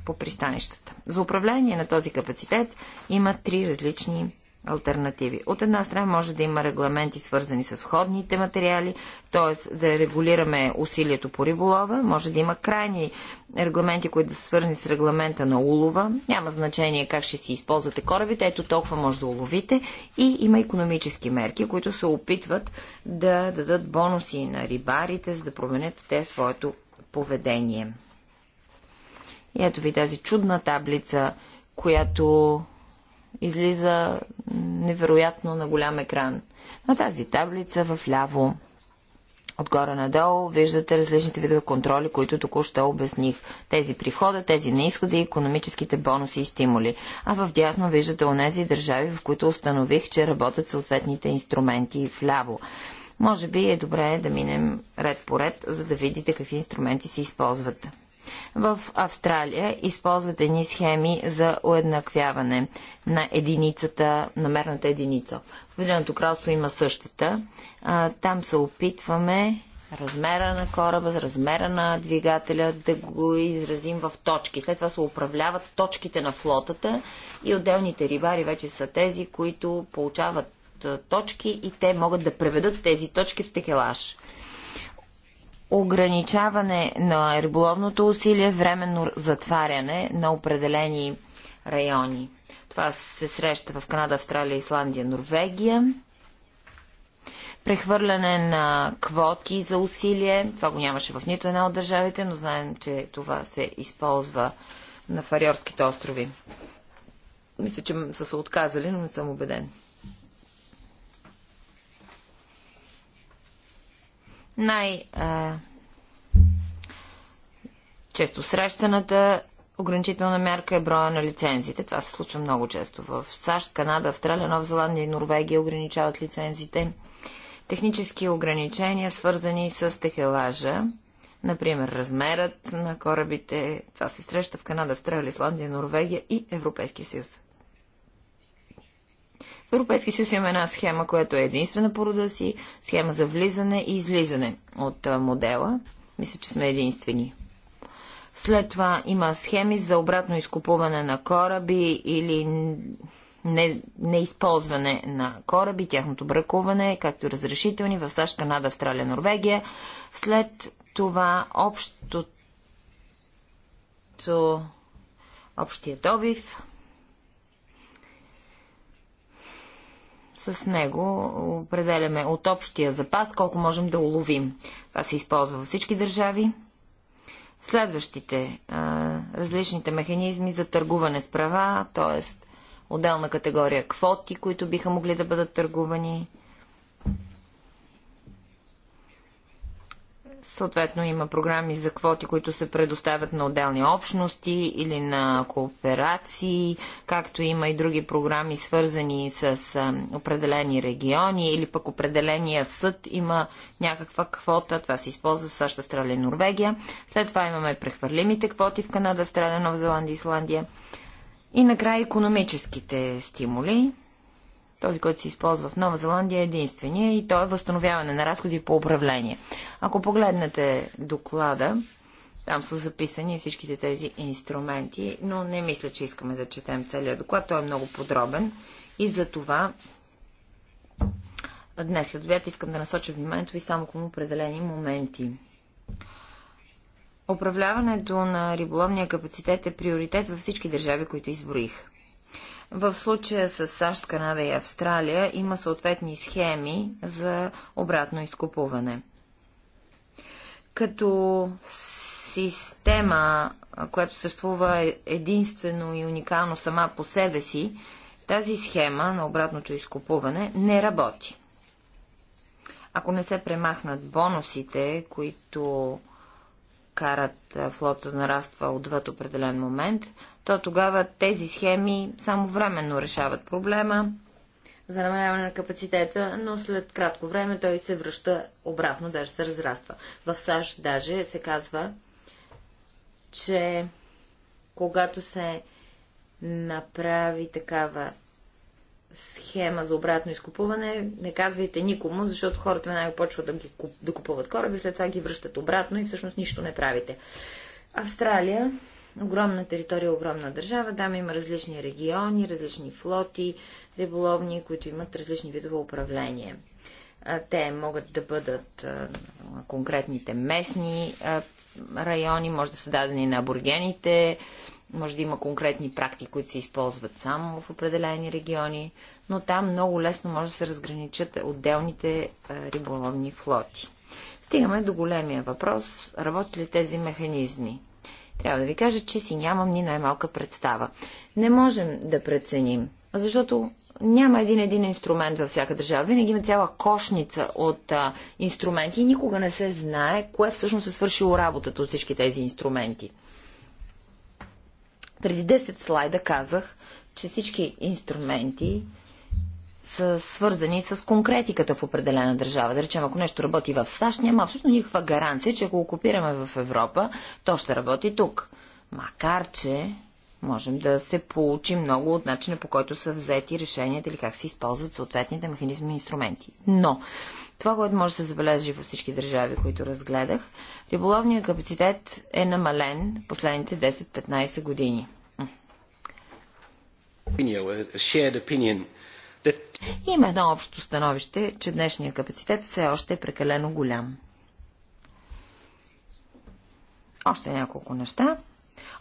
по пристанищата. За управление на този капацитет има три различни альтернативи. От една страна може да има регламенти свързани с входните материали, т.е. да регулираме усилието по риболова, може да има крайни регламенти, които да са свързани с регламента на улова, няма значение как ще си използвате корабите, ето толкова може да уловите и има економически мерки, които се опитват да дадат бонуси на рибарите, за да променят те своето поведение. И ето ви тази чудна таблица, която излиза невероятно на голям екран. На тази таблица в ляво отгоре надолу виждате различните видове контроли, които току-що обясних. Тези при входа, тези на изхода и економическите бонуси и стимули. А в дясно виждате онези държави, в които установих, че работят съответните инструменти в ляво. Може би е добре да минем ред по ред, за да видите какви инструменти се използват. В Австралия използват едни схеми за уеднаквяване на единицата, намерната единица. В Обединеното кралство има същата. Там се опитваме размера на кораба, размера на двигателя, да го изразим в точки. След това се управляват точките на флотата и отделните рибари вече са тези, които получават точки и те могат да преведат тези точки в текелаж ограничаване на риболовното усилие, временно затваряне на определени райони. Това се среща в Канада, Австралия, Исландия, Норвегия. Прехвърляне на квоти за усилие. Това го нямаше в нито една от държавите, но знаем, че това се използва на Фариорските острови. Мисля, че са се отказали, но не съм убеден. Най- често срещаната ограничителна мярка е броя на лицензите. Това се случва много често. В САЩ, Канада, Австралия, Нова Зеландия и Норвегия ограничават лицензите. Технически ограничения, свързани с техелажа, например размерът на корабите. Това се среща в Канада, Австралия, Исландия, Норвегия и Европейския съюз. В Европейски съюз имаме една схема, която е единствена по рода си, схема за влизане и излизане от модела. Мисля, че сме единствени. След това има схеми за обратно изкупуване на кораби или не, неизползване на кораби, тяхното бракуване, както разрешителни в САЩ, Канада, Австралия, Норвегия. След това общото общия добив, С него определяме от общия запас колко можем да уловим. Това се използва във всички държави. Следващите а, различните механизми за търгуване с права, т.е. отделна категория квоти, които биха могли да бъдат търгувани, Съответно има програми за квоти, които се предоставят на отделни общности или на кооперации, както има и други програми, свързани с определени региони или пък определения съд има някаква квота. Това се използва в САЩ, Австралия и Норвегия. След това имаме прехвърлимите квоти в Канада, Австралия, Нова Зеландия, Исландия. И накрая економическите стимули. Този, който се използва в Нова Зеландия е единствения и то е възстановяване на разходи по управление. Ако погледнете доклада, там са записани всичките тези инструменти, но не мисля, че искаме да четем целият доклад. Той е много подробен и за това днес след обяд искам да насоча вниманието ви само към определени моменти. Управляването на риболовния капацитет е приоритет във всички държави, които изброих. В случая с САЩ, Канада и Австралия има съответни схеми за обратно изкупуване. Като система, която съществува единствено и уникално сама по себе си, тази схема на обратното изкупуване не работи. Ако не се премахнат бонусите, които карат флота да нараства отвъд определен момент, то тогава тези схеми само временно решават проблема за намаляване на капацитета, но след кратко време той се връща обратно, даже се разраства. В САЩ даже се казва, че когато се направи такава схема за обратно изкупуване, не казвайте никому, защото хората веднага почват да, ги, да купуват кораби, след това ги връщат обратно и всъщност нищо не правите. Австралия огромна територия, огромна държава. Там има различни региони, различни флоти, риболовни, които имат различни видове управление. Те могат да бъдат конкретните местни райони, може да са дадени на аборигените, може да има конкретни практики, които се използват само в определени региони, но там много лесно може да се разграничат отделните риболовни флоти. Стигаме до големия въпрос. Работят ли тези механизми? Трябва да ви кажа, че си нямам ни най-малка представа. Не можем да преценим, защото няма един един инструмент във всяка държава. Винаги има цяла кошница от а, инструменти и никога не се знае кое всъщност е свършило работата от всички тези инструменти. Преди 10 слайда казах, че всички инструменти са свързани с конкретиката в определена държава. Да речем, ако нещо работи в САЩ, няма абсолютно никаква гаранция, че ако го копираме в Европа, то ще работи тук. Макар, че можем да се получи много от начина по който са взети решенията или как се използват съответните механизми и инструменти. Но, това, което може да се забележи във всички държави, които разгледах, риболовният капацитет е намален последните 10-15 години. Има едно общо становище, че днешния капацитет все още е прекалено голям. Още няколко неща.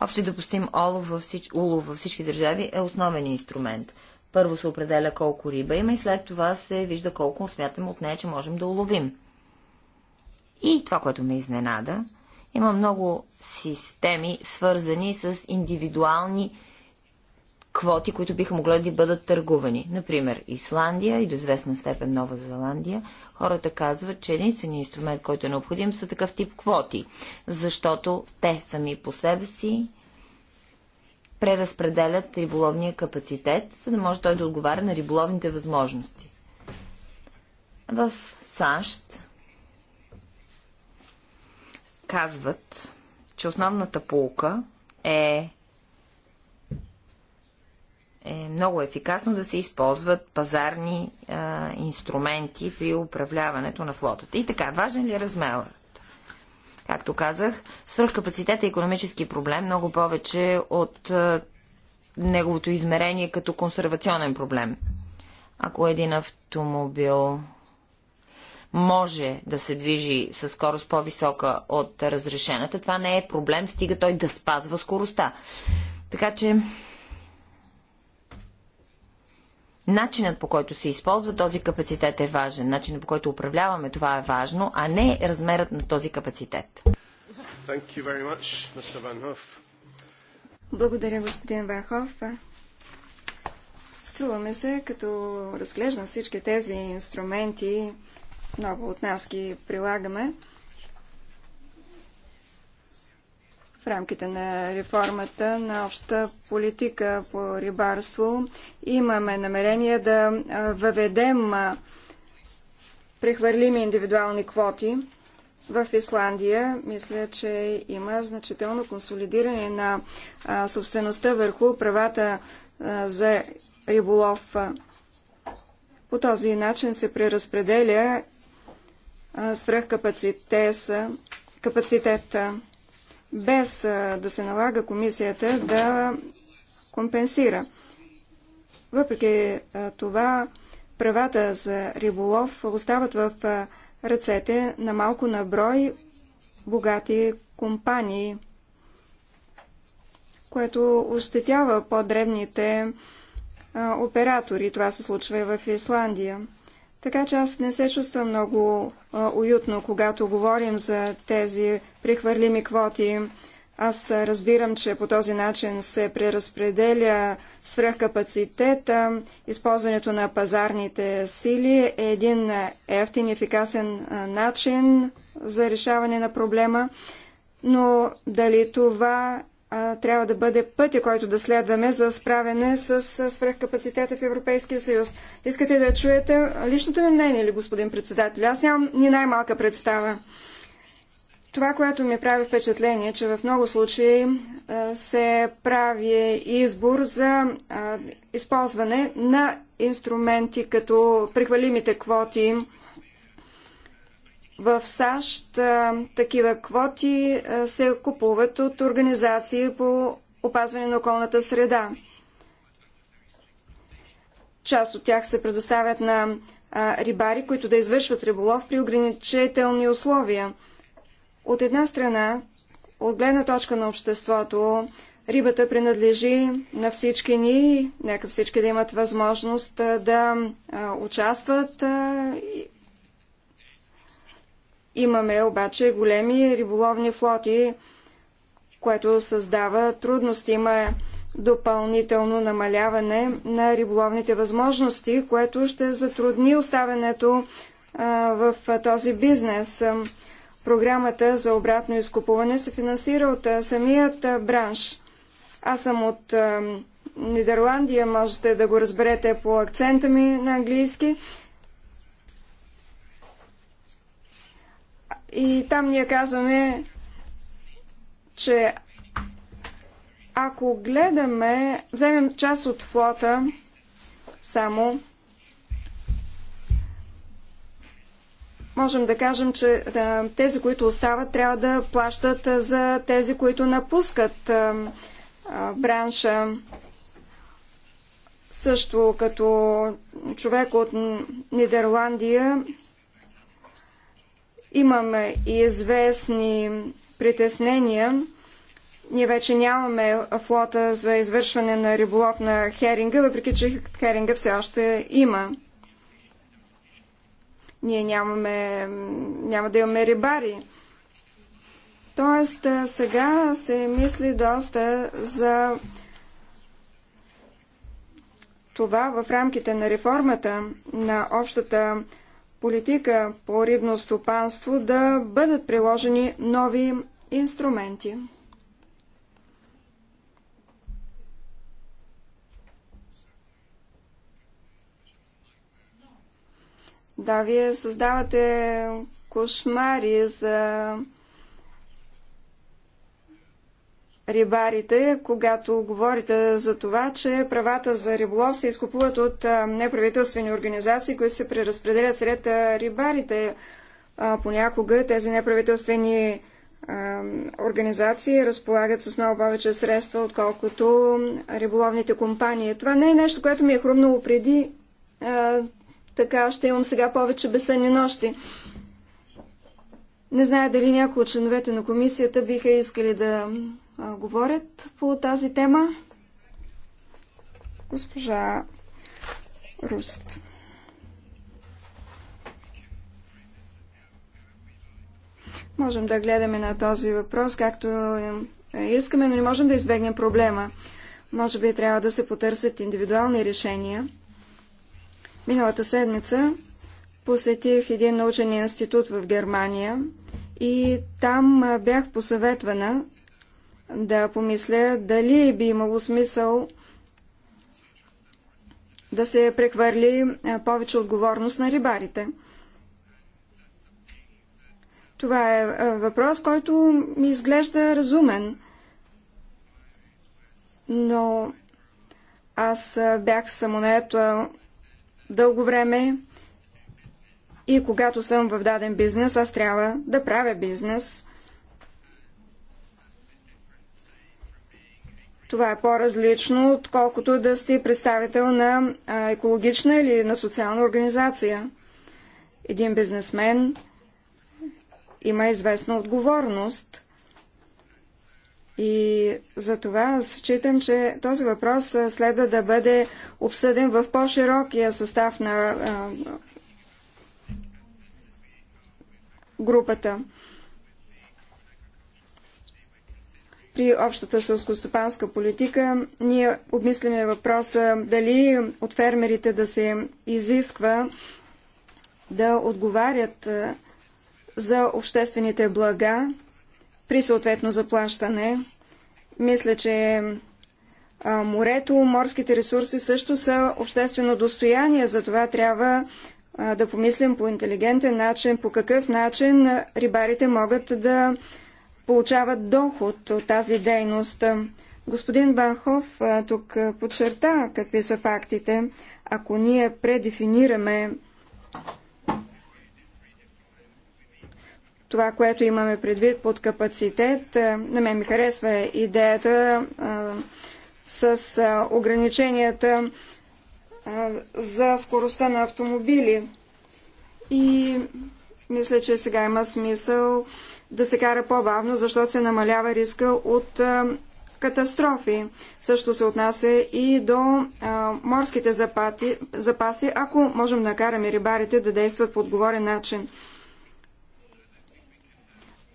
Общо допустим олов във, всич... улов във всички държави е основен инструмент. Първо се определя колко риба има и след това се вижда колко смятаме от нея, че можем да уловим. И това, което ме изненада, има много системи, свързани с индивидуални квоти, които биха могли да бъдат търгувани. Например, Исландия и до известна степен Нова Зеландия. Хората казват, че единственият инструмент, който е необходим, са такъв тип квоти, защото те сами по себе си преразпределят риболовния капацитет, за да може той да отговаря на риболовните възможности. В САЩ казват, че основната полка е е много ефикасно да се използват пазарни а, е, инструменти при управляването на флотата. И така, важен ли е размерът? Както казах, свръхкапацитет е економически проблем, много повече от а, е, неговото измерение като консервационен проблем. Ако един автомобил може да се движи със скорост по-висока от разрешената, това не е проблем, стига той да спазва скоростта. Така че Начинът по който се използва този капацитет е важен. Начинът по който управляваме това е важно, а не размерът на този капацитет. Much, Благодаря, господин Ванхов. Струваме се, като разглеждам всички тези инструменти, много от нас ги прилагаме, в рамките на реформата на обща политика по рибарство. Имаме намерение да въведем прехвърлими индивидуални квоти. В Исландия мисля, че има значително консолидиране на собствеността върху правата за риболов. По този начин се преразпределя свръхкапацитета без да се налага комисията да компенсира. Въпреки това, правата за риболов остават в ръцете на малко наброй богати компании, което ощетява по-древните оператори. Това се случва и в Исландия. Така че аз не се чувствам много а, уютно, когато говорим за тези прехвърлими квоти. Аз разбирам, че по този начин се преразпределя свръхкапацитета, използването на пазарните сили е един ефтин, ефикасен начин за решаване на проблема, но дали това трябва да бъде пътя, който да следваме за справяне с свръхкапацитета в Европейския съюз. Искате да чуете личното ми мнение ли, господин председател? Аз нямам ни най-малка представа. Това, което ми прави впечатление, че в много случаи се прави избор за използване на инструменти като прехвалимите квоти, в САЩ такива квоти се купуват от организации по опазване на околната среда. Част от тях се предоставят на рибари, които да извършват риболов при ограничителни условия. От една страна, от гледна точка на обществото, рибата принадлежи на всички ни. Нека всички да имат възможност да участват Имаме обаче големи риболовни флоти, което създава трудности. Има допълнително намаляване на риболовните възможности, което ще затрудни оставането в този бизнес. Програмата за обратно изкупуване се финансира от самият бранш. Аз съм от Нидерландия, можете да го разберете по акцента ми на английски. И там ние казваме, че ако гледаме, вземем част от флота само, можем да кажем, че тези, които остават, трябва да плащат за тези, които напускат бранша. Също като човек от Нидерландия Имаме и известни притеснения. Ние вече нямаме флота за извършване на риболов на херинга, въпреки че херинга все още има. Ние нямаме, няма да имаме рибари. Тоест, сега се мисли доста за това в рамките на реформата на общата политика по рибно стопанство да бъдат приложени нови инструменти. Да, вие създавате кошмари за рибарите, когато говорите за това, че правата за риболов се изкупуват от неправителствени организации, които се преразпределят сред рибарите. Понякога тези неправителствени организации разполагат с много повече средства, отколкото риболовните компании. Това не е нещо, което ми е хрумнало преди. Така ще имам сега повече безсънни нощи. Не зная дали някои от членовете на комисията биха искали да а, говорят по тази тема. Госпожа Руст. Можем да гледаме на този въпрос, както е, искаме, но не можем да избегнем проблема. Може би трябва да се потърсят индивидуални решения. Миналата седмица посетих един научен институт в Германия и там бях посъветвана да помисля дали би имало смисъл да се прехвърли повече отговорност на рибарите. Това е въпрос, който ми изглежда разумен. Но аз бях самонает дълго време и когато съм в даден бизнес, аз трябва да правя бизнес. Това е по-различно, отколкото да сте представител на екологична или на социална организация. Един бизнесмен има известна отговорност. И за това считам, че този въпрос следва да бъде обсъден в по-широкия състав на групата. при общата сълскостопанска политика ние обмисляме въпроса дали от фермерите да се изисква да отговарят за обществените блага при съответно заплащане. Мисля, че морето, морските ресурси също са обществено достояние, затова трябва да помислим по интелигентен начин, по какъв начин рибарите могат да получават доход от тази дейност. Господин Банхов тук подчерта какви са фактите. Ако ние предефинираме това, което имаме предвид под капацитет, на мен ми харесва идеята а, с ограниченията а, за скоростта на автомобили. И мисля, че сега има смисъл да се кара по-бавно, защото се намалява риска от катастрофи. Също се отнася и до а, морските запати, запаси, ако можем да караме рибарите да действат по отговорен начин.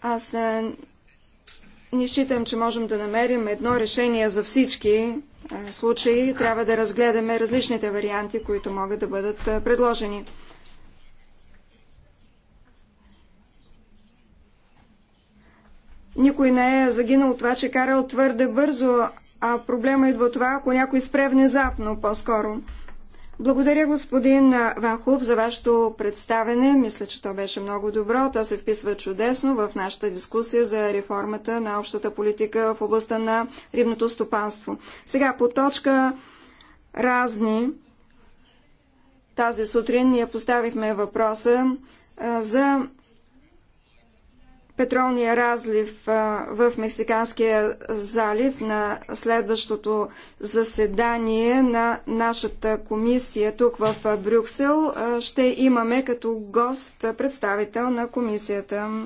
Аз а, не считам, че можем да намерим едно решение за всички а, случаи. Трябва да разгледаме различните варианти, които могат да бъдат а, предложени. Никой не е загинал от това, че е карал твърде бързо, а проблема идва от това, ако някой спре внезапно по-скоро. Благодаря, господин Ванхов, за вашето представене. Мисля, че то беше много добро. То се вписва чудесно в нашата дискусия за реформата на общата политика в областта на рибното стопанство. Сега по точка разни. Тази сутрин ние поставихме въпроса за петролния разлив в Мексиканския залив на следващото заседание на нашата комисия тук в Брюксел ще имаме като гост представител на комисията.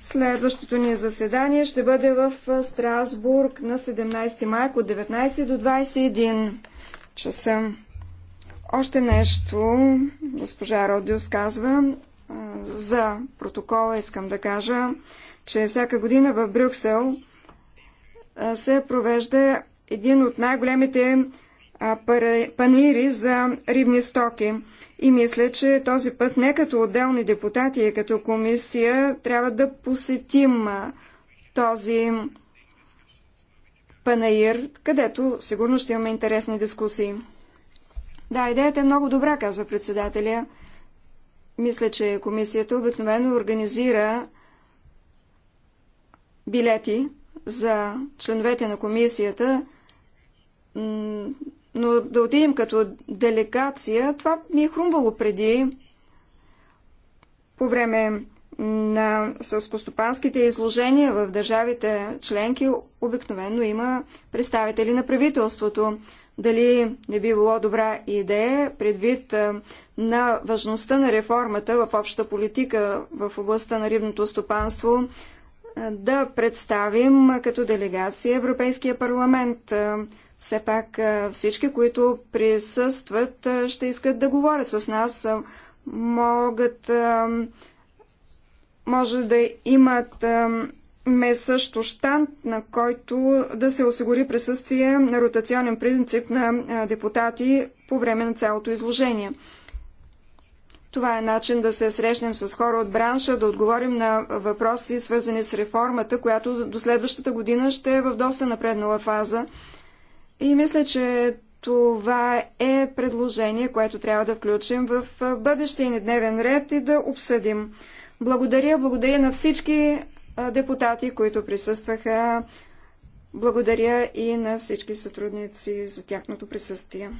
Следващото ни заседание ще бъде в Страсбург на 17 май от 19 до 21 часа. Още нещо, госпожа Родиус казва, за протокола искам да кажа, че всяка година в Брюксел се провежда един от най-големите панири за рибни стоки. И мисля, че този път не като отделни депутати, а като комисия трябва да посетим този панаир, където сигурно ще имаме интересни дискусии. Да, идеята е много добра, казва председателя. Мисля, че комисията обикновено организира билети за членовете на комисията, но да отидем като делегация, това ми е хрумвало преди по време на сълскостопанските изложения в държавите членки обикновено има представители на правителството дали не би било добра идея, предвид на важността на реформата в обща политика в областта на рибното стопанство, да представим като делегация Европейския парламент. Все пак всички, които присъстват, ще искат да говорят с нас. Могат, може да имат ме също штант, на който да се осигури присъствие на ротационен принцип на депутати по време на цялото изложение. Това е начин да се срещнем с хора от бранша, да отговорим на въпроси, свързани с реформата, която до следващата година ще е в доста напреднала фаза. И мисля, че това е предложение, което трябва да включим в бъдещия ни дневен ред и да обсъдим. Благодаря, благодаря на всички депутати, които присъстваха. Благодаря и на всички сътрудници за тяхното присъствие.